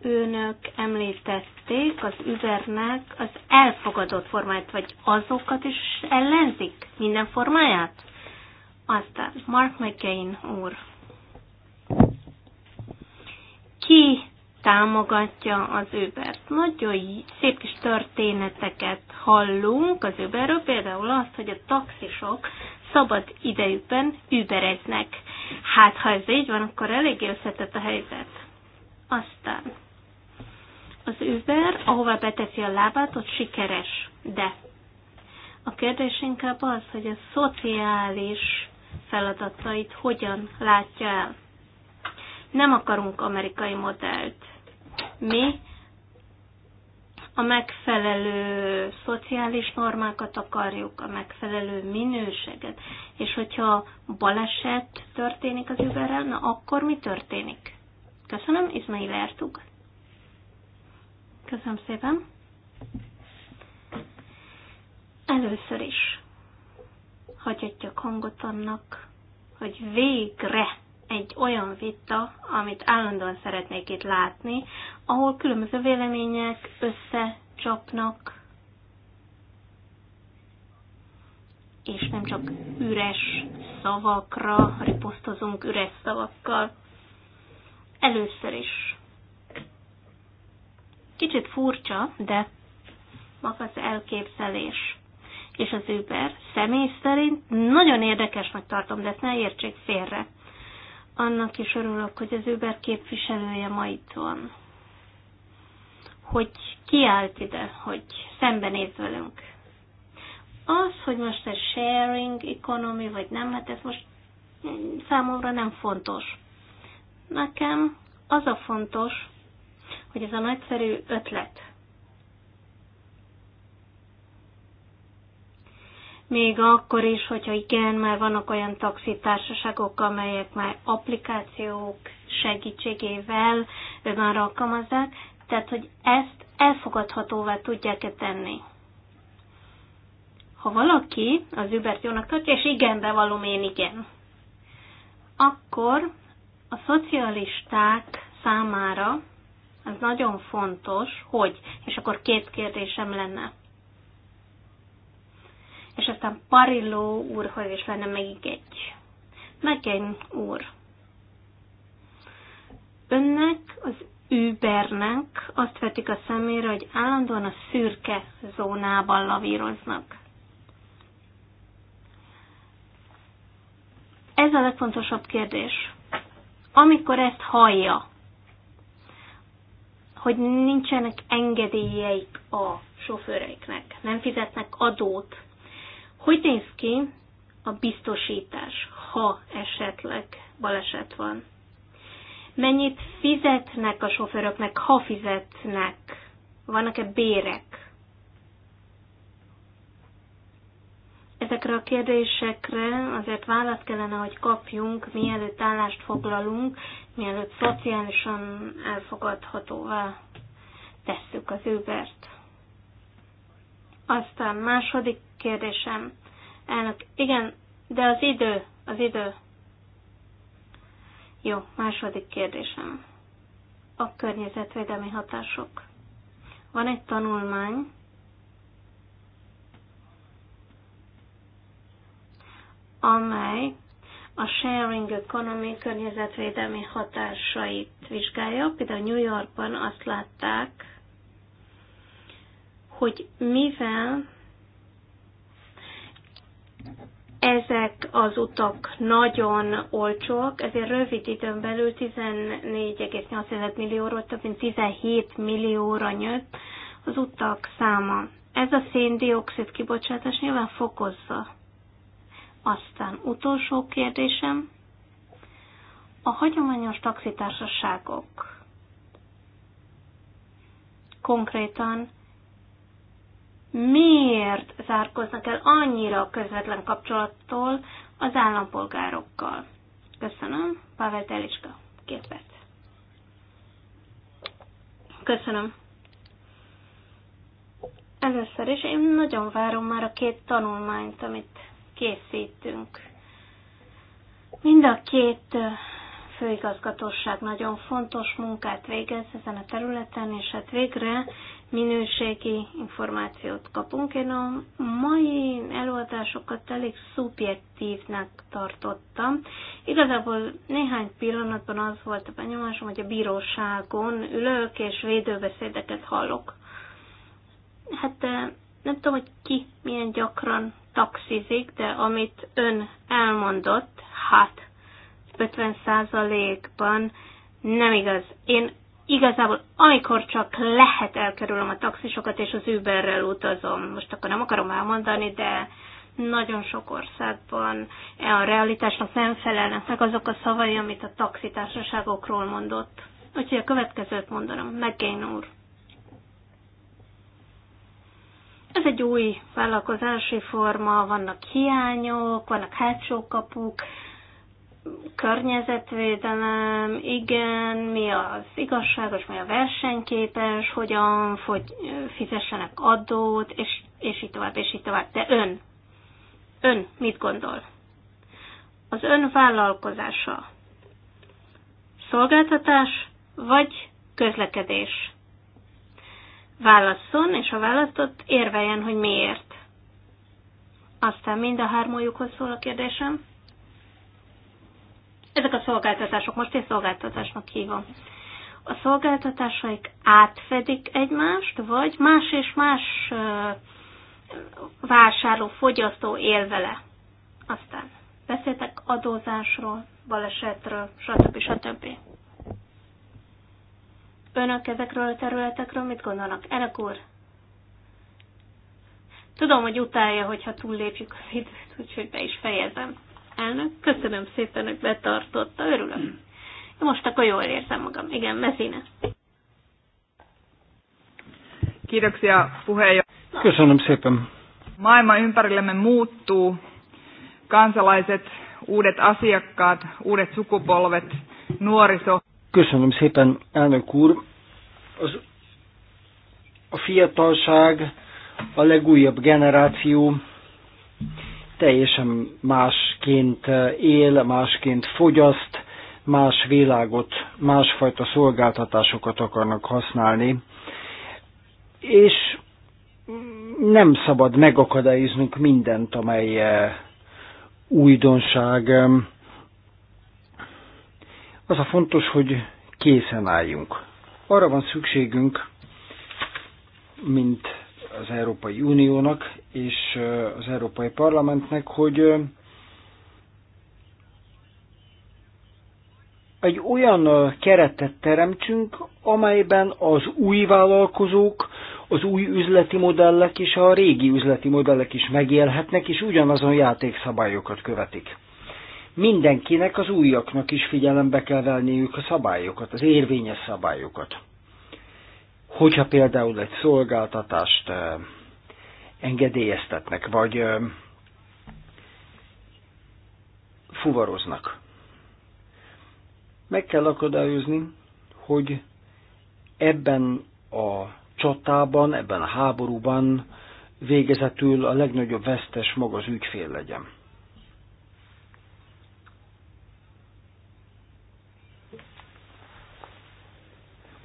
Speaker 4: Önök említették az Ubernek az elfogadott formáját, vagy azokat is ellenzik minden formáját? Aztán Mark McCain úr. Ki támogatja az Ubert. Nagyon szép kis történeteket hallunk az Uberről, például azt, hogy a taxisok szabad idejükben übereznek. Hát, ha ez így van, akkor eléggé összetett a helyzet. Aztán az Uber, ahova beteszi a lábát, ott sikeres. De a kérdés inkább az, hogy a szociális feladatait hogyan látja el. Nem akarunk amerikai modellt. Mi a megfelelő szociális normákat akarjuk, a megfelelő minőséget, és hogyha baleset történik az überrel, na akkor mi történik? Köszönöm, Izmai Lertug. Köszönöm szépen. Először is hagyhatjak hangot annak, hogy végre egy olyan vita, amit állandóan szeretnék itt látni, ahol különböző vélemények összecsapnak, és nem csak üres szavakra riposztozunk üres szavakkal. Először is. Kicsit furcsa, de maga az elképzelés és az Uber személy szerint nagyon érdekesnek tartom, de ezt ne értsék félre. Annak is örülök, hogy az Uber képviselője ma itt van. Hogy kiállt ide, hogy szembenéz velünk. Az, hogy most a sharing economy, vagy nem, hát ez most számomra nem fontos. Nekem az a fontos, hogy ez a nagyszerű ötlet, még akkor is, hogyha igen, már vannak olyan taxitársaságok, amelyek már applikációk segítségével már alkalmazzák, tehát hogy ezt elfogadhatóvá tudják-e tenni. Ha valaki az Ubert jónak tartja, és igen, bevallom én igen, akkor a szocialisták számára az nagyon fontos, hogy, és akkor két kérdésem lenne és aztán pariló úrhoz is lenne még egy. Megyen úr, önnek, az übernek azt vetik a szemére, hogy állandóan a szürke zónában lavíroznak. Ez a legfontosabb kérdés. Amikor ezt hallja, hogy nincsenek engedélyeik a sofőreiknek, nem fizetnek adót hogy néz ki a biztosítás, ha esetleg baleset van? Mennyit fizetnek a sofőröknek, ha fizetnek? Vannak-e bérek? Ezekre a kérdésekre azért választ kellene, hogy kapjunk, mielőtt állást foglalunk, mielőtt szociálisan elfogadhatóvá tesszük az Ubert. Aztán második kérdésem. Elnök, igen, de az idő, az idő. Jó, második kérdésem. A környezetvédelmi hatások. Van egy tanulmány, amely a sharing economy környezetvédelmi hatásait vizsgálja. Például New Yorkban azt látták, hogy mivel Ezek az utak nagyon olcsóak, ezért rövid időn belül 14,8 millióról több mint 17 millióra nőtt az utak száma. Ez a széndiokszid kibocsátás nyilván fokozza. Aztán utolsó kérdésem. A hagyományos taxitársaságok konkrétan miért zárkoznak el annyira a közvetlen kapcsolattól az állampolgárokkal. Köszönöm. Pavel Telicska, két perc. Köszönöm. Először is én nagyon várom már a két tanulmányt, amit készítünk. Mind a két főigazgatóság nagyon fontos munkát végez ezen a területen, és hát végre minőségi információt kapunk. Én a mai előadásokat elég szubjektívnek tartottam. Igazából néhány pillanatban az volt a benyomásom, hogy a bíróságon ülök és védőbeszédeket hallok. Hát eh, nem tudom, hogy ki milyen gyakran taxizik, de amit ön elmondott, hát 50%-ban nem igaz. Én igazából amikor csak lehet elkerülöm a taxisokat és az Uberrel utazom. Most akkor nem akarom elmondani, de nagyon sok országban a realitásnak nem felelnek meg azok a szavai, amit a taxitársaságokról mondott. Úgyhogy a következőt mondanom, McGain úr. Ez egy új vállalkozási forma, vannak hiányok, vannak hátsó kapuk, környezetvédelem, igen, mi az igazságos, mi a versenyképes, hogyan fogy, fizessenek adót, és, és így tovább, és így tovább. De ön, ön mit gondol? Az ön vállalkozása szolgáltatás vagy közlekedés? Válasszon, és a választott érveljen, hogy miért. Aztán mind a hármójukhoz szól a kérdésem. Ezek a szolgáltatások, most én szolgáltatásnak hívom. A szolgáltatásaik átfedik egymást, vagy más és más vásárló, fogyasztó él vele. Aztán beszéltek adózásról, balesetről, stb. stb. Önök ezekről a területekről mit gondolnak? Elek úr? Tudom, hogy utálja, hogyha túllépjük az időt, úgyhogy be is fejezem. Elnök, köszönöm szépen, hogy betartotta, örülök. Most akkor jól érzem magam. Igen, Mezine.
Speaker 5: Kiitoksia puheenjohtaja.
Speaker 2: Köszönöm szépen.
Speaker 5: Maailma ympärillemme muuttuu. Kansalaiset, uudet asiakkaat, uudet sukupolvet, nuoriso.
Speaker 2: Köszönöm szépen, elnök úr.
Speaker 5: Az, a fiatalság,
Speaker 2: a legújabb generáció, teljesen másként eh, él, másként fogyaszt, más világot, másfajta szolgáltatásokat akarnak használni, és nem szabad megakadályoznunk mindent, amely eh, újdonság. Az a fontos, hogy készen álljunk. Arra van szükségünk, mint az Európai Uniónak és az Európai Parlamentnek, hogy egy olyan keretet teremtsünk, amelyben az új vállalkozók, az új üzleti modellek és a régi üzleti modellek is megélhetnek, és ugyanazon játékszabályokat követik. Mindenkinek, az újaknak is figyelembe kell venniük a szabályokat, az érvényes szabályokat hogyha például egy szolgáltatást engedélyeztetnek, vagy fuvaroznak. Meg kell akadályozni, hogy ebben a csatában, ebben a háborúban végezetül a legnagyobb vesztes maga az ügyfél legyen.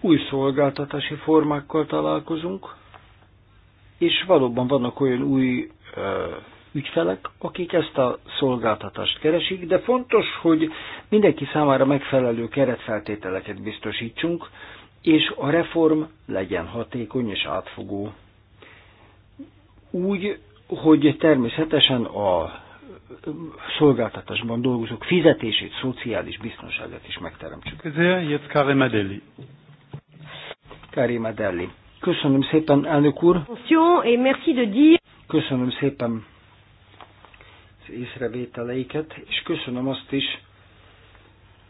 Speaker 2: új szolgáltatási formákkal találkozunk, és valóban vannak olyan új ö, ügyfelek, akik ezt a szolgáltatást keresik, de fontos, hogy mindenki számára megfelelő keretfeltételeket biztosítsunk, és a reform legyen hatékony és átfogó. Úgy, hogy természetesen a szolgáltatásban dolgozók fizetését, szociális biztonságot is megteremtsük.
Speaker 1: Ezért
Speaker 2: Karim Adeli. Karim Adeli. Köszönöm szépen, elnök úr. Köszönöm szépen az észrevételeiket, és köszönöm azt is,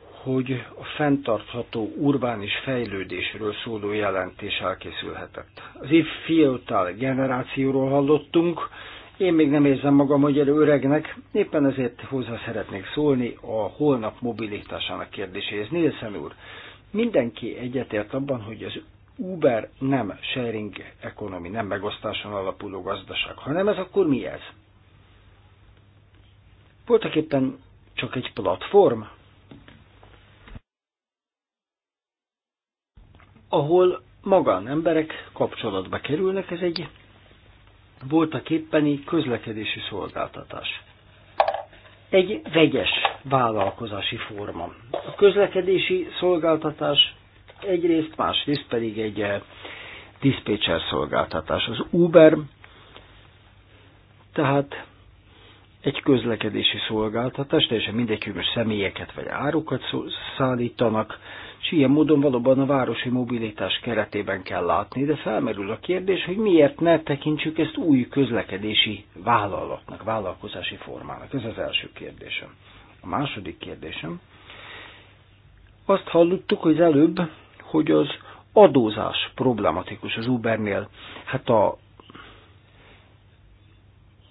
Speaker 2: hogy a fenntartható urbánis fejlődésről szóló jelentés elkészülhetett. Az év fiatal generációról hallottunk, én még nem érzem magam magyar öregnek, éppen ezért hozzá szeretnék szólni a holnap mobilitásának kérdéséhez. nézzen úr, mindenki egyetért abban, hogy az Uber nem sharing economy, nem megosztáson alapuló gazdaság. Ha nem ez, akkor mi ez? Voltak éppen csak egy platform, ahol magán emberek kapcsolatba kerülnek, ez egy voltak éppeni közlekedési szolgáltatás. Egy vegyes vállalkozási forma. A közlekedési szolgáltatás egyrészt, másrészt pedig egy eh, dispatcher szolgáltatás. Az Uber tehát egy közlekedési szolgáltatás, teljesen mindegy, hogy most személyeket vagy árukat szállítanak, és ilyen módon valóban a városi mobilitás keretében kell látni, de felmerül a kérdés, hogy miért ne tekintsük ezt új közlekedési vállalatnak, vállalkozási formának. Ez az első kérdésem. A második kérdésem. Azt hallottuk, hogy előbb hogy az adózás problematikus az Ubernél. Hát a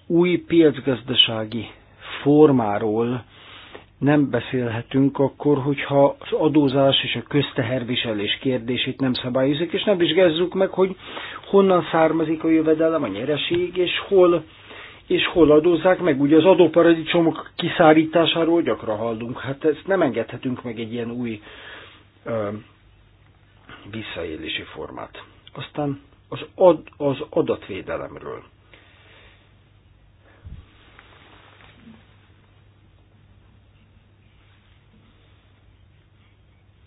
Speaker 2: új piacgazdasági formáról nem beszélhetünk akkor, hogyha az adózás és a közteherviselés kérdését nem szabályozik, és nem vizsgázzuk meg, hogy honnan származik a jövedelem, a nyereség, és hol, és hol adózzák meg. Ugye az adóparadicsomok kiszárításáról gyakran hallunk, hát ezt nem engedhetünk meg egy ilyen új ö, visszaélési formát. Aztán az, ad, az adatvédelemről.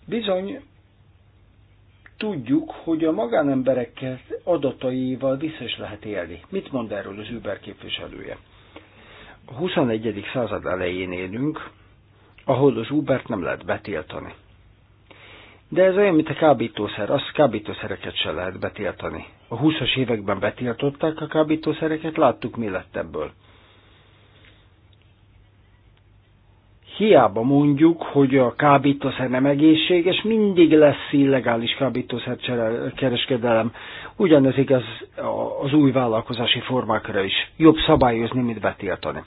Speaker 2: Bizony, tudjuk, hogy a magánemberekkel adataival vissza is lehet élni. Mit mond erről az Uber képviselője? A 21. század elején élünk, ahol az Ubert nem lehet betiltani. De ez olyan, mint a kábítószer, azt kábítószereket se lehet betiltani. A 20-as években betiltották a kábítószereket, láttuk, mi lett ebből. Hiába mondjuk, hogy a kábítószer nem egészséges, mindig lesz illegális kábítószer kereskedelem. Ugyanez igaz az új vállalkozási formákra is. Jobb szabályozni, mint betiltani.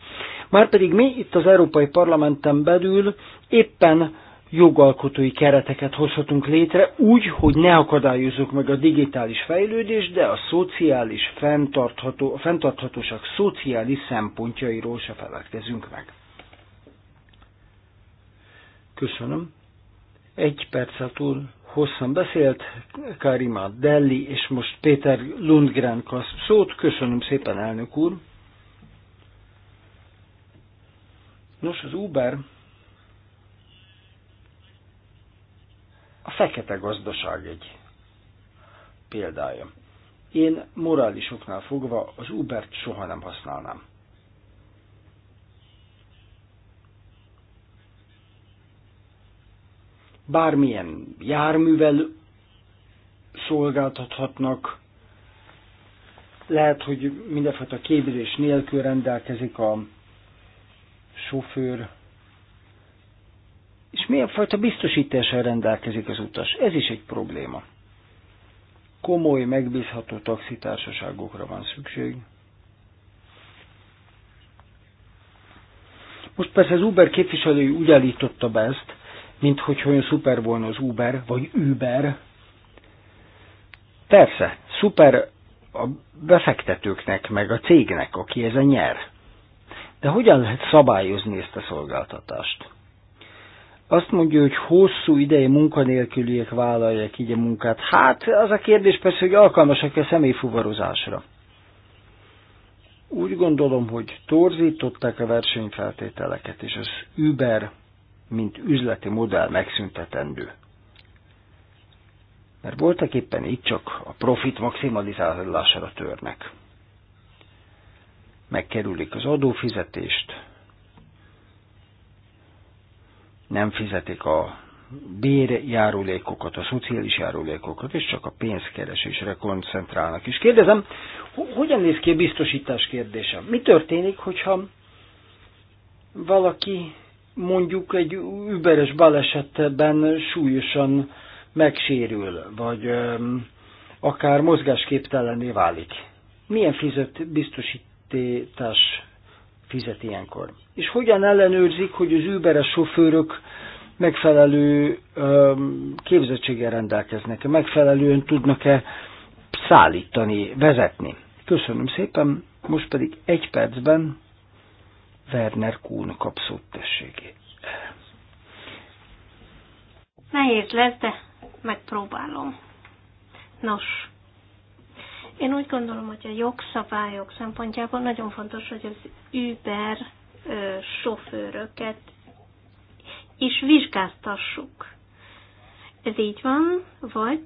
Speaker 2: Márpedig mi itt az Európai Parlamenten belül éppen jogalkotói kereteket hozhatunk létre úgy, hogy ne akadályozzuk meg a digitális fejlődést, de a szociális fenntartható, a fenntarthatóság szociális szempontjairól se feledkezünk meg. Köszönöm. Egy perccel túl hosszan beszélt Karima Delli, és most Péter Lundgren kap szót. Köszönöm szépen, elnök úr. Nos, az Uber A fekete gazdaság egy példája. Én morálisoknál fogva az Ubert soha nem használnám. Bármilyen járművel szolgáltathatnak, lehet, hogy mindenfajta képzés nélkül rendelkezik a sofőr, és milyen fajta biztosítással rendelkezik az utas. Ez is egy probléma. Komoly, megbízható taxitársaságokra van szükség. Most persze az Uber képviselői úgy állította be ezt, mint hogy olyan szuper volna az Uber, vagy Uber. Persze, szuper a befektetőknek, meg a cégnek, aki ezen nyer. De hogyan lehet szabályozni ezt a szolgáltatást? azt mondja, hogy hosszú ideje munkanélküliek vállalják így a munkát. Hát az a kérdés persze, hogy alkalmasak-e személyfuvarozásra. Úgy gondolom, hogy torzították a versenyfeltételeket, és az Uber, mint üzleti modell megszüntetendő. Mert voltak éppen itt csak a profit maximalizálására törnek. Megkerülik az adófizetést, nem fizetik a bérjárulékokat, a szociális járulékokat, és csak a pénzkeresésre koncentrálnak. És kérdezem, hogyan néz ki a biztosítás kérdése? Mi történik, hogyha valaki mondjuk egy überes balesetben súlyosan megsérül, vagy öm, akár mozgásképtelenné válik? Milyen fizet biztosítás fizet ilyenkor. És hogyan ellenőrzik, hogy az Uberes sofőrök megfelelő um, képzettséggel rendelkeznek-e, megfelelően tudnak-e szállítani, vezetni. Köszönöm szépen, most pedig egy percben Werner Kuhn kap szót, tessék.
Speaker 4: Nehéz lesz, de megpróbálom. Nos, én úgy gondolom, hogy a jogszabályok szempontjából nagyon fontos, hogy az Uber sofőröket is vizsgáztassuk. Ez így van, vagy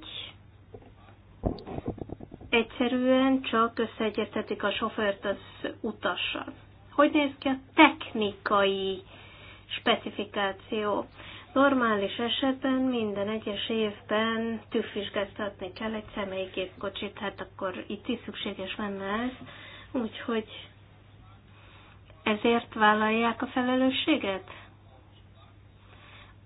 Speaker 4: egyszerűen csak összeegyeztetik a sofőrt az utassal. Hogy néz ki a technikai specifikáció? Normális esetben minden egyes évben tűvvizsgáztatni kell egy gépkocsit, hát akkor itt is szükséges lenne ez, úgyhogy ezért vállalják a felelősséget?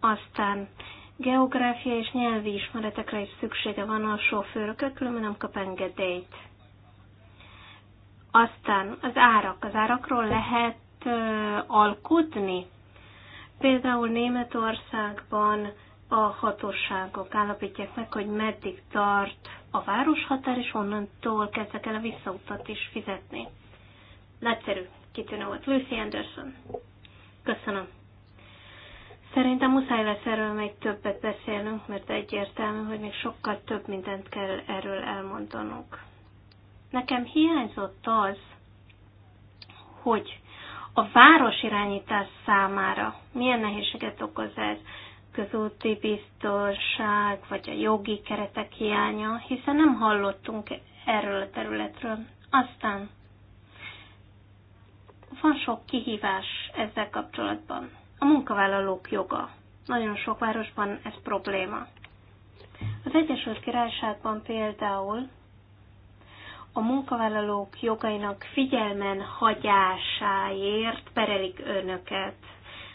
Speaker 4: Aztán geográfia és nyelvi ismeretekre is szüksége van a sofőrökre, különben nem kap engedélyt. Aztán az árak. Az árakról lehet alkotni, Például Németországban a hatóságok állapítják meg, hogy meddig tart a városhatár, és onnantól kezdek el a visszautat is fizetni. Nagyszerű, kitűnő volt. Lucy Anderson. Köszönöm. Szerintem muszáj lesz erről még többet beszélnünk, mert egyértelmű, hogy még sokkal több mindent kell erről elmondanunk. Nekem hiányzott az, hogy a irányítás számára milyen nehézséget okoz ez? közúti biztonság, vagy a jogi keretek hiánya, hiszen nem hallottunk erről a területről. Aztán van sok kihívás ezzel kapcsolatban. A munkavállalók joga. Nagyon sok városban ez probléma. Az Egyesült Királyságban például a munkavállalók jogainak figyelmen hagyásáért perelik önöket,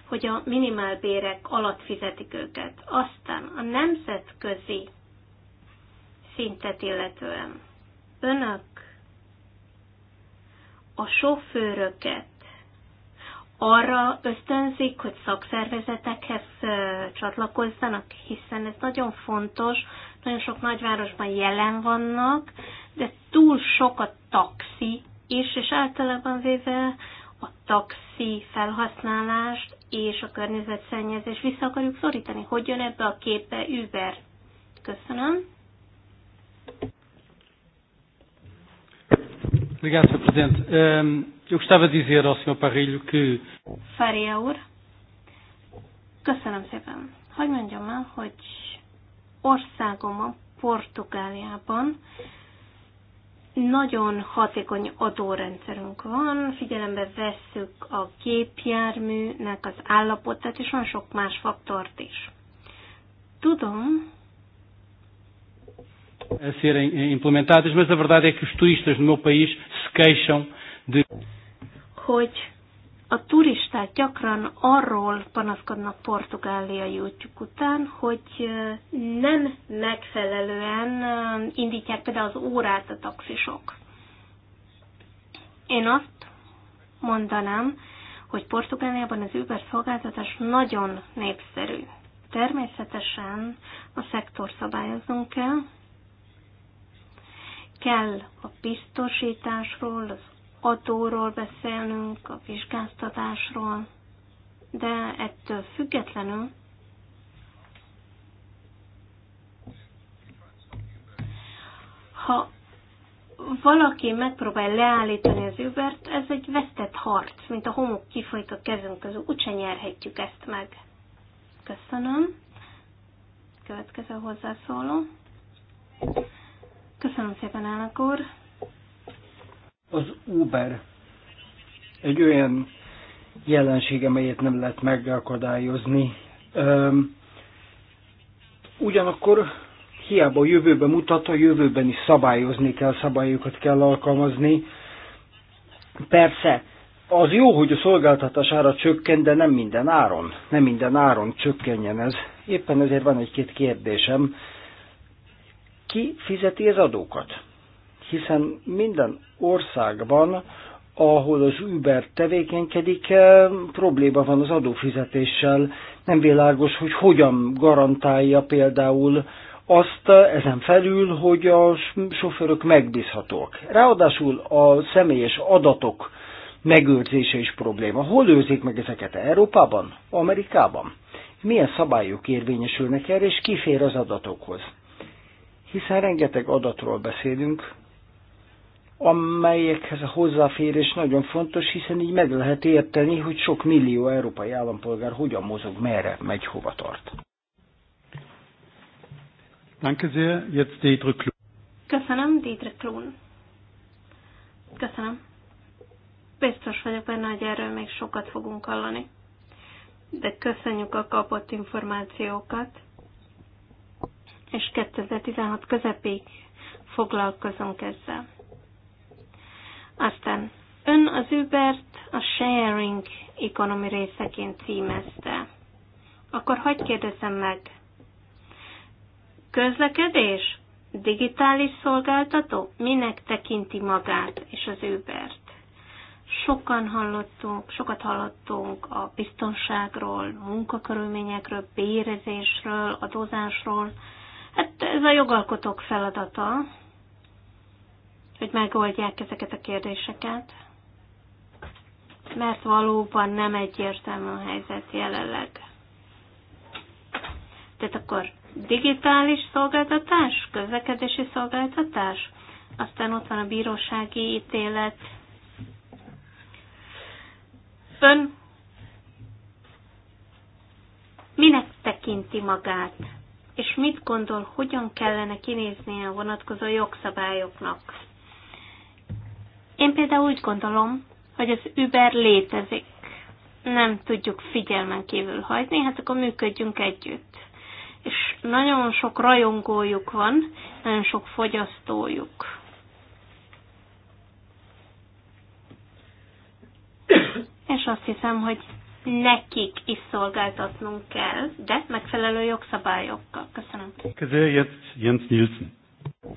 Speaker 4: hogy a minimálbérek alatt fizetik őket. Aztán a nemzetközi szintet illetően önök a sofőröket arra ösztönzik, hogy szakszervezetekhez csatlakozzanak, hiszen ez nagyon fontos, nagyon sok nagyvárosban jelen vannak, de túl sok a taxi is, és általában véve a taxi felhasználást és a környezetszennyezést vissza akarjuk szorítani. Hogy jön ebbe a képbe Uber? Köszönöm.
Speaker 1: Obrigado, Sr. Presidente. Um, eu gostava de dizer ao Sr. Parrilho que.
Speaker 4: Faria úr. Köszönöm szépen. Hogy mondjam el, hogy országomban, Portugáliában nagyon hatékony adórendszerünk van, figyelembe vesszük a gépjárműnek az állapotát, és van sok más faktort is. Tudom,
Speaker 1: a serem implementadas, mas a verdade é que os turistas no meu país se queixam de.
Speaker 4: Hogy a turisták gyakran arról panaszkodnak portugáliai útjuk után, hogy nem megfelelően indítják például az órát a taxisok. Én azt mondanám, hogy Portugáliában az Uber szolgáltatás nagyon népszerű. Természetesen a szektor szabályoznunk kell, kell a biztosításról, az adóról beszélnünk, a vizsgáztatásról, de ettől függetlenül ha valaki megpróbál leállítani az übert, ez egy vesztett harc, mint a homok kifolyik a kezünk közül. Úgyse nyerhetjük ezt meg. Köszönöm. Következő hozzászóló. Köszönöm szépen, elnök úr
Speaker 2: az Uber egy olyan jelenség, amelyet nem lehet megakadályozni. ugyanakkor hiába a jövőbe mutat, a jövőben is szabályozni kell, szabályokat kell alkalmazni. Persze, az jó, hogy a szolgáltatás ára csökken, de nem minden áron. Nem minden áron csökkenjen ez. Éppen ezért van egy-két kérdésem. Ki fizeti az adókat? hiszen minden országban, ahol az Uber tevékenykedik, eh, probléma van az adófizetéssel. Nem világos, hogy hogyan garantálja például azt eh, ezen felül, hogy a sofőrök megbízhatók. Ráadásul a személyes adatok megőrzése is probléma. Hol őrzik meg ezeket? Európában? Amerikában? Milyen szabályok érvényesülnek erre, és ki fér az adatokhoz? Hiszen rengeteg adatról beszélünk, amelyekhez a hozzáférés nagyon fontos, hiszen így meg lehet érteni, hogy sok millió európai állampolgár hogyan mozog, merre megy, hova tart.
Speaker 1: Danke sehr. Jetzt Dietrich Klun.
Speaker 4: Köszönöm, Dietrich Klun. Köszönöm. Biztos vagyok benne, hogy erről még sokat fogunk hallani. De köszönjük a kapott információkat, és 2016 közepéig foglalkozunk ezzel. Aztán ön az Ubert a sharing economy részeként címezte. Akkor hagyd kérdezem meg. Közlekedés? Digitális szolgáltató? Minek tekinti magát és az Ubert? Sokan hallottunk, sokat hallottunk a biztonságról, munkakörülményekről, bérezésről, adózásról. Hát ez a jogalkotók feladata, hogy megoldják ezeket a kérdéseket, mert valóban nem egyértelmű a helyzet jelenleg. Tehát akkor digitális szolgáltatás, közlekedési szolgáltatás, aztán ott van a bírósági ítélet. Ön minek tekinti magát, és mit gondol, hogyan kellene kinéznie a vonatkozó jogszabályoknak? Én például úgy gondolom, hogy az Uber létezik. Nem tudjuk figyelmen kívül hagyni, hát akkor működjünk együtt. És nagyon sok rajongójuk van, nagyon sok fogyasztójuk. És azt hiszem, hogy nekik is szolgáltatnunk kell, de megfelelő jogszabályokkal. Köszönöm.
Speaker 1: Köszönöm, Jens Nielsen.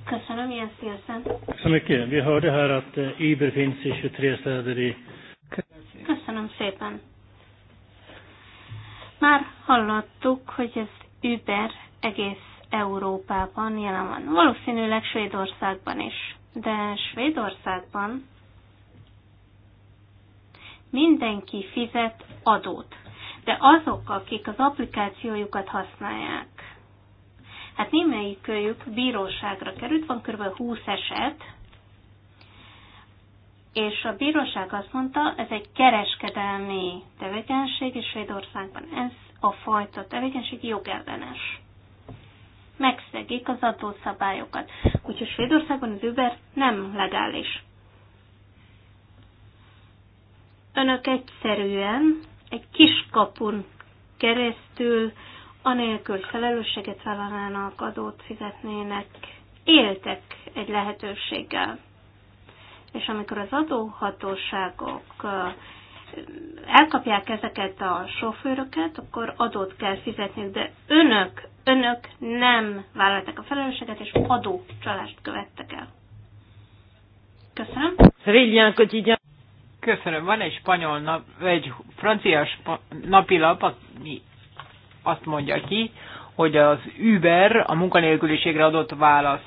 Speaker 4: Köszönöm, Jens Nielsen.
Speaker 1: Köszönöm, vi hörde här att eh, finns i 23 städer i...
Speaker 4: Köszönöm szépen. Már hallottuk, hogy az Uber egész Európában jelen van. Valószínűleg Svédországban is. De Svédországban mindenki fizet adót. De azok, akik az applikációjukat használják, Hát némelyik kölyük bíróságra került, van kb. 20 eset, és a bíróság azt mondta, ez egy kereskedelmi tevékenység, és Svédországban ez a fajta tevékenység jogellenes. Megszegik az adószabályokat. Úgyhogy Svédországban az Uber nem legális. Önök egyszerűen egy kiskapun keresztül anélkül, hogy felelősséget vállalnának, adót fizetnének, éltek egy lehetőséggel. És amikor az adóhatóságok elkapják ezeket a sofőröket, akkor adót kell fizetniük, de önök, önök nem vállalták a felelősséget, és adócsalást követtek el. Köszönöm.
Speaker 5: Rélián Quotidien. Köszönöm. Van egy spanyol nap, egy francia spa, napilap, ami azt mondja ki, hogy az Uber a munkanélküliségre adott válasz.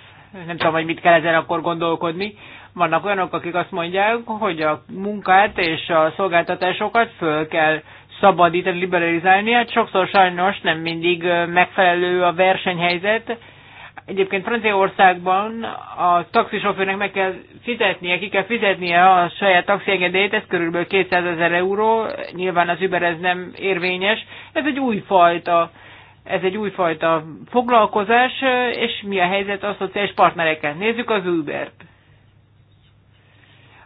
Speaker 5: Nem tudom, hogy mit kell ezen akkor gondolkodni. Vannak olyanok, akik azt mondják, hogy a munkát és a szolgáltatásokat föl kell szabadítani, liberalizálni. Hát sokszor sajnos nem mindig megfelelő a versenyhelyzet, Egyébként Franciaországban a taxisofőrnek meg kell fizetnie, ki kell fizetnie a saját taxiengedélyét, ez körülbelül 200 ezer euró, nyilván az Uber ez nem érvényes. Ez egy újfajta, ez egy újfajta foglalkozás, és mi a helyzet a szociális partnerekkel? Nézzük az Uber-t.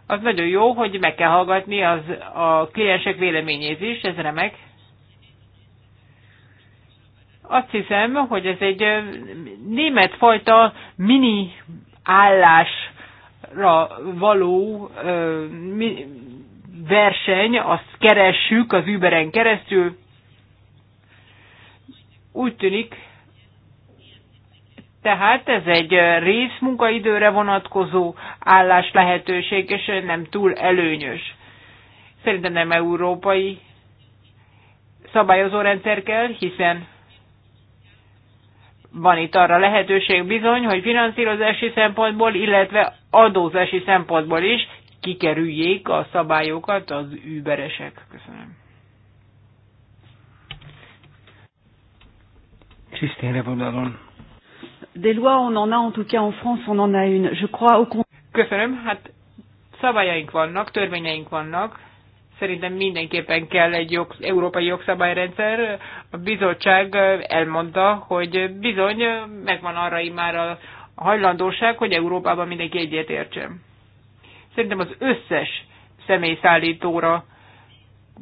Speaker 5: Az nagyon jó, hogy meg kell hallgatni az, a kliensek véleményét is, ez remek. Azt hiszem, hogy ez egy német fajta mini állásra való verseny, azt keressük az Uberen keresztül. Úgy tűnik, tehát ez egy részmunkaidőre vonatkozó állás lehetőség, és nem túl előnyös. Szerintem nem európai szabályozó rendszer kell, hiszen van itt arra lehetőség bizony, hogy finanszírozási szempontból, illetve adózási szempontból is kikerüljék a szabályokat az überesek. Köszönöm. Des lois, on en a, en tout cas en France, on en a une. Je crois au Köszönöm, hát szabályaink vannak, törvényeink vannak, Szerintem mindenképpen kell egy jog, európai jogszabályrendszer. A bizottság elmondta, hogy bizony megvan arra már a hajlandóság, hogy Európában mindenki egyetértsen. Szerintem az összes személyszállítóra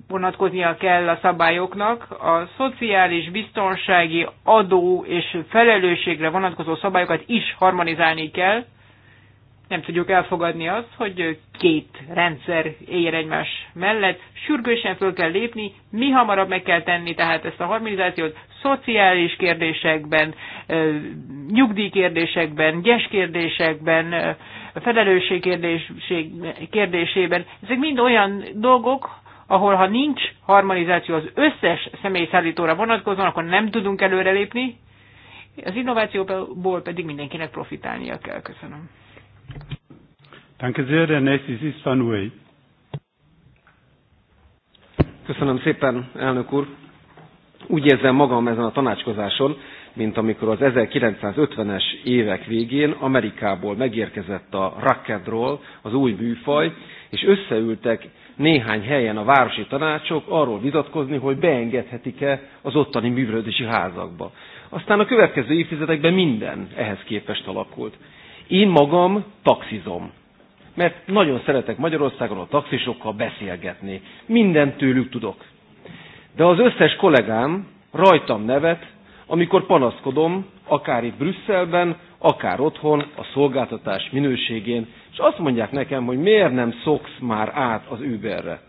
Speaker 5: vonatkoznia kell a szabályoknak. A szociális, biztonsági, adó és felelősségre vonatkozó szabályokat is harmonizálni kell nem tudjuk elfogadni azt, hogy két rendszer éljen egymás mellett. Sürgősen föl kell lépni, mi hamarabb meg kell tenni, tehát ezt a harmonizációt szociális kérdésekben, nyugdíjkérdésekben, gyeskérdésekben, felelősség kérdésében. Ezek mind olyan dolgok, ahol ha nincs harmonizáció az összes személyszállítóra vonatkozóan, akkor nem tudunk előrelépni, az innovációból pedig mindenkinek profitálnia kell. Köszönöm.
Speaker 1: Danke sehr, der nächste
Speaker 3: ist Köszönöm szépen, elnök úr. Úgy érzem magam ezen a tanácskozáson, mint amikor az 1950-es évek végén Amerikából megérkezett a rock and roll, az új műfaj, és összeültek néhány helyen a városi tanácsok arról vitatkozni, hogy beengedhetik-e az ottani művelődési házakba. Aztán a következő évtizedekben minden ehhez képest alakult. Én magam taxizom. Mert nagyon szeretek Magyarországon a taxisokkal beszélgetni. Mindent tőlük tudok. De az összes kollégám rajtam nevet, amikor panaszkodom, akár itt Brüsszelben, akár otthon, a szolgáltatás minőségén, és azt mondják nekem, hogy miért nem szoksz már át az Uberre.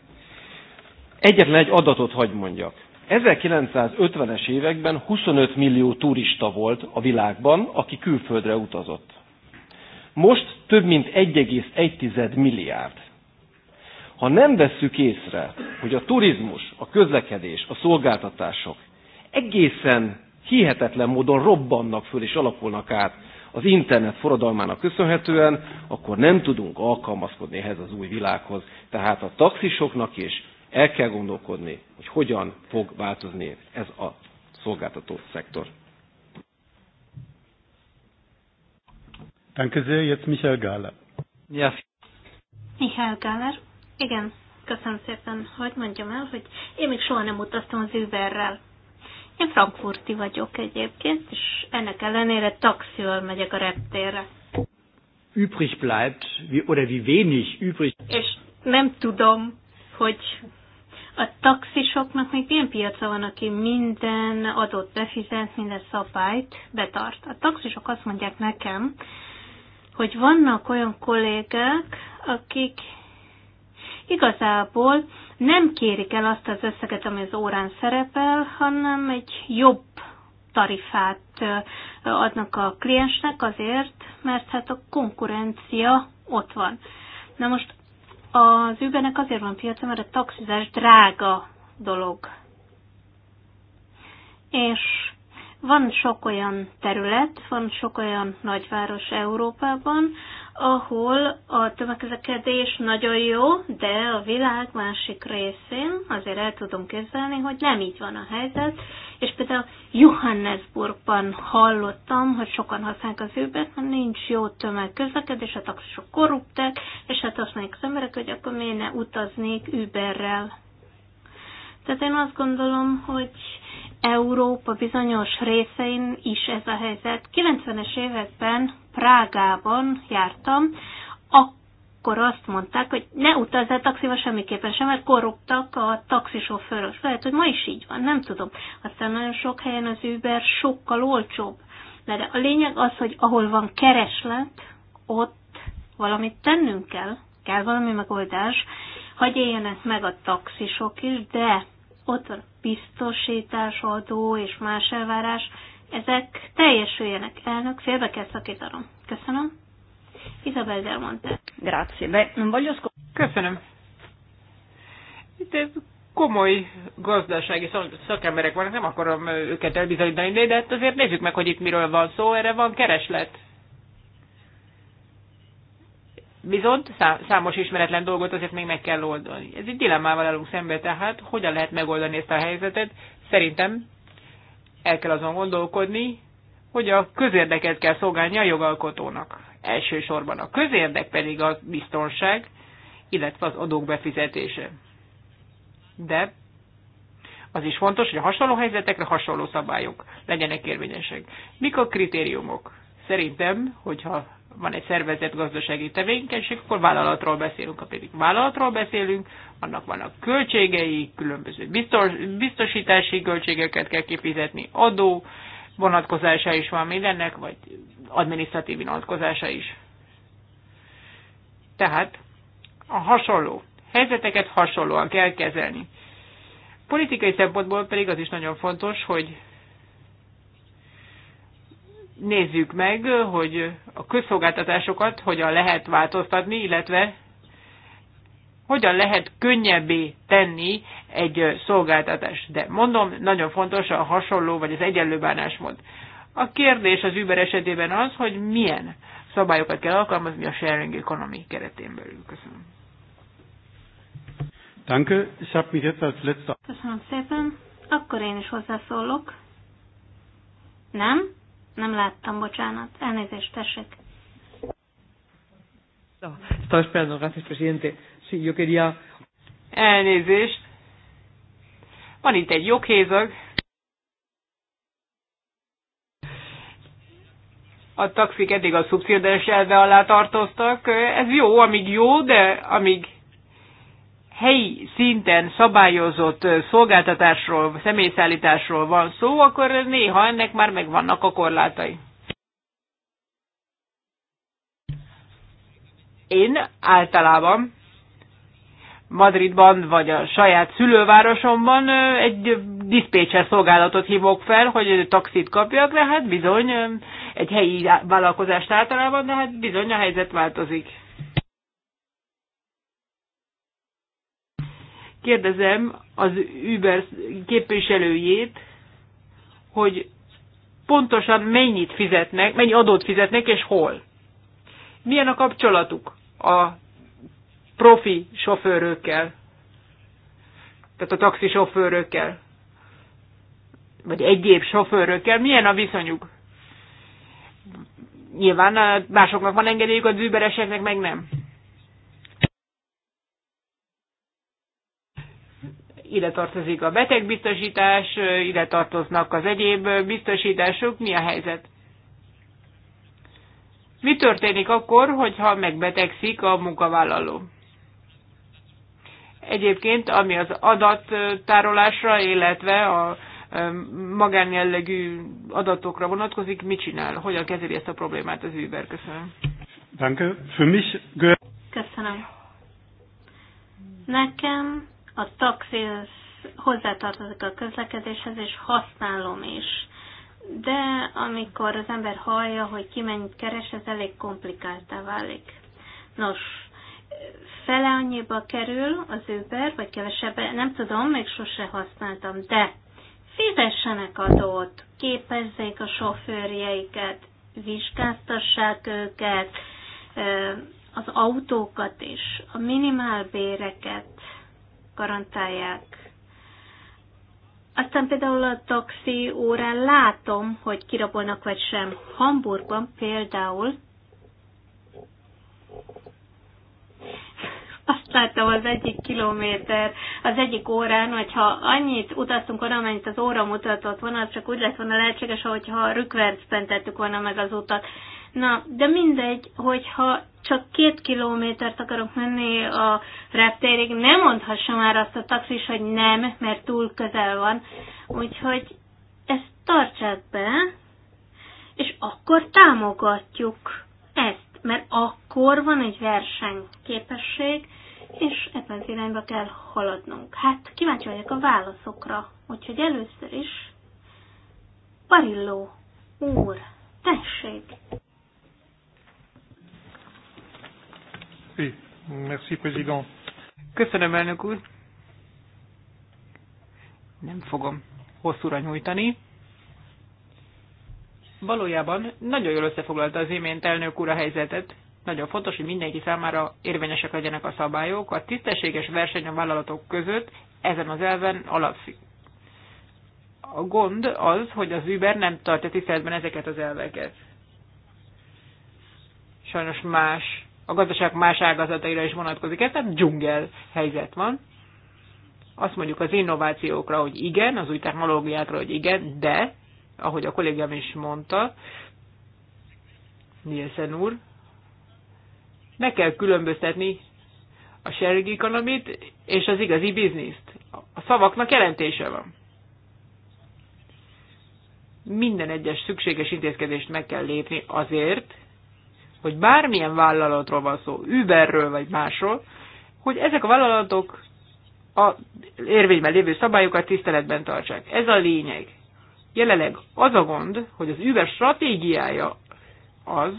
Speaker 3: Egyetlen egy adatot hagy mondjak. 1950-es években 25 millió turista volt a világban, aki külföldre utazott. Most több mint 1,1 milliárd. Ha nem vesszük észre, hogy a turizmus, a közlekedés, a szolgáltatások egészen hihetetlen módon robbannak föl és alakulnak át az internet forradalmának köszönhetően, akkor nem tudunk alkalmazkodni ehhez az új világhoz. Tehát a taxisoknak is el kell gondolkodni, hogy hogyan fog változni ez a szolgáltató szektor.
Speaker 1: Danke sehr, jetzt Michael Gáler.
Speaker 3: Ja.
Speaker 4: Michael Gáler? Igen, köszönöm szépen, hogy mondjam el, hogy én még soha nem utaztam az Uberrel. Én frankfurti vagyok egyébként, és ennek ellenére taxival megyek a reptérre.
Speaker 2: Übrig bleibt, wie, oder wie wenig übrig. És
Speaker 4: nem tudom, hogy a taxisoknak még milyen piaca van, aki minden adott befizet, minden szabályt betart. A taxisok azt mondják nekem, hogy vannak olyan kollégák, akik igazából nem kérik el azt az összeget, ami az órán szerepel, hanem egy jobb tarifát adnak a kliensnek azért, mert hát a konkurencia ott van. Na most az Ubernek azért van piaca, mert a taxizás drága dolog. És van sok olyan terület, van sok olyan nagyváros Európában, ahol a tömegközlekedés nagyon jó, de a világ másik részén azért el tudom képzelni, hogy nem így van a helyzet, és például Johannesburgban hallottam, hogy sokan használják az Ubert, mert nincs jó tömegközlekedés, a taxisok korruptek, és hát azt mondják az emberek, hogy akkor miért ne utaznék Uberrel tehát én azt gondolom, hogy Európa bizonyos részein is ez a helyzet. 90-es években Prágában jártam, akkor azt mondták, hogy ne utazz el taxival semmiképpen sem, mert korruptak a taxisofőrök. Lehet, hogy ma is így van, nem tudom. Aztán nagyon sok helyen az Uber sokkal olcsóbb. De a lényeg az, hogy ahol van kereslet, ott valamit tennünk kell, kell valami megoldás, hogy éljenek meg a taxisok is, de ott a biztosítás, adó és más elvárás, ezek teljesüljenek. Elnök, félbe kell szakítanom. Köszönöm. Isabel Del Monte. Grazie. Be,
Speaker 5: Köszönöm. Itt ez komoly gazdasági szakemberek vannak, nem akarom őket elbizonyítani, de hát azért nézzük meg, hogy itt miről van szó, erre van kereslet. Viszont számos ismeretlen dolgot azért még meg kell oldani. Ez egy dilemmával állunk szembe, tehát hogyan lehet megoldani ezt a helyzetet? Szerintem el kell azon gondolkodni, hogy a közérdeket kell szolgálni a jogalkotónak. Elsősorban a közérdek pedig a biztonság, illetve az adók befizetése. De az is fontos, hogy a hasonló helyzetekre hasonló szabályok legyenek érvényesek. Mik a kritériumok? Szerintem, hogyha van egy szervezett gazdasági tevékenység, akkor vállalatról beszélünk. Ha pedig vállalatról beszélünk, annak vannak költségei, különböző biztosítási költségeket kell kifizetni, adó vonatkozása is van mindennek, vagy adminisztratív vonatkozása is. Tehát a hasonló helyzeteket hasonlóan kell kezelni. Politikai szempontból pedig az is nagyon fontos, hogy nézzük meg, hogy a közszolgáltatásokat hogyan lehet változtatni, illetve hogyan lehet könnyebbé tenni egy szolgáltatást. De mondom, nagyon fontos a hasonló vagy az egyenlő bánásmód. A kérdés az Uber esetében az, hogy milyen szabályokat kell alkalmazni a sharing economy keretén belül. Köszönöm.
Speaker 1: Danke, ich habe mich jetzt als letzter. Köszönöm
Speaker 4: szépen. Akkor én is hozzászólok. Nem? Nem láttam, bocsánat. Elnézést, tessék.
Speaker 5: No, estaba esperando, gracias, presidente. Sí, yo quería... Elnézést. Van itt egy joghézag. A taxik eddig a szubszidiás elve alá tartoztak. Ez jó, amíg jó, de amíg helyi szinten szabályozott szolgáltatásról, személyszállításról van szó, akkor néha ennek már megvannak a korlátai. Én általában Madridban vagy a saját szülővárosomban egy diszpécser szolgálatot hívok fel, hogy taxit kapjak, de hát bizony egy helyi vállalkozást általában, de hát bizony a helyzet változik. Kérdezem az Uber képviselőjét, hogy pontosan mennyit fizetnek, mennyi adót fizetnek, és hol. Milyen a kapcsolatuk a profi sofőrökkel, tehát a taxi sofőrökkel, vagy egyéb sofőrökkel, milyen a viszonyuk? Nyilván eh, másoknak van engedélyük, az übereseknek meg nem. ide tartozik a betegbiztosítás, ide tartoznak az egyéb biztosítások, mi a helyzet? Mi történik akkor, hogyha megbetegszik a munkavállaló? Egyébként, ami az adattárolásra, illetve a magánjellegű adatokra vonatkozik, mit csinál? Hogyan kezeli ezt a problémát az Uber? Köszönöm.
Speaker 4: Köszönöm. Nekem a taxi hozzátartozik a közlekedéshez, és használom is. De amikor az ember hallja, hogy ki mennyit keres, ez elég komplikáltá válik. Nos, fele annyiba kerül az Uber, vagy kevesebb, nem tudom, még sose használtam, de fizessenek adót, képezzék a sofőrjeiket, vizsgáztassák őket, az autókat is, a minimálbéreket, garantálják. Aztán például a taxi órán látom, hogy kirabolnak vagy sem. Hamburgban például azt láttam az egyik kilométer, az egyik órán, hogyha annyit utaztunk oda, amennyit az óra mutatott volna, az csak úgy lett volna lehetséges, ahogyha rükvercben tettük volna meg az utat. Na, de mindegy, hogyha csak két kilométert akarok menni a reptérig, nem mondhassa már azt a taxis, hogy nem, mert túl közel van. Úgyhogy ezt tartsák be, és akkor támogatjuk ezt, mert akkor van egy versenyképesség, és ebben az irányba kell haladnunk. Hát kíváncsi vagyok a válaszokra, úgyhogy először is Barilló úr, tessék!
Speaker 1: Merci. Merci, président.
Speaker 5: Köszönöm, elnök úr. Nem fogom hosszúra nyújtani. Valójában nagyon jól összefoglalta az imént elnök úr a helyzetet. Nagyon fontos, hogy mindenki számára érvényesek legyenek a szabályok. A tisztességes verseny a vállalatok között ezen az elven alapszik. A gond az, hogy az Uber nem tartja tiszteletben ezeket az elveket. Sajnos más a gazdaság más ágazataira is vonatkozik. Ez nem dzsungel helyzet van. Azt mondjuk az innovációkra, hogy igen, az új technológiákra, hogy igen, de, ahogy a kollégám is mondta, Nielsen úr, meg kell különböztetni a sharing economy és az igazi bizniszt. A szavaknak jelentése van. Minden egyes szükséges intézkedést meg kell lépni azért, hogy bármilyen vállalatról van szó, Uberről vagy másról, hogy ezek a vállalatok a érvényben lévő szabályokat tiszteletben tartsák. Ez a lényeg. Jelenleg az a gond, hogy az Uber stratégiája az,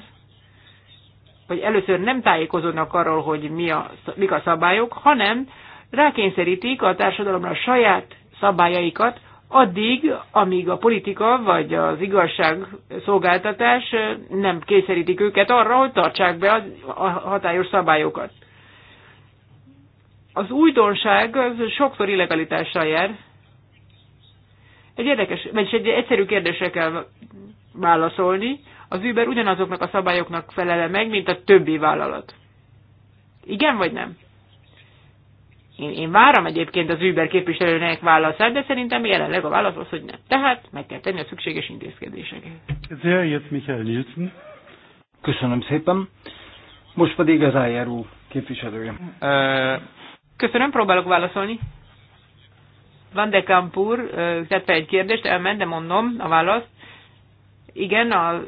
Speaker 5: hogy először nem tájékozódnak arról, hogy mi a, mik a szabályok, hanem rákényszerítik a társadalomra a saját szabályaikat, addig, amíg a politika vagy az igazságszolgáltatás nem kényszerítik őket arra, hogy tartsák be a hatályos szabályokat. Az újdonság az sokszor illegalitással jár. Egy érdekes, vagyis egy egyszerű kérdésre kell válaszolni. Az Uber ugyanazoknak a szabályoknak felele meg, mint a többi vállalat. Igen vagy nem? Én, én várom egyébként az Uber képviselőnek válaszát, de szerintem jelenleg a válasz az, hogy nem. Tehát meg kell tenni a szükséges intézkedéseket.
Speaker 2: Ezért Michael Nielsen. Köszönöm szépen. Most pedig az IRU képviselője.
Speaker 5: Köszönöm, próbálok válaszolni. Van de Kampur tett fel egy kérdést, elment, de mondom a választ. Igen, a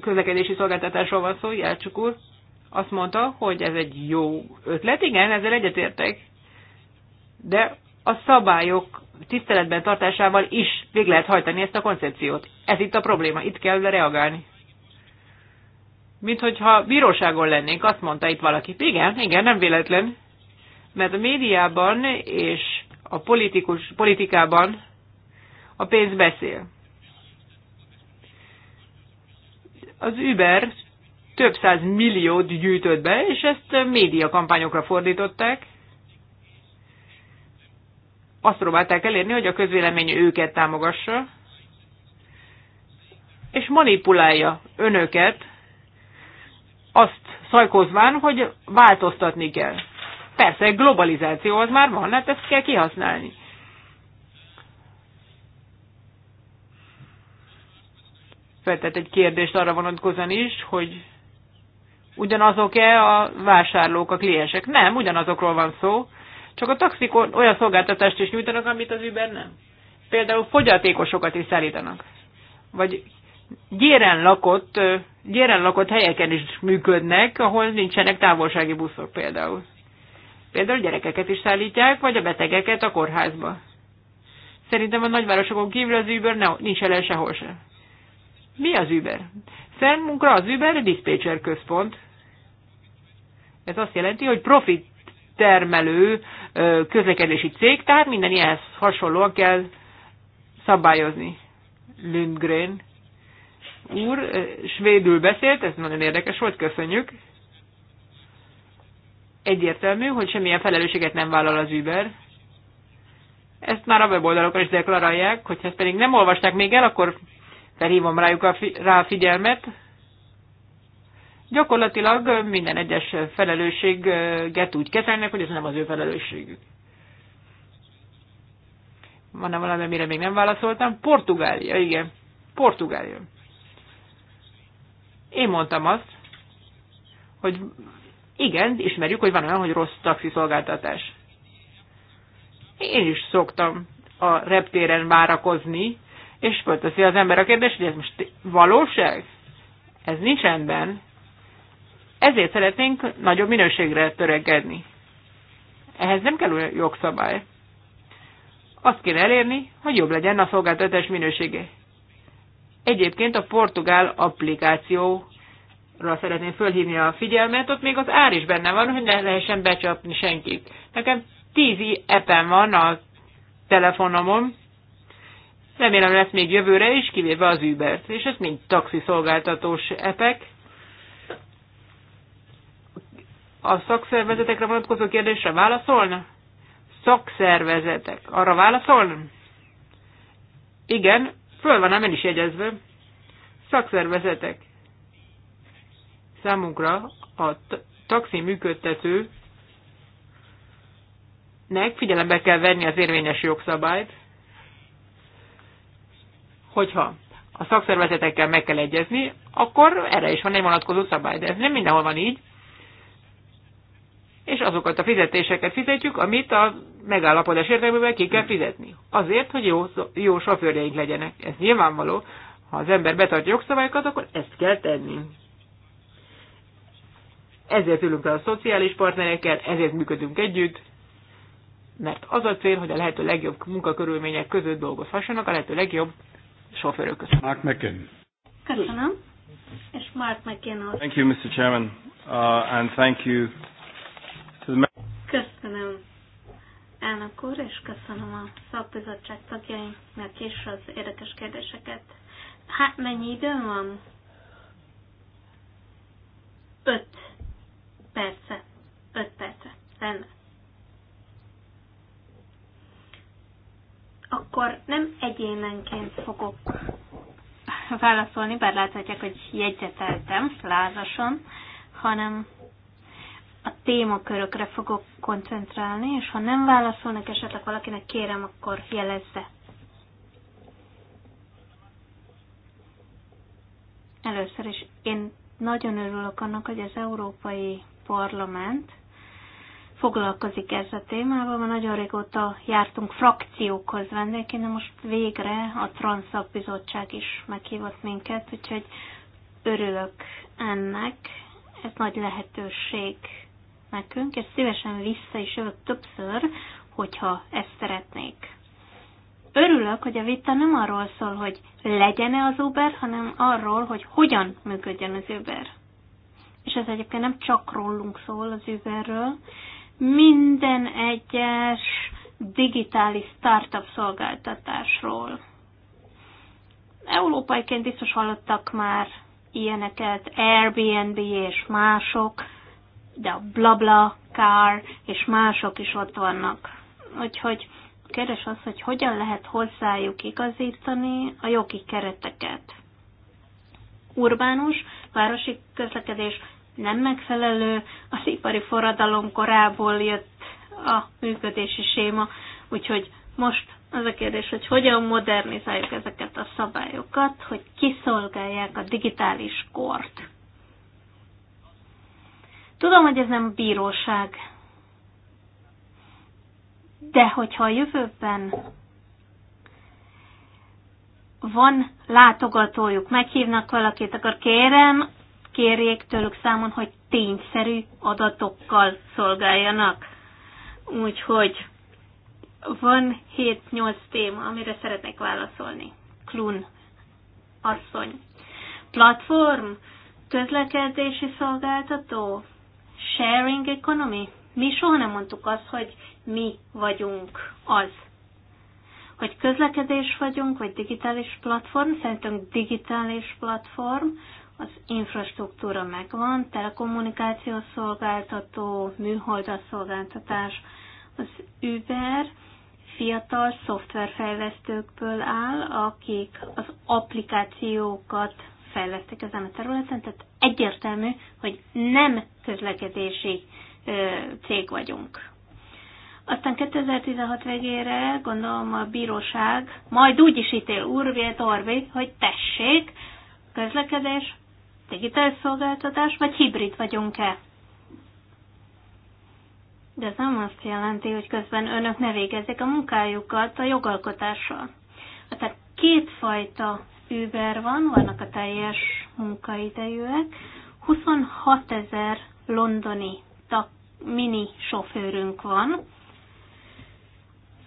Speaker 5: közlekedési szolgáltatásról van szó, Jelcsuk úr. Azt mondta, hogy ez egy jó ötlet, igen, ezzel egyetértek de a szabályok tiszteletben tartásával is végig lehet hajtani ezt a koncepciót. Ez itt a probléma, itt kell reagálni. Mint hogyha bíróságon lennénk, azt mondta itt valaki. Igen, igen, nem véletlen. Mert a médiában és a politikus, politikában a pénz beszél. Az Uber több száz milliót gyűjtött be, és ezt médiakampányokra fordították, azt próbálták elérni, hogy a közvélemény őket támogassa, és manipulálja önöket, azt szajkozván, hogy változtatni kell. Persze, globalizáció az már van, hát ezt kell kihasználni. Feltett egy kérdést arra vonatkozóan is, hogy ugyanazok-e a vásárlók, a kliensek? Nem, ugyanazokról van szó. Csak a taxik olyan szolgáltatást is nyújtanak, amit az Uber nem. Például fogyatékosokat is szállítanak. Vagy gyéren lakott, gyéren lakott helyeken is működnek, ahol nincsenek távolsági buszok például. Például gyerekeket is szállítják, vagy a betegeket a kórházba. Szerintem a nagyvárosokon kívül az Uber ne, nincs ellen sehol sem. Mi az Uber? Számunkra az Uber dispatcher központ. Ez azt jelenti, hogy profit termelő közlekedési cég, tehát minden ilyenhez hasonlóan kell szabályozni. Lundgren úr svédül beszélt, ez nagyon érdekes volt, köszönjük. Egyértelmű, hogy semmilyen felelősséget nem vállal az Uber. Ezt már a weboldalokon is deklarálják, hogyha ezt pedig nem olvasták még el, akkor felhívom rájuk a fi- rá a figyelmet, gyakorlatilag minden egyes felelősséget úgy kezelnek, hogy ez nem az ő felelősségük. Van-e valami, amire még nem válaszoltam? Portugália, igen. Portugália. Én mondtam azt, hogy igen, ismerjük, hogy van olyan, hogy rossz taxiszolgáltatás. Én is szoktam a reptéren várakozni, és fölteszi az ember a kérdést, hogy ez most valóság? Ez nincs rendben. Ezért szeretnénk nagyobb minőségre törekedni. Ehhez nem kell jogszabály. Azt kéne elérni, hogy jobb legyen a szolgáltatás minősége. Egyébként a portugál applikációra szeretném fölhívni a figyelmet, ott még az ár is benne van, hogy ne lehessen becsapni senkit. Nekem tízi epen van a telefonomon, remélem lesz még jövőre is, kivéve az Uber-t, és ez mind taxiszolgáltatós epek a szakszervezetekre vonatkozó kérdésre válaszolna? Szakszervezetek. Arra válaszolna? Igen, föl van nem én is jegyezve. Szakszervezetek. Számunkra a taxi működtető nek figyelembe kell venni az érvényes jogszabályt, hogyha a szakszervezetekkel meg kell egyezni, akkor erre is van egy vonatkozó szabály, de ez nem mindenhol van így és azokat a fizetéseket fizetjük, amit a megállapodás értelmében ki kell fizetni. Azért, hogy jó, jó sofőrjeink legyenek. Ez nyilvánvaló. Ha az ember betartja jogszabályokat, akkor ezt kell tenni. Ezért ülünk el a szociális partnerekkel, ezért működünk együtt, mert az a cél, hogy a lehető legjobb munkakörülmények között dolgozhassanak a lehető legjobb sofőrök között.
Speaker 2: Mark McKinn.
Speaker 4: Köszönöm. És Mark McKinn. Thank
Speaker 2: you, Mr. Chairman, uh, and thank you
Speaker 4: Köszönöm, elnök úr, és köszönöm a szakbizottság tagjainknak késő az érdekes kérdéseket. Hát mennyi idő van? Öt perce. Öt perce. Lenne. Akkor nem egyénenként fogok válaszolni, bár láthatják, hogy jegyzeteltem lázasan, hanem a témakörökre fogok koncentrálni, és ha nem válaszolnak esetleg valakinek, kérem, akkor jelezze. Először is én nagyon örülök annak, hogy az Európai Parlament foglalkozik ezzel a témával, mert nagyon régóta jártunk frakciókhoz vendégként, de most végre a Transzak Bizottság is meghívott minket, úgyhogy örülök ennek. Ez nagy lehetőség nekünk, és szívesen vissza is jövök többször, hogyha ezt szeretnék. Örülök, hogy a vita nem arról szól, hogy legyen-e az Uber, hanem arról, hogy hogyan működjön az Uber. És ez egyébként nem csak rólunk szól az Uberről, minden egyes digitális startup szolgáltatásról. Európaiként biztos hallottak már ilyeneket, Airbnb és mások, de a blabla, kár és mások is ott vannak. Úgyhogy keres az, hogy hogyan lehet hozzájuk igazítani a jogi kereteket. Urbánus, városi közlekedés nem megfelelő, az ipari forradalom korából jött a működési séma, úgyhogy most az a kérdés, hogy hogyan modernizáljuk ezeket a szabályokat, hogy kiszolgálják a digitális kort. Tudom, hogy ez nem bíróság, de hogyha a jövőben van látogatójuk, meghívnak valakit, akkor kérem, kérjék tőlük számon, hogy tényszerű adatokkal szolgáljanak. Úgyhogy van 7-8 téma, amire szeretnék válaszolni. Klun asszony. Platform, közlekedési szolgáltató, sharing economy. Mi soha nem mondtuk azt, hogy mi vagyunk az. Hogy közlekedés vagyunk, vagy digitális platform, szerintünk digitális platform, az infrastruktúra megvan, telekommunikációs szolgáltató, műholdas szolgáltatás, az Uber fiatal szoftverfejlesztőkből áll, akik az applikációkat fejlesztik ezen a területen, tehát egyértelmű, hogy nem közlekedési cég vagyunk. Aztán 2016 végére gondolom a bíróság majd úgy is ítél Urvé Orvi, hogy tessék, közlekedés, digitális szolgáltatás, vagy hibrid vagyunk-e. De ez nem azt jelenti, hogy közben önök ne végezzék a munkájukat a jogalkotással. Tehát kétfajta Uber van, vannak a teljes munkaidejűek. 26 ezer londoni tak, mini sofőrünk van.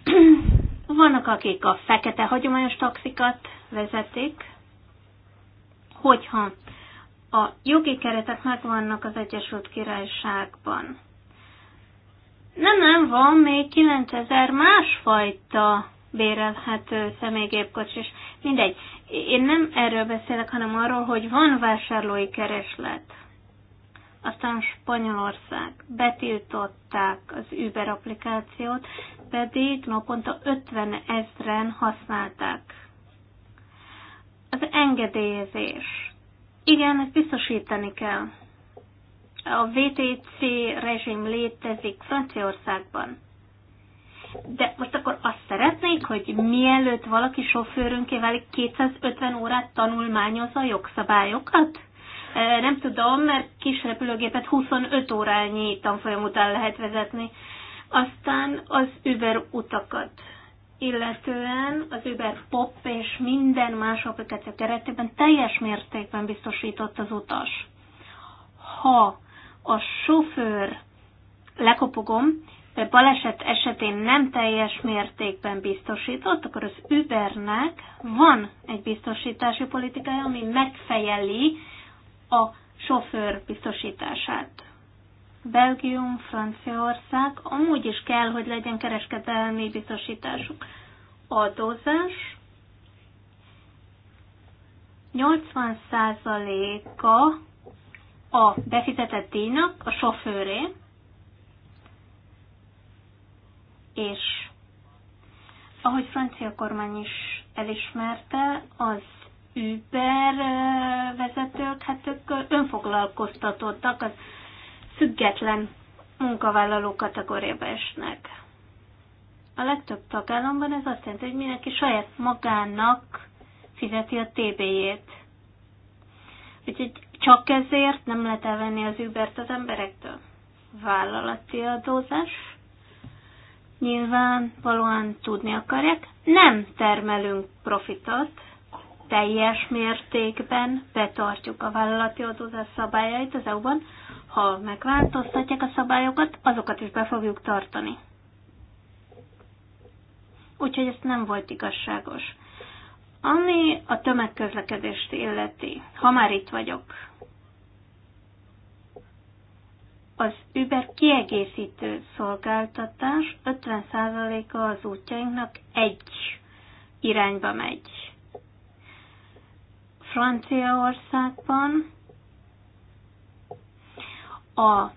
Speaker 4: Vannak, akik a fekete hagyományos taxikat vezetik, hogyha a jogi keretek megvannak az Egyesült Királyságban. Nem, nem, van még 9000 másfajta Hát, személygépkocs, és Mindegy. Én nem erről beszélek, hanem arról, hogy van vásárlói kereslet. Aztán Spanyolország betiltották az Uber applikációt, pedig naponta 50 ezren használták. Az engedélyezés. Igen, ezt biztosítani kell. A VTC rezsim létezik Franciaországban de most akkor azt szeretnék, hogy mielőtt valaki sofőrünké válik, 250 órát tanulmányozza a jogszabályokat? Nem tudom, mert kis repülőgépet 25 órányi tanfolyam után lehet vezetni. Aztán az Uber utakat illetően az Uber Pop és minden más applikáció keretében teljes mértékben biztosított az utas. Ha a sofőr lekopogom, de baleset esetén nem teljes mértékben biztosított, akkor az Ubernek van egy biztosítási politikája, ami megfejeli a sofőr biztosítását. Belgium, Franciaország, amúgy is kell, hogy legyen kereskedelmi biztosításuk. Adózás, 80%-a a befizetett díjnak a sofőré, És ahogy francia kormány is elismerte, az Uber vezetők, hát ők önfoglalkoztatottak, az független munkavállaló kategóriába esnek. A legtöbb tagállamban ez azt jelenti, hogy mindenki saját magának fizeti a TB-jét. Úgyhogy csak ezért nem lehet elvenni az Ubert az emberektől. Vállalati adózás, nyilván valóan tudni akarják, nem termelünk profitot, teljes mértékben betartjuk a vállalati adózás szabályait az EU-ban, ha megváltoztatják a szabályokat, azokat is be fogjuk tartani. Úgyhogy ez nem volt igazságos. Ami a tömegközlekedést illeti, ha már itt vagyok, az Uber kiegészítő szolgáltatás 50%-a az útjainknak egy irányba megy. Franciaországban az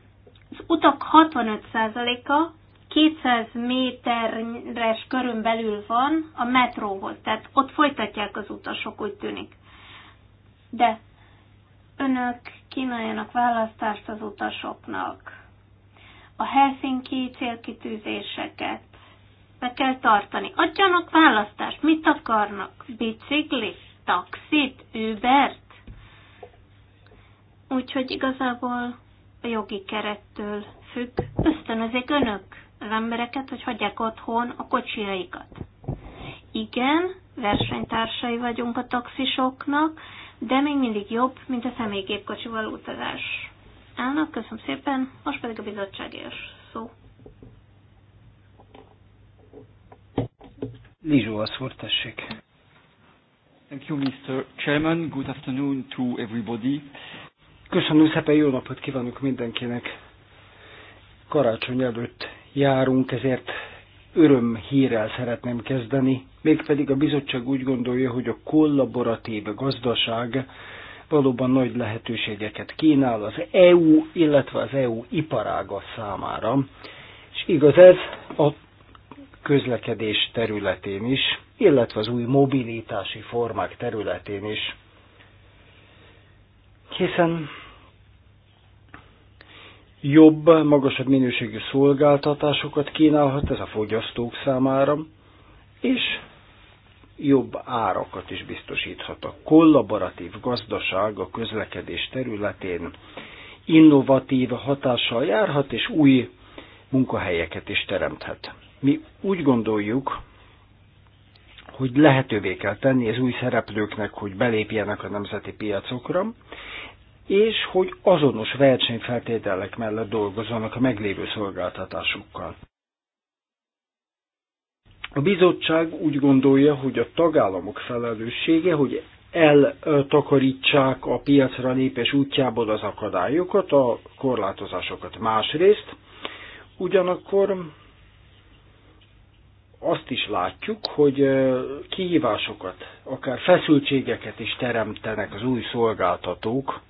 Speaker 4: utak 65%-a 200 méteres körön belül van a metróhoz, tehát ott folytatják az utasok, úgy tűnik. De önök kínáljanak választást az utasoknak. A Helsinki célkitűzéseket be kell tartani. Adjanak választást, mit akarnak? Bicikli, taxit, übert. Úgyhogy igazából a jogi kerettől függ. Ösztönözik önök az embereket, hogy hagyják otthon a kocsiaikat. Igen, versenytársai vagyunk a taxisoknak, de még mindig jobb, mint a személygépkocsival utazás. Állnak, köszönöm szépen, most pedig a bizottságért szó.
Speaker 2: Lizsó, az volt, tessék. Thank you, Mr. Chairman. Good afternoon to everybody. Köszönöm szépen, jó napot kívánok mindenkinek. Karácsony előtt járunk, ezért öröm hírrel szeretném kezdeni, mégpedig a bizottság úgy gondolja, hogy a kollaboratív gazdaság valóban nagy lehetőségeket kínál az EU, illetve az EU iparága számára. És igaz ez a közlekedés területén is, illetve az új mobilitási formák területén is. Hiszen jobb, magasabb minőségű szolgáltatásokat kínálhat ez a fogyasztók számára, és jobb árakat is biztosíthat. A kollaboratív gazdaság a közlekedés területén innovatív hatással járhat, és új munkahelyeket is teremthet. Mi úgy gondoljuk, hogy lehetővé kell tenni az új szereplőknek, hogy belépjenek a nemzeti piacokra, és hogy azonos versenyfeltételek mellett dolgozzanak a meglévő szolgáltatásukkal. A bizottság úgy gondolja, hogy a tagállamok felelőssége, hogy eltakarítsák a piacra lépés útjából az akadályokat, a korlátozásokat másrészt. Ugyanakkor azt is látjuk, hogy kihívásokat, akár feszültségeket is teremtenek az új szolgáltatók,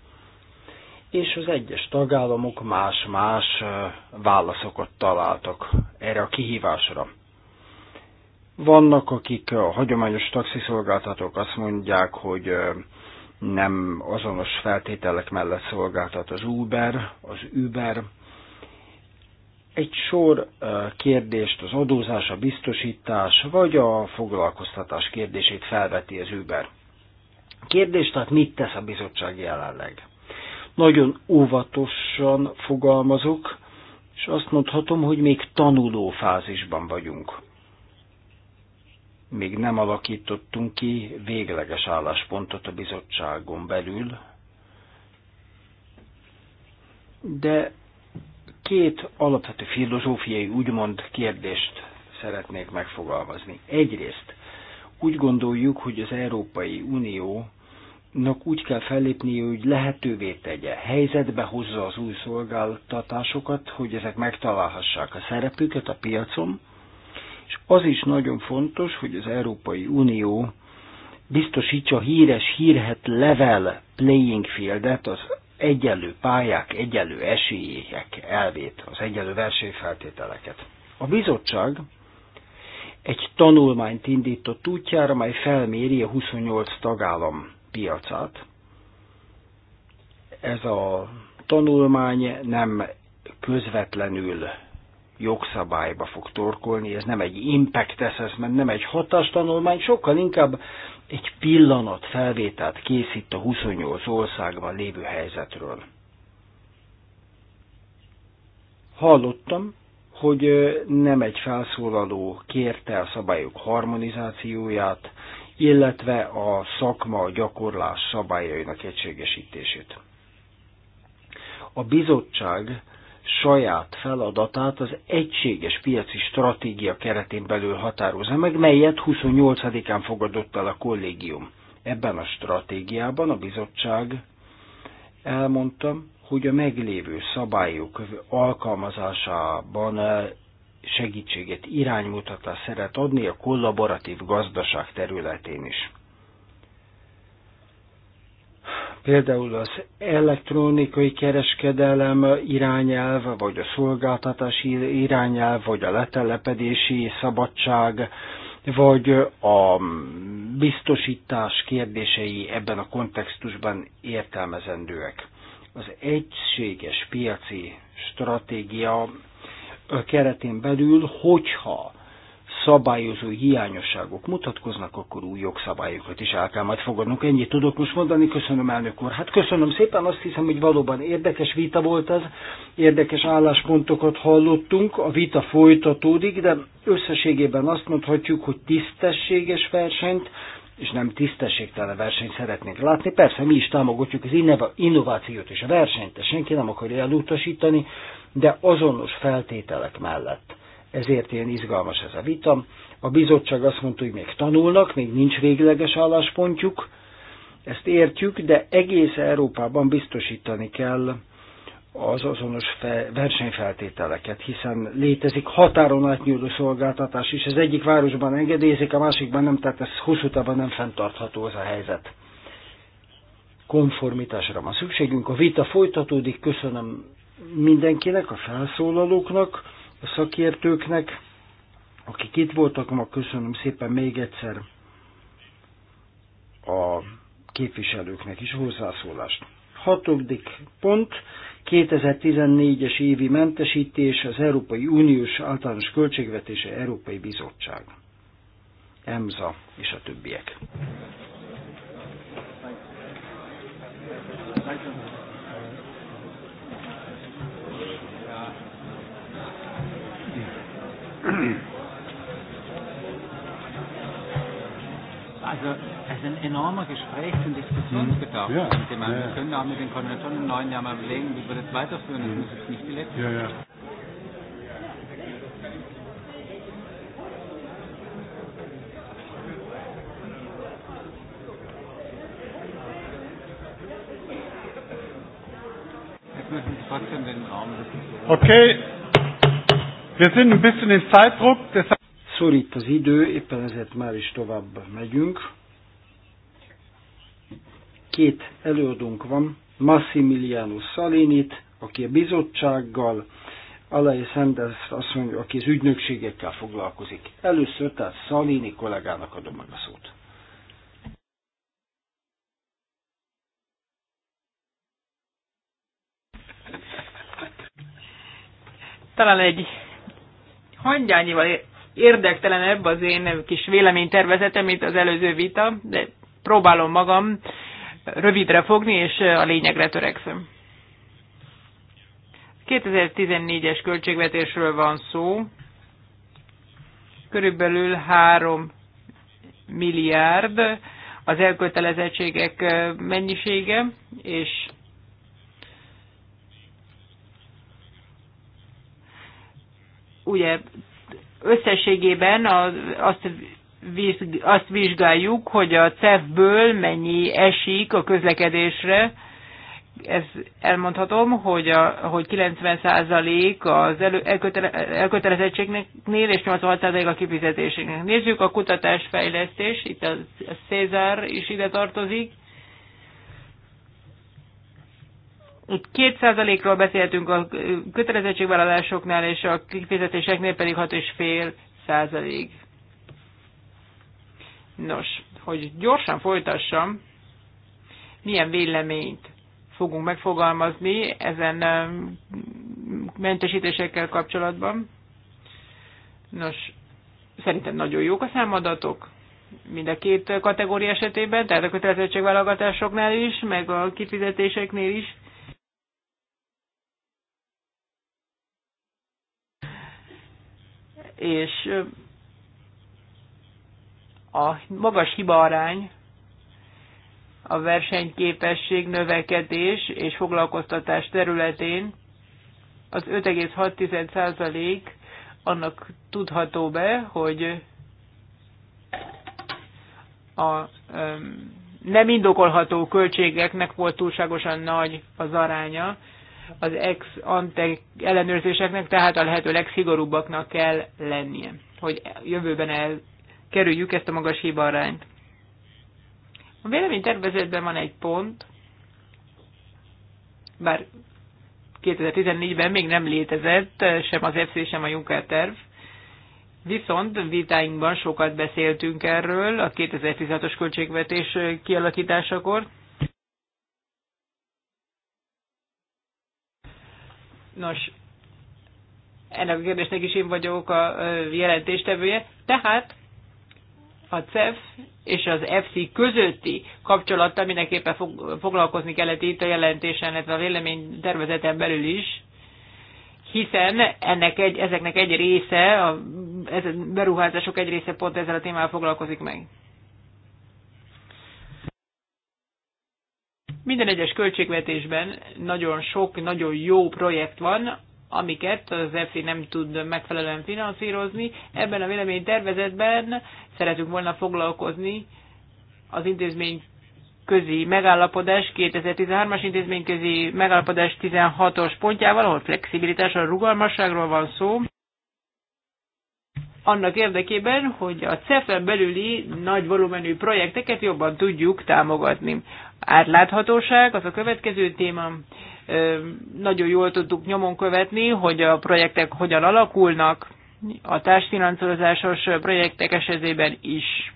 Speaker 2: és az egyes tagállamok más-más válaszokat találtak erre a kihívásra. Vannak, akik a hagyományos taxiszolgáltatók azt mondják, hogy nem azonos feltételek mellett szolgáltat az Uber, az Uber. Egy sor kérdést, az adózás, a biztosítás vagy a foglalkoztatás kérdését felveti az Uber. Kérdés, tehát mit tesz a bizottság jelenleg? Nagyon óvatosan fogalmazok, és azt mondhatom, hogy még tanuló fázisban vagyunk. Még nem alakítottunk ki végleges álláspontot a bizottságon belül, de két alapvető filozófiai, úgymond kérdést szeretnék megfogalmazni. Egyrészt úgy gondoljuk, hogy az Európai Unió nak úgy kell fellépni, hogy lehetővé tegye, helyzetbe hozza az új szolgáltatásokat, hogy ezek megtalálhassák a szerepüket a piacon, és az is nagyon fontos, hogy az Európai Unió biztosítsa híres, hírhet level playing fieldet, az egyenlő pályák, egyenlő esélyek elvét, az egyenlő versenyfeltételeket. A bizottság egy tanulmányt indított útjára, mely felméri a 28 tagállam piacát. Ez a tanulmány nem közvetlenül jogszabályba fog torkolni, ez nem egy impact assessment, nem egy hatástanulmány, sokkal inkább egy pillanat felvételt készít a 28 országban lévő helyzetről. Hallottam, hogy nem egy felszólaló kérte a szabályok harmonizációját, illetve a szakma gyakorlás szabályainak egységesítését. A bizottság saját feladatát az egységes piaci stratégia keretén belül határozza meg, melyet 28-án fogadott el a kollégium. Ebben a stratégiában a bizottság elmondta, hogy a meglévő szabályok alkalmazásában segítséget, iránymutatást szeret adni a kollaboratív gazdaság területén is. Például az elektronikai kereskedelem irányelv, vagy a szolgáltatási irányelv, vagy a letelepedési szabadság, vagy a biztosítás kérdései ebben a kontextusban értelmezendőek. Az egységes piaci stratégia keretén belül, hogyha szabályozó hiányosságok mutatkoznak, akkor új jogszabályokat is el kell majd fogadnunk. Ennyit tudok most mondani, köszönöm elnök úr. Hát köszönöm szépen, azt hiszem, hogy valóban érdekes vita volt ez, érdekes álláspontokat hallottunk, a vita folytatódik, de összességében azt mondhatjuk, hogy tisztességes versenyt, és nem tisztességtelen versenyt szeretnénk látni. Persze mi is támogatjuk az innovációt és a versenyt, de senki nem akarja elutasítani, de azonos feltételek mellett. Ezért ilyen izgalmas ez a vita. A bizottság azt mondta, hogy még tanulnak, még nincs végleges álláspontjuk, ezt értjük, de egész Európában biztosítani kell az azonos versenyfeltételeket, hiszen létezik határon átnyúló szolgáltatás is. Az egyik városban engedélyezik, a másikban nem, tehát ez hosszú távon nem fenntartható az a helyzet. Konformitásra van szükségünk. A vita folytatódik, köszönöm mindenkinek, a felszólalóknak, a szakértőknek, akik itt voltak ma, köszönöm szépen még egyszer a képviselőknek is hozzászólást. Hatodik pont, 2014-es évi mentesítés az Európai Uniós Általános Költségvetése Európai Bizottság. EMSA és a többiek. Thank you. Also es sind enorme Gesprächs- und Diskussionsbedarf. Ja. ich meine, ja, Wir können auch mit den Konventionen im neuen Jahr mal überlegen, wie wir das weiterführen. Mhm. Das ist nicht die letzte. Ja, ja. Okay, Wir sind ein bisschen in Zeitdruck, deshalb... Szorít az idő, éppen ezért már is tovább megyünk. Két előadónk van, Massimiliano Salinit, aki a bizottsággal, Alai Sanders mondja, aki az ügynökségekkel foglalkozik. Először tehát Salini kollégának adom meg a szót.
Speaker 5: Talán egy hangyányival érdektelenebb az én kis véleménytervezetem, mint az előző vita, de próbálom magam rövidre fogni, és a lényegre törekszem. 2014-es költségvetésről van szó, körülbelül 3 milliárd az elkötelezettségek mennyisége, és ugye összességében azt azt vizsgáljuk, hogy a CEF-ből mennyi esik a közlekedésre. Ez elmondhatom, hogy, a, hogy 90% az elkötele, elkötelezettségnél és 86% a kifizetésének. Nézzük a kutatásfejlesztés, itt a Cézár is ide tartozik. két százalékról beszéltünk a kötelezettségvállalásoknál, és a kifizetéseknél pedig 6,5%. Nos, hogy gyorsan folytassam, milyen véleményt fogunk megfogalmazni ezen mentesítésekkel kapcsolatban. Nos, szerintem nagyon jók a számadatok, mind a két kategória esetében, tehát a kötelezettségvállalatásoknál is, meg a kifizetéseknél is. és a magas hibaarány, a versenyképesség növekedés és foglalkoztatás területén az 5,6% annak tudható be, hogy a nem indokolható költségeknek volt túlságosan nagy az aránya, az ex-ante ellenőrzéseknek, tehát a lehető legszigorúbbaknak kell lennie, hogy jövőben elkerüljük ezt a magas hibarányt. A véleménytervezetben van egy pont, bár 2014-ben még nem létezett sem az FC, sem a Juncker terv, Viszont vitáinkban sokat beszéltünk erről a 2016-os költségvetés kialakításakor. Nos, ennek a kérdésnek is én vagyok a jelentéstevője. Tehát a CEF és az FC közötti kapcsolattal mindenképpen foglalkozni kellett itt a jelentésen, illetve a vélemény tervezeten belül is, hiszen ennek egy, ezeknek egy része, a, ez a beruházások egy része pont ezzel a témával foglalkozik meg. Minden egyes költségvetésben nagyon sok, nagyon jó projekt van, amiket az EFI nem tud megfelelően finanszírozni. Ebben a véleménytervezetben szeretünk volna foglalkozni az intézmény közi megállapodás, 2013-as közi megállapodás 16-os pontjával, ahol flexibilitásról, rugalmasságról van szó annak érdekében, hogy a CEF-en belüli nagy volumenű projekteket jobban tudjuk támogatni. Átláthatóság, az a következő téma. Nagyon jól tudtuk nyomon követni, hogy a projektek hogyan alakulnak, a társfinanszírozásos projektek esetében is.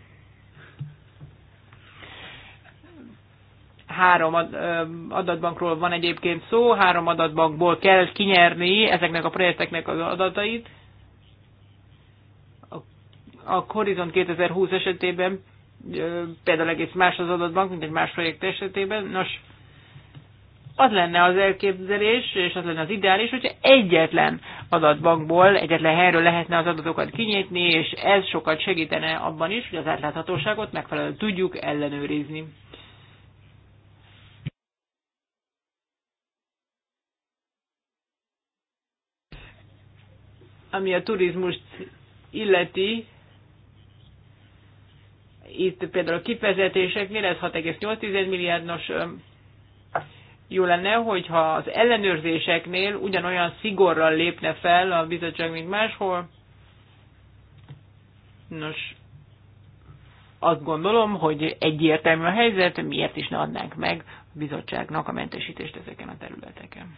Speaker 5: három adatbankról van egyébként szó, három adatbankból kell kinyerni ezeknek a projekteknek az adatait a Horizon 2020 esetében például egész más az adatbank, mint egy más projekt esetében. Nos, az lenne az elképzelés, és az lenne az ideális, hogyha egyetlen adatbankból, egyetlen helyről lehetne az adatokat kinyitni, és ez sokat segítene abban is, hogy az átláthatóságot megfelelően tudjuk ellenőrizni. Ami a turizmust illeti, itt például a mi lesz 6,8 milliárdos jó lenne, hogyha az ellenőrzéseknél ugyanolyan szigorral lépne fel a bizottság, mint máshol. Nos, azt gondolom, hogy egyértelmű a helyzet, miért is ne adnánk meg a bizottságnak a mentesítést ezeken a
Speaker 4: területeken.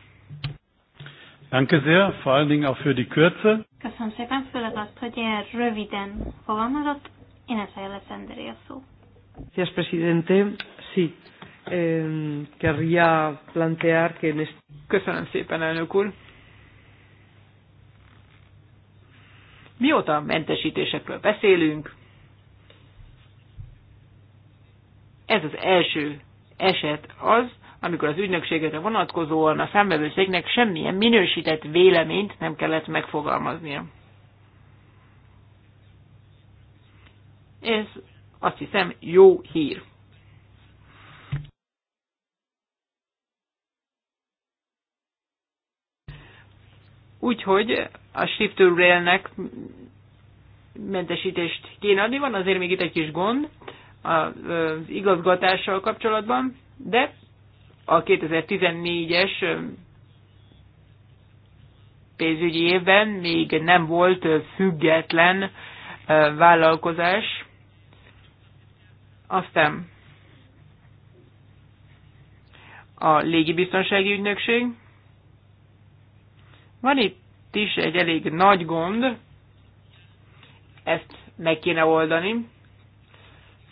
Speaker 1: Danke sehr, vor allen Dingen auch für die Kürze.
Speaker 4: Köszönöm szépen, főleg azt, hogy ilyen röviden fogalmazott. Ines Ayala de a szó.
Speaker 5: Gracias, presidente. Sí, eh, querría plantear que en este... Köszönöm szépen, elnök úr. Mióta mentesítésekről beszélünk, ez az első eset az, amikor az ügynökségekre vonatkozóan a számvevőszéknek semmilyen minősített véleményt nem kellett megfogalmaznia. Ez azt hiszem jó hír. Úgyhogy a Shift to Rail-nek mentesítést kéne adni, van azért még itt egy kis gond az igazgatással kapcsolatban, de a 2014-es pénzügyi évben még nem volt független vállalkozás, aztán a légibiztonsági ügynökség. Van itt is egy elég nagy gond, ezt meg kéne oldani.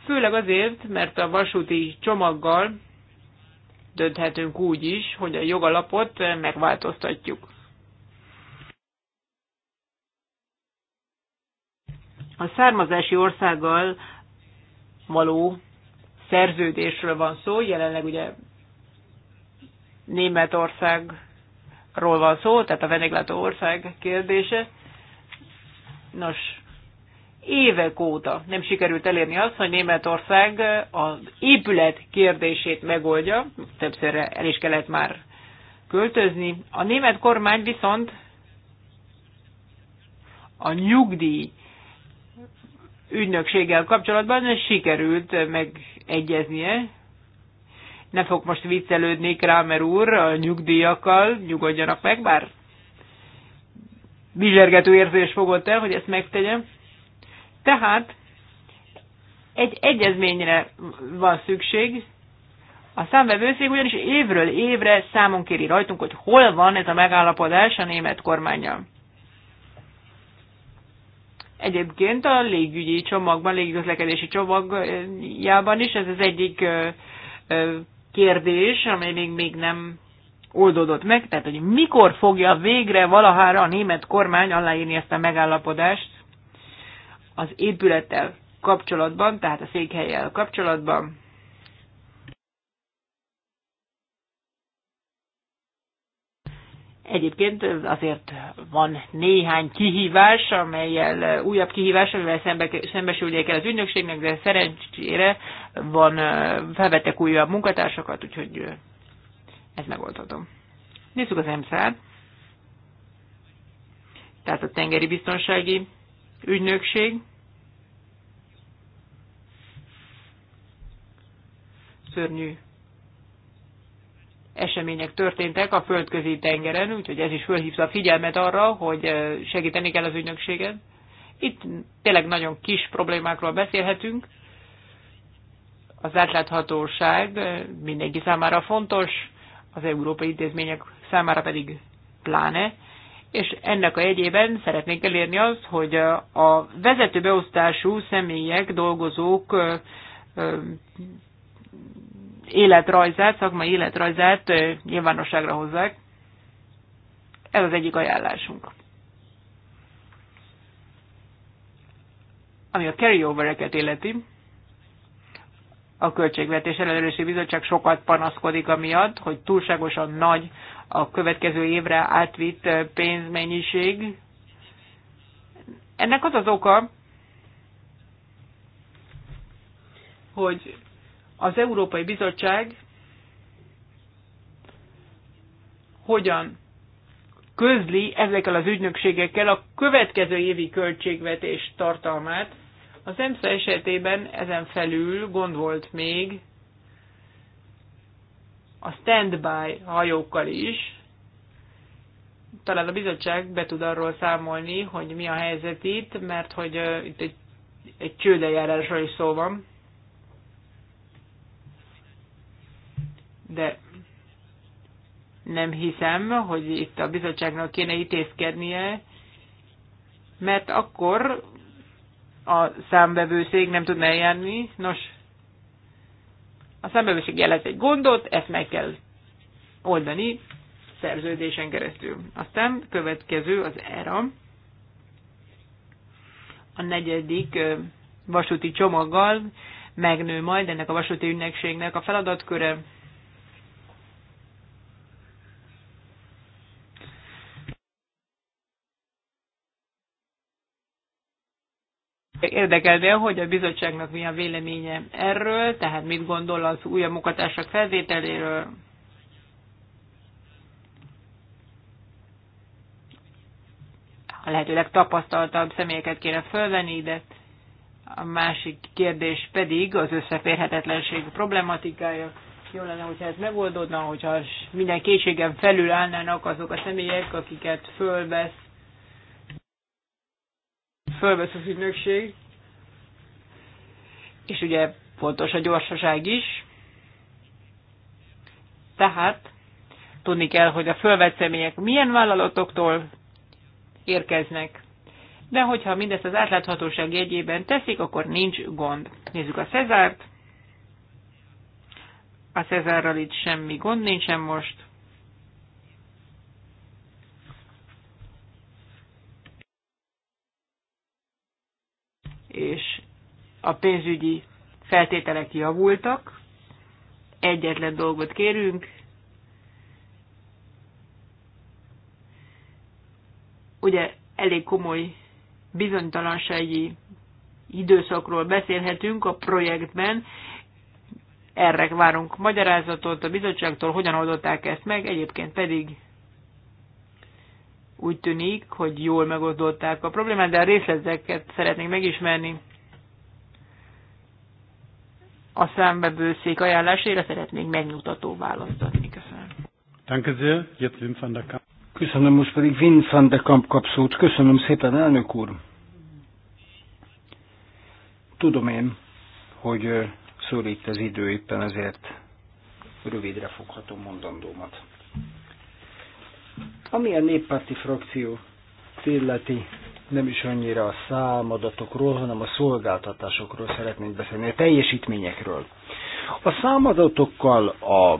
Speaker 5: Főleg azért, mert a vasúti csomaggal dönthetünk úgy is, hogy a jogalapot megváltoztatjuk. A származási országgal való szerződésről van szó. Jelenleg ugye Németországról van szó, tehát a vendéglátó ország kérdése. Nos, évek óta nem sikerült elérni azt, hogy Németország az épület kérdését megoldja, többször el is kellett már költözni. A német kormány viszont a nyugdíj ügynökséggel kapcsolatban sikerült megegyeznie. Ne fog most viccelődni Kramer úr a nyugdíjakkal, nyugodjanak meg, bár bizsergető érzés fogott el, hogy ezt megtegyem. Tehát egy egyezményre van szükség. A számvevőszék ugyanis évről évre számon kéri rajtunk, hogy hol van ez a megállapodás a német kormányjal. Egyébként a légügyi csomagban, légiközlekedési csomagjában is ez az egyik kérdés, amely még, még nem oldódott meg, tehát hogy mikor fogja végre valahára a német kormány aláírni ezt a megállapodást az épülettel kapcsolatban, tehát a székhelyel kapcsolatban. Egyébként azért van néhány kihívás, amelyel újabb kihívás, amivel szembe, szembesülnie kell az ügynökségnek, de szerencsére van, felvettek újabb munkatársakat, úgyhogy ez megoldható. Nézzük az EMSZ-t. Tehát a tengeri biztonsági ügynökség. Szörnyű események történtek a földközi tengeren, úgyhogy ez is fölhívta a figyelmet arra, hogy segíteni kell az ügynökséget. Itt tényleg nagyon kis problémákról beszélhetünk. Az átláthatóság mindenki számára fontos, az európai intézmények számára pedig pláne, és ennek a jegyében szeretnénk elérni azt, hogy a vezetőbeosztású személyek, dolgozók életrajzát, szakmai életrajzát nyilvánosságra hozzák. Ez az egyik ajánlásunk. Ami a carryovereket illeti, a Költségvetés Ellenőrzési Bizottság sokat panaszkodik amiatt, hogy túlságosan nagy a következő évre átvitt pénzmennyiség. Ennek az az oka, hogy az Európai Bizottság hogyan közli ezekkel az ügynökségekkel a következő évi költségvetés tartalmát. Az EMSZA esetében ezen felül gond volt még a standby hajókkal is. Talán a bizottság be tud arról számolni, hogy mi a helyzet itt, mert hogy uh, itt egy, egy csődejárásról is szó van. de nem hiszem, hogy itt a bizottságnak kéne ítézkednie, mert akkor a számbevőszék nem tudna eljárni. Nos, a számbevőszék jelez egy gondot, ezt meg kell oldani szerződésen keresztül. Aztán következő az ERA, a negyedik vasúti csomaggal megnő majd ennek a vasúti ünnepségnek a feladatköre, Érdekelne, hogy a bizottságnak mi a véleménye erről, tehát mit gondol az új munkatársak felvételéről. A lehetőleg tapasztaltabb személyeket kéne fölvenni, de a másik kérdés pedig az összeférhetetlenség problematikája. Jó lenne, hogyha ez megoldódna, hogyha minden kétségen felül állnának azok a személyek, akiket fölvesz fölvesz az ügynökség. És ugye fontos a gyorsaság is. Tehát tudni kell, hogy a fölvett személyek milyen vállalatoktól érkeznek. De hogyha mindezt az átláthatóság jegyében teszik, akkor nincs gond. Nézzük a Cezárt. A Cezárral itt semmi gond nincsen most. és a pénzügyi feltételek javultak. Egyetlen dolgot kérünk, ugye elég komoly bizonytalansági időszakról beszélhetünk a projektben. Erre várunk magyarázatot a bizottságtól, hogyan oldották ezt meg, egyébként pedig úgy tűnik, hogy jól megoldották a problémát, de a részleteket szeretnék megismerni. A számbevőszék ajánlására szeretnék megnyugtató választ
Speaker 2: adni. Köszönöm. Danke sehr. Jetzt Wim van der Kamp. Köszönöm, most pedig Wim van der Kamp kap szót. Köszönöm szépen, elnök úr. Tudom én, hogy szorít az idő, éppen ezért rövidre foghatom mondandómat. Ami a néppárti frakció illeti, nem is annyira a számadatokról, hanem a szolgáltatásokról szeretnénk beszélni, a teljesítményekről. A számadatokkal a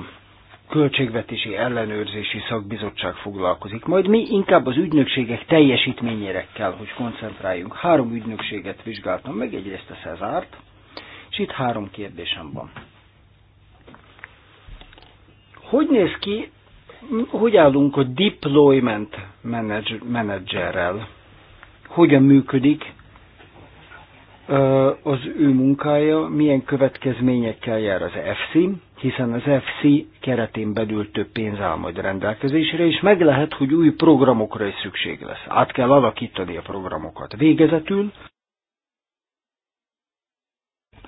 Speaker 2: Költségvetési Ellenőrzési Szakbizottság foglalkozik, majd mi inkább az ügynökségek teljesítményére kell, hogy koncentráljunk. Három ügynökséget vizsgáltam meg, egyrészt a Szezárt, és itt három kérdésem van. Hogy néz ki hogy állunk a deployment menedzserrel? Hogyan működik az ő munkája, milyen következményekkel jár az FC, hiszen az FC keretén belül több pénz áll majd rendelkezésre, és meg lehet, hogy új programokra is szükség lesz. Át kell alakítani a programokat. Végezetül,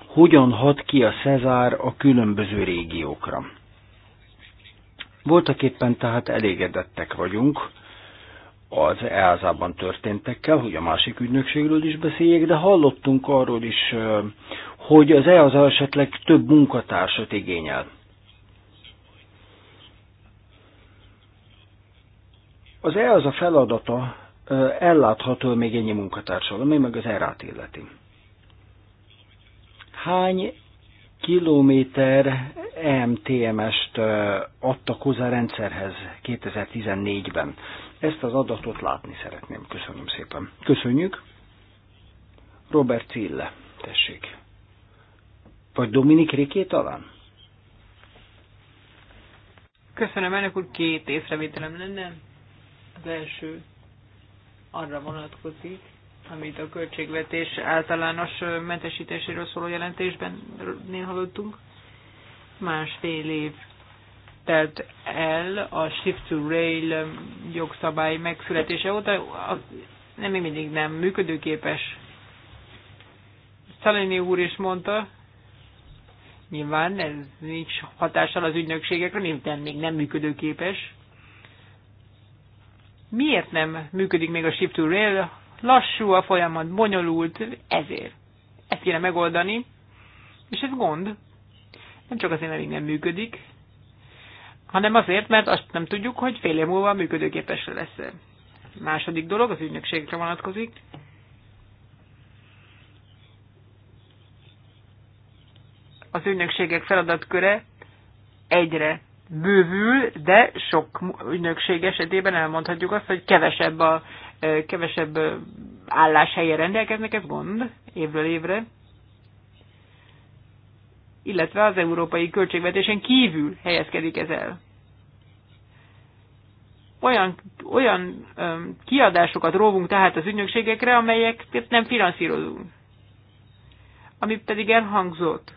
Speaker 2: hogyan hat ki a Cezár a különböző régiókra? Voltak éppen tehát elégedettek vagyunk az elzában történtekkel, hogy a másik ügynökségről is beszéljék, de hallottunk arról is, hogy az EASA esetleg több munkatársat igényel. Az EASA feladata ellátható még ennyi munkatársal, ami meg az erát illeti. Hány kilométer EMTMS-t adtak hozzá a rendszerhez 2014-ben. Ezt az adatot látni szeretném. Köszönöm szépen. Köszönjük. Robert Cille, tessék. Vagy Dominik
Speaker 5: Riké talán? Köszönöm, ennek úr, két észrevételem lenne. Az első arra vonatkozik, amit a költségvetés általános mentesítéséről szóló jelentésben hallottunk. Másfél év telt el a Shift to Rail jogszabály megszületése óta, nem még mindig nem működőképes. Szalini úr is mondta, nyilván ez nincs hatással az ügynökségekre, miután még nem működőképes. Miért nem működik még a Shift to Rail? lassú a folyamat, bonyolult, ezért. Ezt kéne megoldani, és ez gond. Nem csak azért, mert nem működik, hanem azért, mert azt nem tudjuk, hogy fél év múlva működőképes lesz. -e. Második dolog az ügynökségre vonatkozik. Az ügynökségek feladatköre egyre bővül, de sok ügynökség esetében elmondhatjuk azt, hogy kevesebb a kevesebb álláshelyen rendelkeznek, ez gond évről évre. Illetve az európai költségvetésen kívül helyezkedik ez el. Olyan, olyan öm, kiadásokat róvunk tehát az ügynökségekre, amelyeket nem finanszírozunk. Ami pedig elhangzott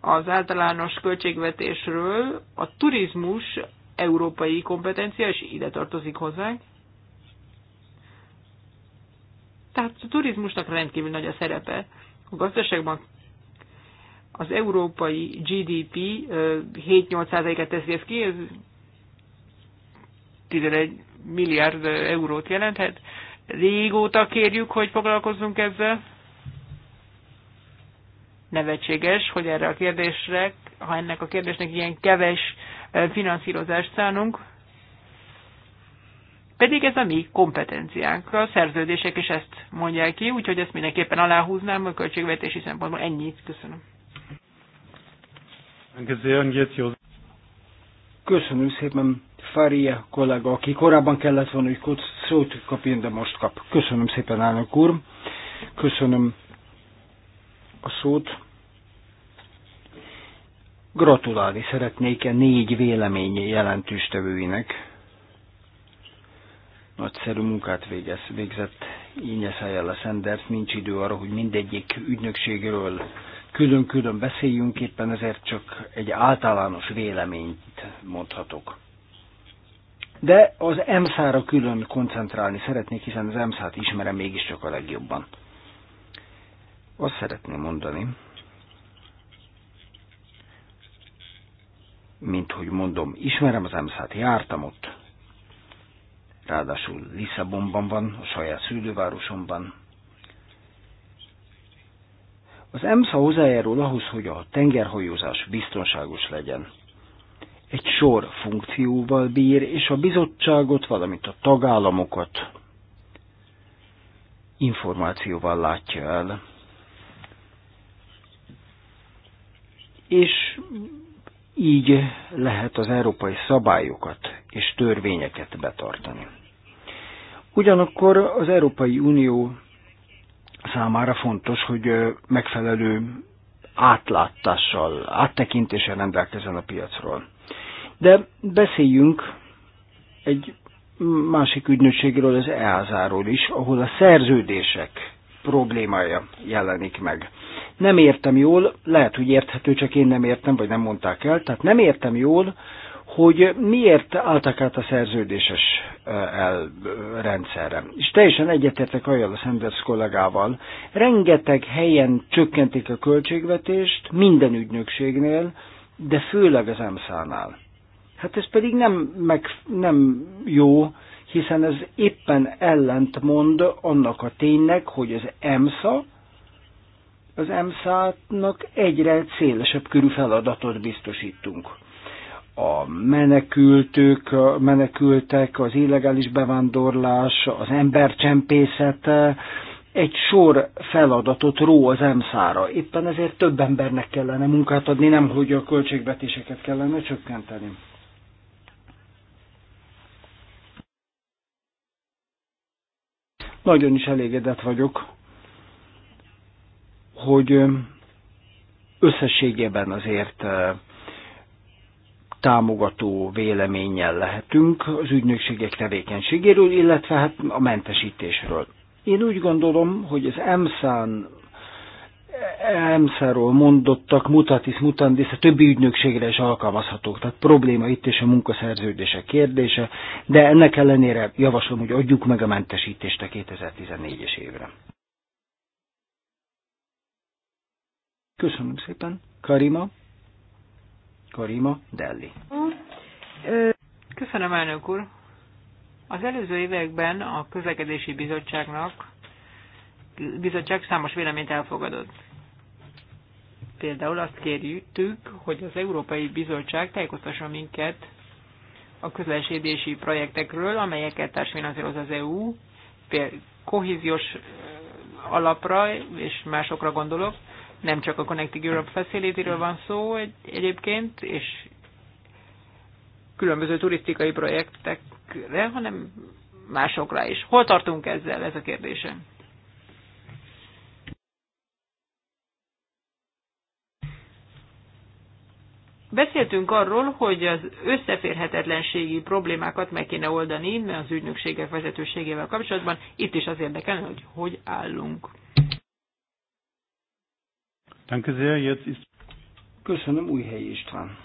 Speaker 5: az általános költségvetésről, a turizmus európai kompetencia, és ide tartozik hozzánk, tehát a turizmusnak rendkívül nagy a szerepe. A gazdaságban az európai GDP 7-8%-et teszi ez ki, ez 11 milliárd eurót jelenthet. Régóta kérjük, hogy foglalkozzunk ezzel. Nevetséges, hogy erre a kérdésre, ha ennek a kérdésnek ilyen keves finanszírozást szánunk, pedig ez a mi kompetenciánk. A szerződések is ezt mondják ki, úgyhogy ezt mindenképpen aláhúznám a költségvetési szempontból. Ennyit. Köszönöm.
Speaker 2: Köszönöm szépen, Faria kollega, aki korábban kellett volna, hogy szót kapjon, de most kap. Köszönöm szépen, elnök úr. Köszönöm a szót. Gratulálni szeretnék a négy vélemény jelentőstevőinek nagyszerű munkát végez, végzett ínyes Ayala Sanders, nincs idő arra, hogy mindegyik ügynökségről külön-külön beszéljünk, éppen ezért csak egy általános véleményt mondhatok. De az EMSZ-ra külön koncentrálni szeretnék, hiszen az EMSZ-t ismerem mégiscsak a legjobban. Azt szeretném mondani, mint hogy mondom, ismerem az EMSZ-t, jártam ott, ráadásul Lisszabonban van, a saját szülővárosomban. Az EMSZA hozzájárul ahhoz, hogy a tengerhajózás biztonságos legyen. Egy sor funkcióval bír, és a bizottságot, valamint a tagállamokat információval látja el. És így lehet az európai szabályokat és törvényeket betartani. Ugyanakkor az Európai Unió számára fontos, hogy megfelelő átlátással, áttekintéssel rendelkezzen a piacról. De beszéljünk egy másik ügynökségről, az EASA-ról is, ahol a szerződések problémája jelenik meg. Nem értem jól, lehet, hogy érthető, csak én nem értem, vagy nem mondták el, tehát nem értem jól, hogy miért álltak át a szerződéses el rendszerre. És teljesen egyetértek azzal a Sanders kollégával. Rengeteg helyen csökkentik a költségvetést, minden ügynökségnél, de főleg az emszánál. Hát ez pedig nem, meg, nem jó, hiszen ez éppen ellentmond annak a ténynek, hogy az emsa, az emsa nak egyre szélesebb körű feladatot biztosítunk a menekültők, menekültek, az illegális bevándorlás, az embercsempészet, eh, egy sor feladatot ró az emszára. Éppen ezért több embernek kellene munkát adni, nem hogy a költségvetéseket kellene csökkenteni. Nagyon is elégedett vagyok, hogy eh, összességében azért eh, támogató véleménnyel lehetünk az ügynökségek tevékenységéről, illetve hát a mentesítésről. Én úgy gondolom, hogy az EMSZ-án EMSZ-ról mondottak, mutatis mutandis, a többi ügynökségre is alkalmazhatók. Tehát probléma itt és a munkaszerződése kérdése, de ennek ellenére javaslom, hogy adjuk meg a mentesítést a 2014-es évre. Köszönöm szépen. Karima. Karima Delhi.
Speaker 5: Köszönöm, elnök úr. Az előző években a közlekedési bizottságnak bizottság számos véleményt elfogadott. Például azt kérjük, hogy az Európai Bizottság tájékoztassa minket a közlekedési projektekről, amelyeket társfinanszíroz az EU, például kohéziós alapra és másokra gondolok, nem csak a Connecting Europe facility van szó egy, egyébként, és különböző turisztikai projektekre, hanem másokra is. Hol tartunk ezzel, ez a kérdése? Beszéltünk arról, hogy az összeférhetetlenségi problémákat meg kéne oldani az ügynökségek vezetőségével kapcsolatban. Itt is az érdekel, hogy hogy állunk.
Speaker 3: Danke sehr, jetzt ist...
Speaker 2: Köszönöm, Újhelyi István.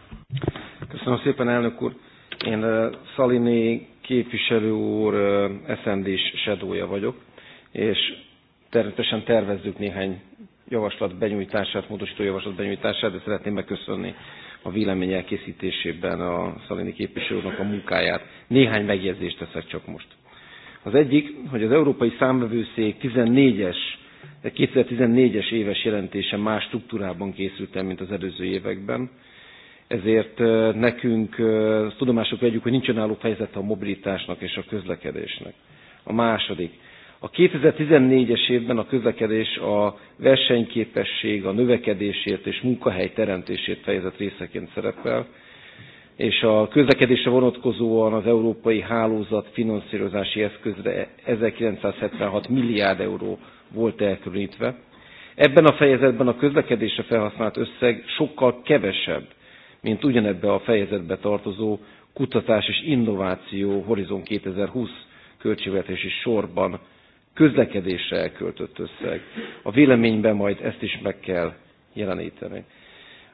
Speaker 3: Köszönöm szépen, elnök úr. Én uh, eh, Szaliné képviselő úr uh, eh, SND-s sedója vagyok, és természetesen tervezzük néhány javaslat benyújtását, módosító javaslat benyújtását, de szeretném megköszönni a vélemény elkészítésében a Szalini képviselőnek a munkáját. Néhány megjegyzést teszek csak most. Az egyik, hogy az Európai Számvevőszék 14-es de 2014-es éves jelentése más struktúrában készült el, mint az előző években. Ezért nekünk tudomások vegyük, hogy nincs önálló fejezete a mobilitásnak és a közlekedésnek. A második. A 2014-es évben a közlekedés a versenyképesség, a növekedésért és munkahely teremtésért fejezett részeként szerepel, és a közlekedésre vonatkozóan az európai hálózat finanszírozási eszközre 1976 milliárd euró volt elkülönítve. Ebben a fejezetben a közlekedésre felhasznált összeg sokkal kevesebb, mint ugyanebbe a fejezetbe tartozó kutatás és innováció Horizon 2020 költségvetési sorban közlekedésre elköltött összeg. A véleményben majd ezt is meg kell jeleníteni.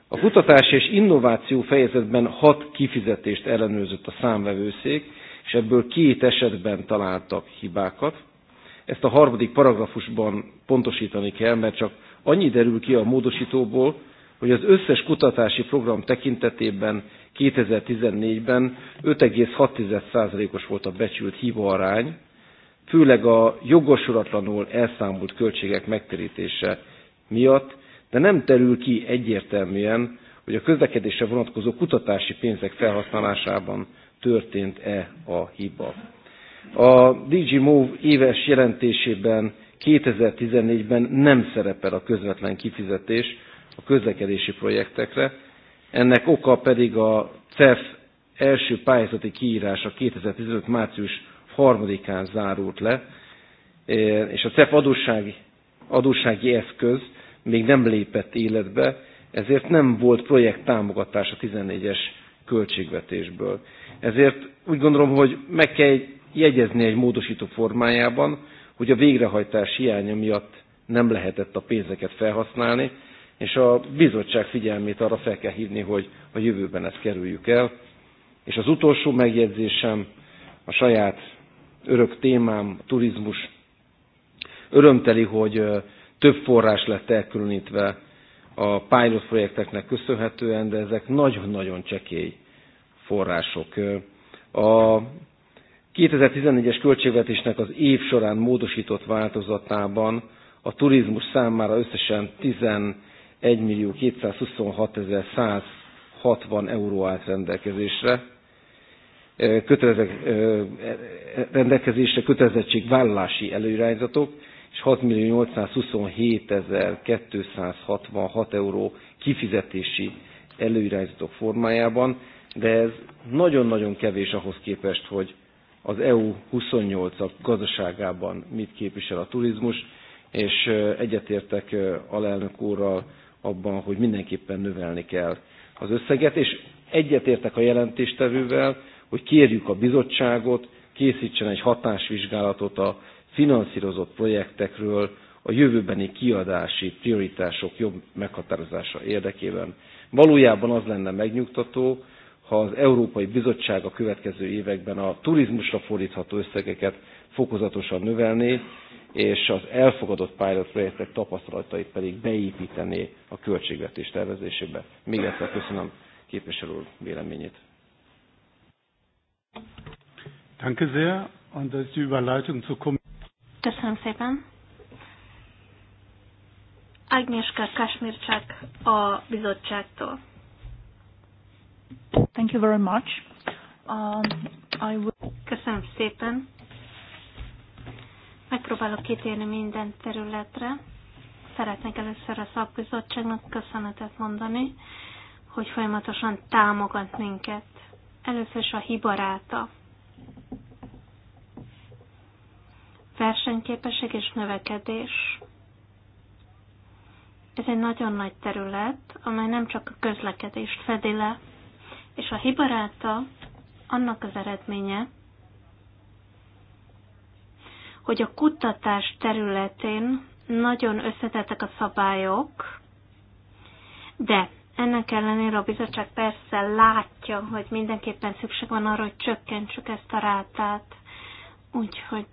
Speaker 3: A kutatás és innováció fejezetben hat kifizetést ellenőrzött a számvevőszék, és ebből két esetben találtak hibákat. Ezt a harmadik paragrafusban pontosítani kell, mert csak annyi derül ki a módosítóból, hogy az összes kutatási program tekintetében 2014-ben 5,6%-os volt a becsült hibaarány, főleg a jogosulatlanul elszámolt költségek megtérítése miatt, de nem terül ki egyértelműen, hogy a közlekedésre vonatkozó kutatási pénzek felhasználásában történt-e a hiba. A DG Move éves jelentésében 2014-ben nem szerepel a közvetlen kifizetés a közlekedési projektekre, ennek oka pedig a CEF első pályázati kiírása 2015. március 3-án zárult le, és a CEF adósság, adóssági eszköz még nem lépett életbe, ezért nem volt projekt támogatás a 14-es költségvetésből. Ezért úgy gondolom, hogy meg kell jegyezni egy módosító formájában, hogy a végrehajtás hiánya miatt nem lehetett a pénzeket felhasználni, és a bizottság figyelmét arra fel kell hívni, hogy a jövőben ezt kerüljük el. És az utolsó megjegyzésem a saját örök témám, turizmus. Örömteli, hogy több forrás lett elkülönítve a pilot projekteknek köszönhetően, de ezek nagyon-nagyon csekély források. A 2014-es költségvetésnek az év során módosított változatában a turizmus számára összesen 11.226.160 euró állt rendelkezésre. Kötelezek, e, rendelkezésre kötelezettségvállalási előirányzatok, és 6.827.266 euró kifizetési előirányzatok formájában, de ez nagyon-nagyon kevés ahhoz képest, hogy az EU 28-ak gazdaságában mit képvisel a turizmus, és egyetértek alelnök úrral abban, hogy mindenképpen növelni kell az összeget, és egyetértek a jelentéstevővel, hogy kérjük a bizottságot, készítsen egy hatásvizsgálatot a finanszírozott projektekről a jövőbeni kiadási prioritások jobb meghatározása érdekében. Valójában az lenne megnyugtató, ha az Európai Bizottság a következő években a turizmusra fordítható összegeket fokozatosan növelné, és az elfogadott pilot projektek tapasztalatait pedig beépítené a költségvetés tervezésébe. Még egyszer köszönöm képviselő úr véleményét.
Speaker 1: Danke sehr. Und die Überleitung
Speaker 4: Köszönöm szépen. Agnieszka Kasmircsák a bizottságtól. Thank you very much. Um, Köszönöm szépen. Megpróbálok kitérni minden területre. Szeretnék először a szakbizottságnak köszönetet mondani, hogy folyamatosan támogat minket. Először is a hibaráta. Versenyképesség és növekedés. Ez egy nagyon nagy terület, amely nem csak a közlekedést fedi le, és a hibaráta annak az eredménye, hogy a kutatás területén nagyon összetettek a szabályok, de ennek ellenére a bizottság persze látja, hogy mindenképpen szükség van arra, hogy csökkentsük ezt a rátát. Úgyhogy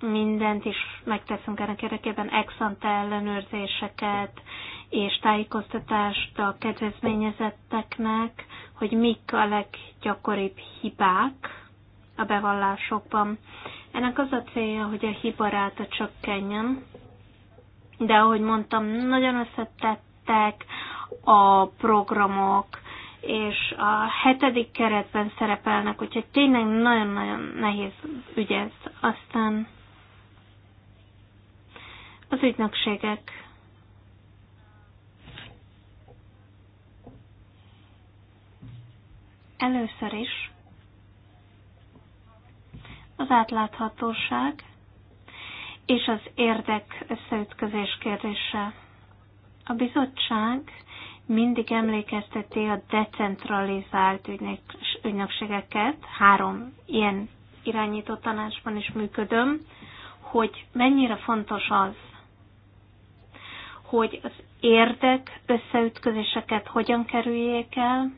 Speaker 4: mindent is megteszünk ennek érdekében, exante ellenőrzéseket és tájékoztatást a kedvezményezetteknek, hogy mik a leggyakoribb hibák a bevallásokban. Ennek az a célja, hogy a ráta csökkenjen, de ahogy mondtam, nagyon összetettek a programok, és a hetedik keretben szerepelnek, úgyhogy tényleg nagyon-nagyon nehéz ügy ez. Aztán az ügynökségek először is az átláthatóság és az érdek összeütközés kérdése. A bizottság mindig emlékezteti a decentralizált ügynökségeket, három ilyen irányító tanácsban is működöm, hogy mennyire fontos az, hogy az érdek összeütközéseket hogyan kerüljék el,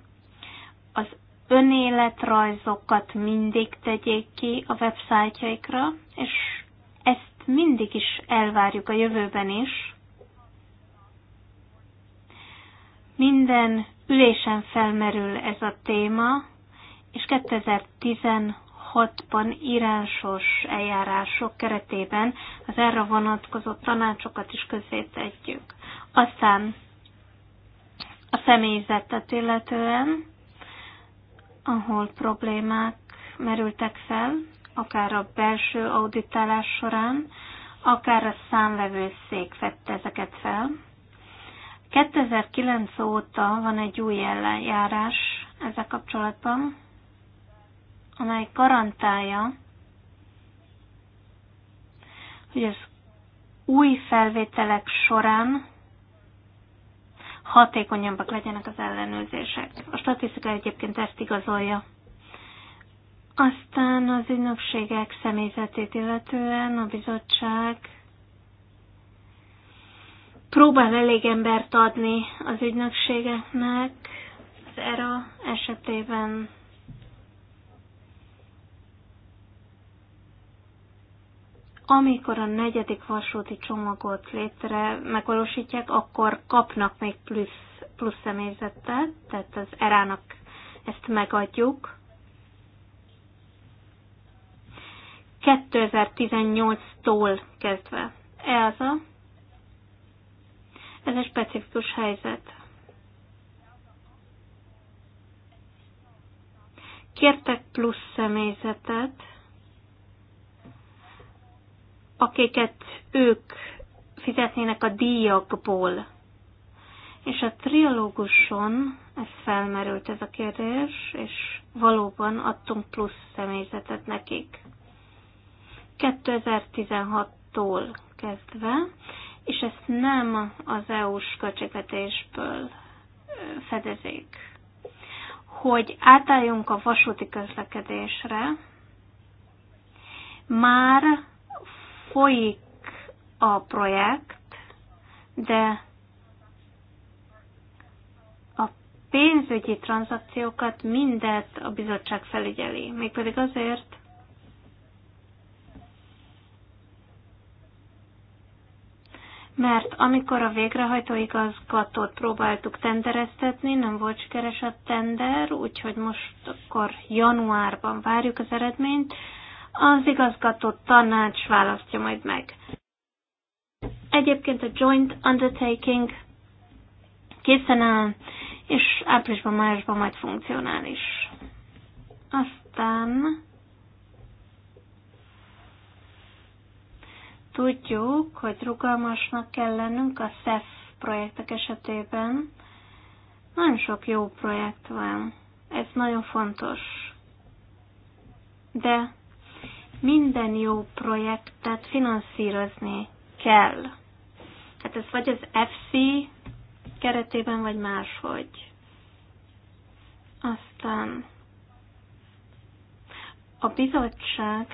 Speaker 4: az önéletrajzokat mindig tegyék ki a websájtjaikra, és ezt mindig is elvárjuk a jövőben is. Minden ülésen felmerül ez a téma, és 2006-ban írásos eljárások keretében az erre vonatkozó tanácsokat is közzétetjük. Aztán a személyzetet illetően, ahol problémák merültek fel, akár a belső auditálás során, akár a számvevőszék vette ezeket fel. 2009 óta van egy új ellenjárás ezzel kapcsolatban, amely garantálja, hogy az új felvételek során hatékonyabbak legyenek az ellenőrzések. A statisztika egyébként ezt igazolja. Aztán az ügynökségek személyzetét illetően a bizottság próbál elég embert adni az ügynökségeknek. Az ERA esetében amikor a negyedik vasúti csomagot létre megvalósítják, akkor kapnak még plusz, plusz személyzetet, tehát az erának ezt megadjuk. 2018-tól kezdve. Ez a, ez egy specifikus helyzet. Kértek plusz személyzetet, akiket ők fizetnének a díjakból. És a trialóguson ez felmerült ez a kérdés, és valóban adtunk plusz személyzetet nekik. 2016-tól kezdve, és ezt nem az EU-s költségvetésből fedezik. Hogy átálljunk a vasúti közlekedésre, már Folyik a projekt, de a pénzügyi tranzakciókat mindet a bizottság felügyeli. Mégpedig azért, mert amikor a végrehajtó igazgatót próbáltuk tendereztetni, nem volt sikeres a tender, úgyhogy most akkor januárban várjuk az eredményt, az igazgató tanács választja majd meg. Egyébként a joint undertaking készen áll, és áprilisban, májusban majd funkcionális. Aztán tudjuk, hogy rugalmasnak kell lennünk a SEF projektek esetében. Nagyon sok jó projekt van. Ez nagyon fontos. De minden jó projektet finanszírozni kell. Hát ez vagy az FC keretében, vagy máshogy. Aztán a bizottságnak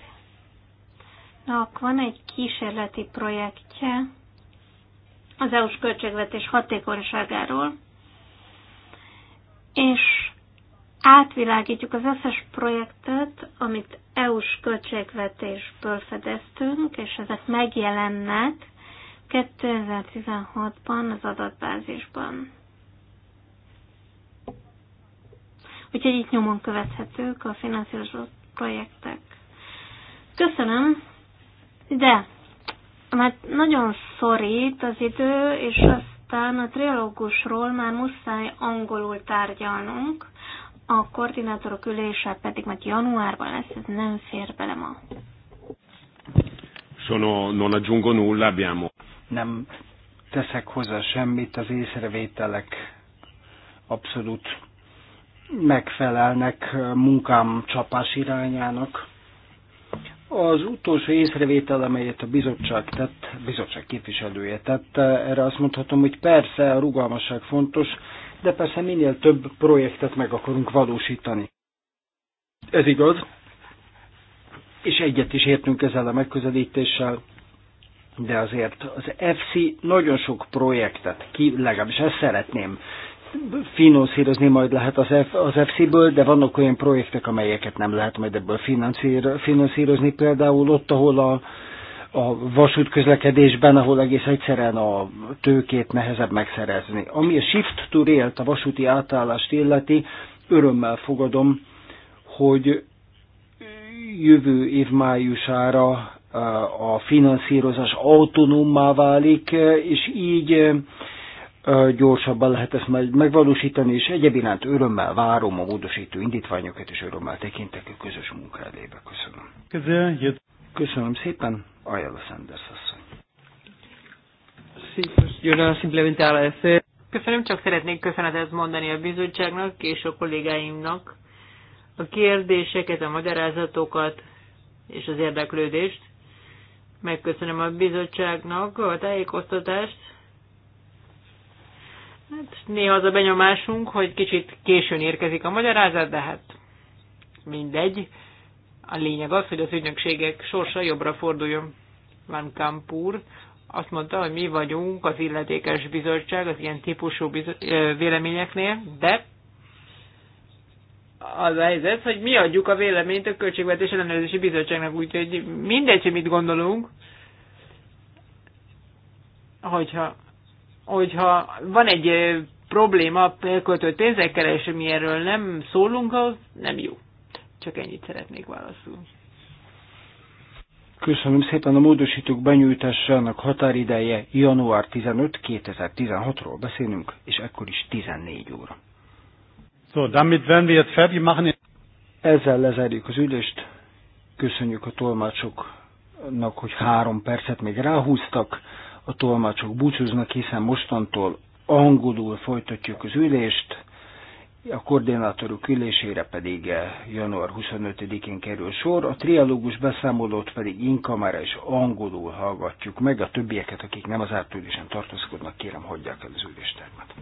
Speaker 4: van egy kísérleti projektje az EU-s költségvetés hatékonyságáról, és átvilágítjuk az összes projektet, amit EU-s költségvetésből fedeztünk, és ezek megjelennek 2016-ban az adatbázisban. Úgyhogy itt nyomon követhetők a finanszírozott projektek. Köszönöm, de mert nagyon szorít az idő, és aztán a trilógusról már muszáj angolul tárgyalnunk, a koordinátorok ülése pedig majd januárban lesz, ez nem fér bele ma.
Speaker 1: Sono, non aggiungo nulla, abbiamo.
Speaker 2: Nem teszek hozzá semmit, az észrevételek abszolút megfelelnek munkám csapás irányának. Az utolsó észrevétel, amelyet a bizottság tett, bizottság képviselője tett, erre azt mondhatom, hogy persze a rugalmasság fontos, de persze minél több projektet meg akarunk valósítani. Ez igaz, és egyet is értünk ezzel a megközelítéssel, de azért az FC nagyon sok projektet, ki, legalábbis ezt szeretném, finanszírozni majd lehet az, F, az FC-ből, de vannak olyan projektek, amelyeket nem lehet majd ebből finanszírozni, például ott, ahol a a vasútközlekedésben, ahol egész egyszerűen a tőkét nehezebb megszerezni. Ami a Shift to rail a vasúti átállást illeti, örömmel fogadom, hogy jövő év májusára e, a finanszírozás autonómá válik, e, és így e, gyorsabban lehet ezt majd megvalósítani, és egyébként örömmel várom a módosító indítványokat, és örömmel tekintek a közös munkádébe. Köszönöm. Köszönöm. Köszönöm szépen, Ajala Sanders asszony.
Speaker 5: Köszönöm, csak szeretnék köszönetet mondani a bizottságnak és a kollégáimnak a kérdéseket, a magyarázatokat és az érdeklődést. Megköszönöm a bizottságnak a tájékoztatást. Hát néha az a benyomásunk, hogy kicsit későn érkezik a magyarázat, de hát mindegy. A lényeg az, hogy az ügynökségek sorsa jobbra forduljon. Van Kampur azt mondta, hogy mi vagyunk az illetékes bizottság az ilyen típusú véleményeknél, de az a helyzet, hogy mi adjuk a véleményt a Költségvetés Ellenőrzési Bizottságnak, úgyhogy mindegy, hogy mit gondolunk, hogyha, hogyha van egy probléma költött pénzekkel, és mi erről nem szólunk, az nem jó. Csak ennyit szeretnék válaszul.
Speaker 2: Köszönöm szépen a módosítók benyújtásának határideje január 15 2016-ról beszélünk, és ekkor is 14 óra. So, damit werden wir jetzt fertig machen. Ezzel lezárjuk az ülést. Köszönjük a tolmácsoknak, hogy három percet még ráhúztak. A tolmácsok búcsúznak, hiszen mostantól angolul folytatjuk az ülést a koordinátorok ülésére pedig eh, január 25-én kerül sor, a trialógus beszámolót pedig inkamára és angolul hallgatjuk meg, a többieket, akik nem az átülésen tartózkodnak, kérem hagyják el az üléstermet.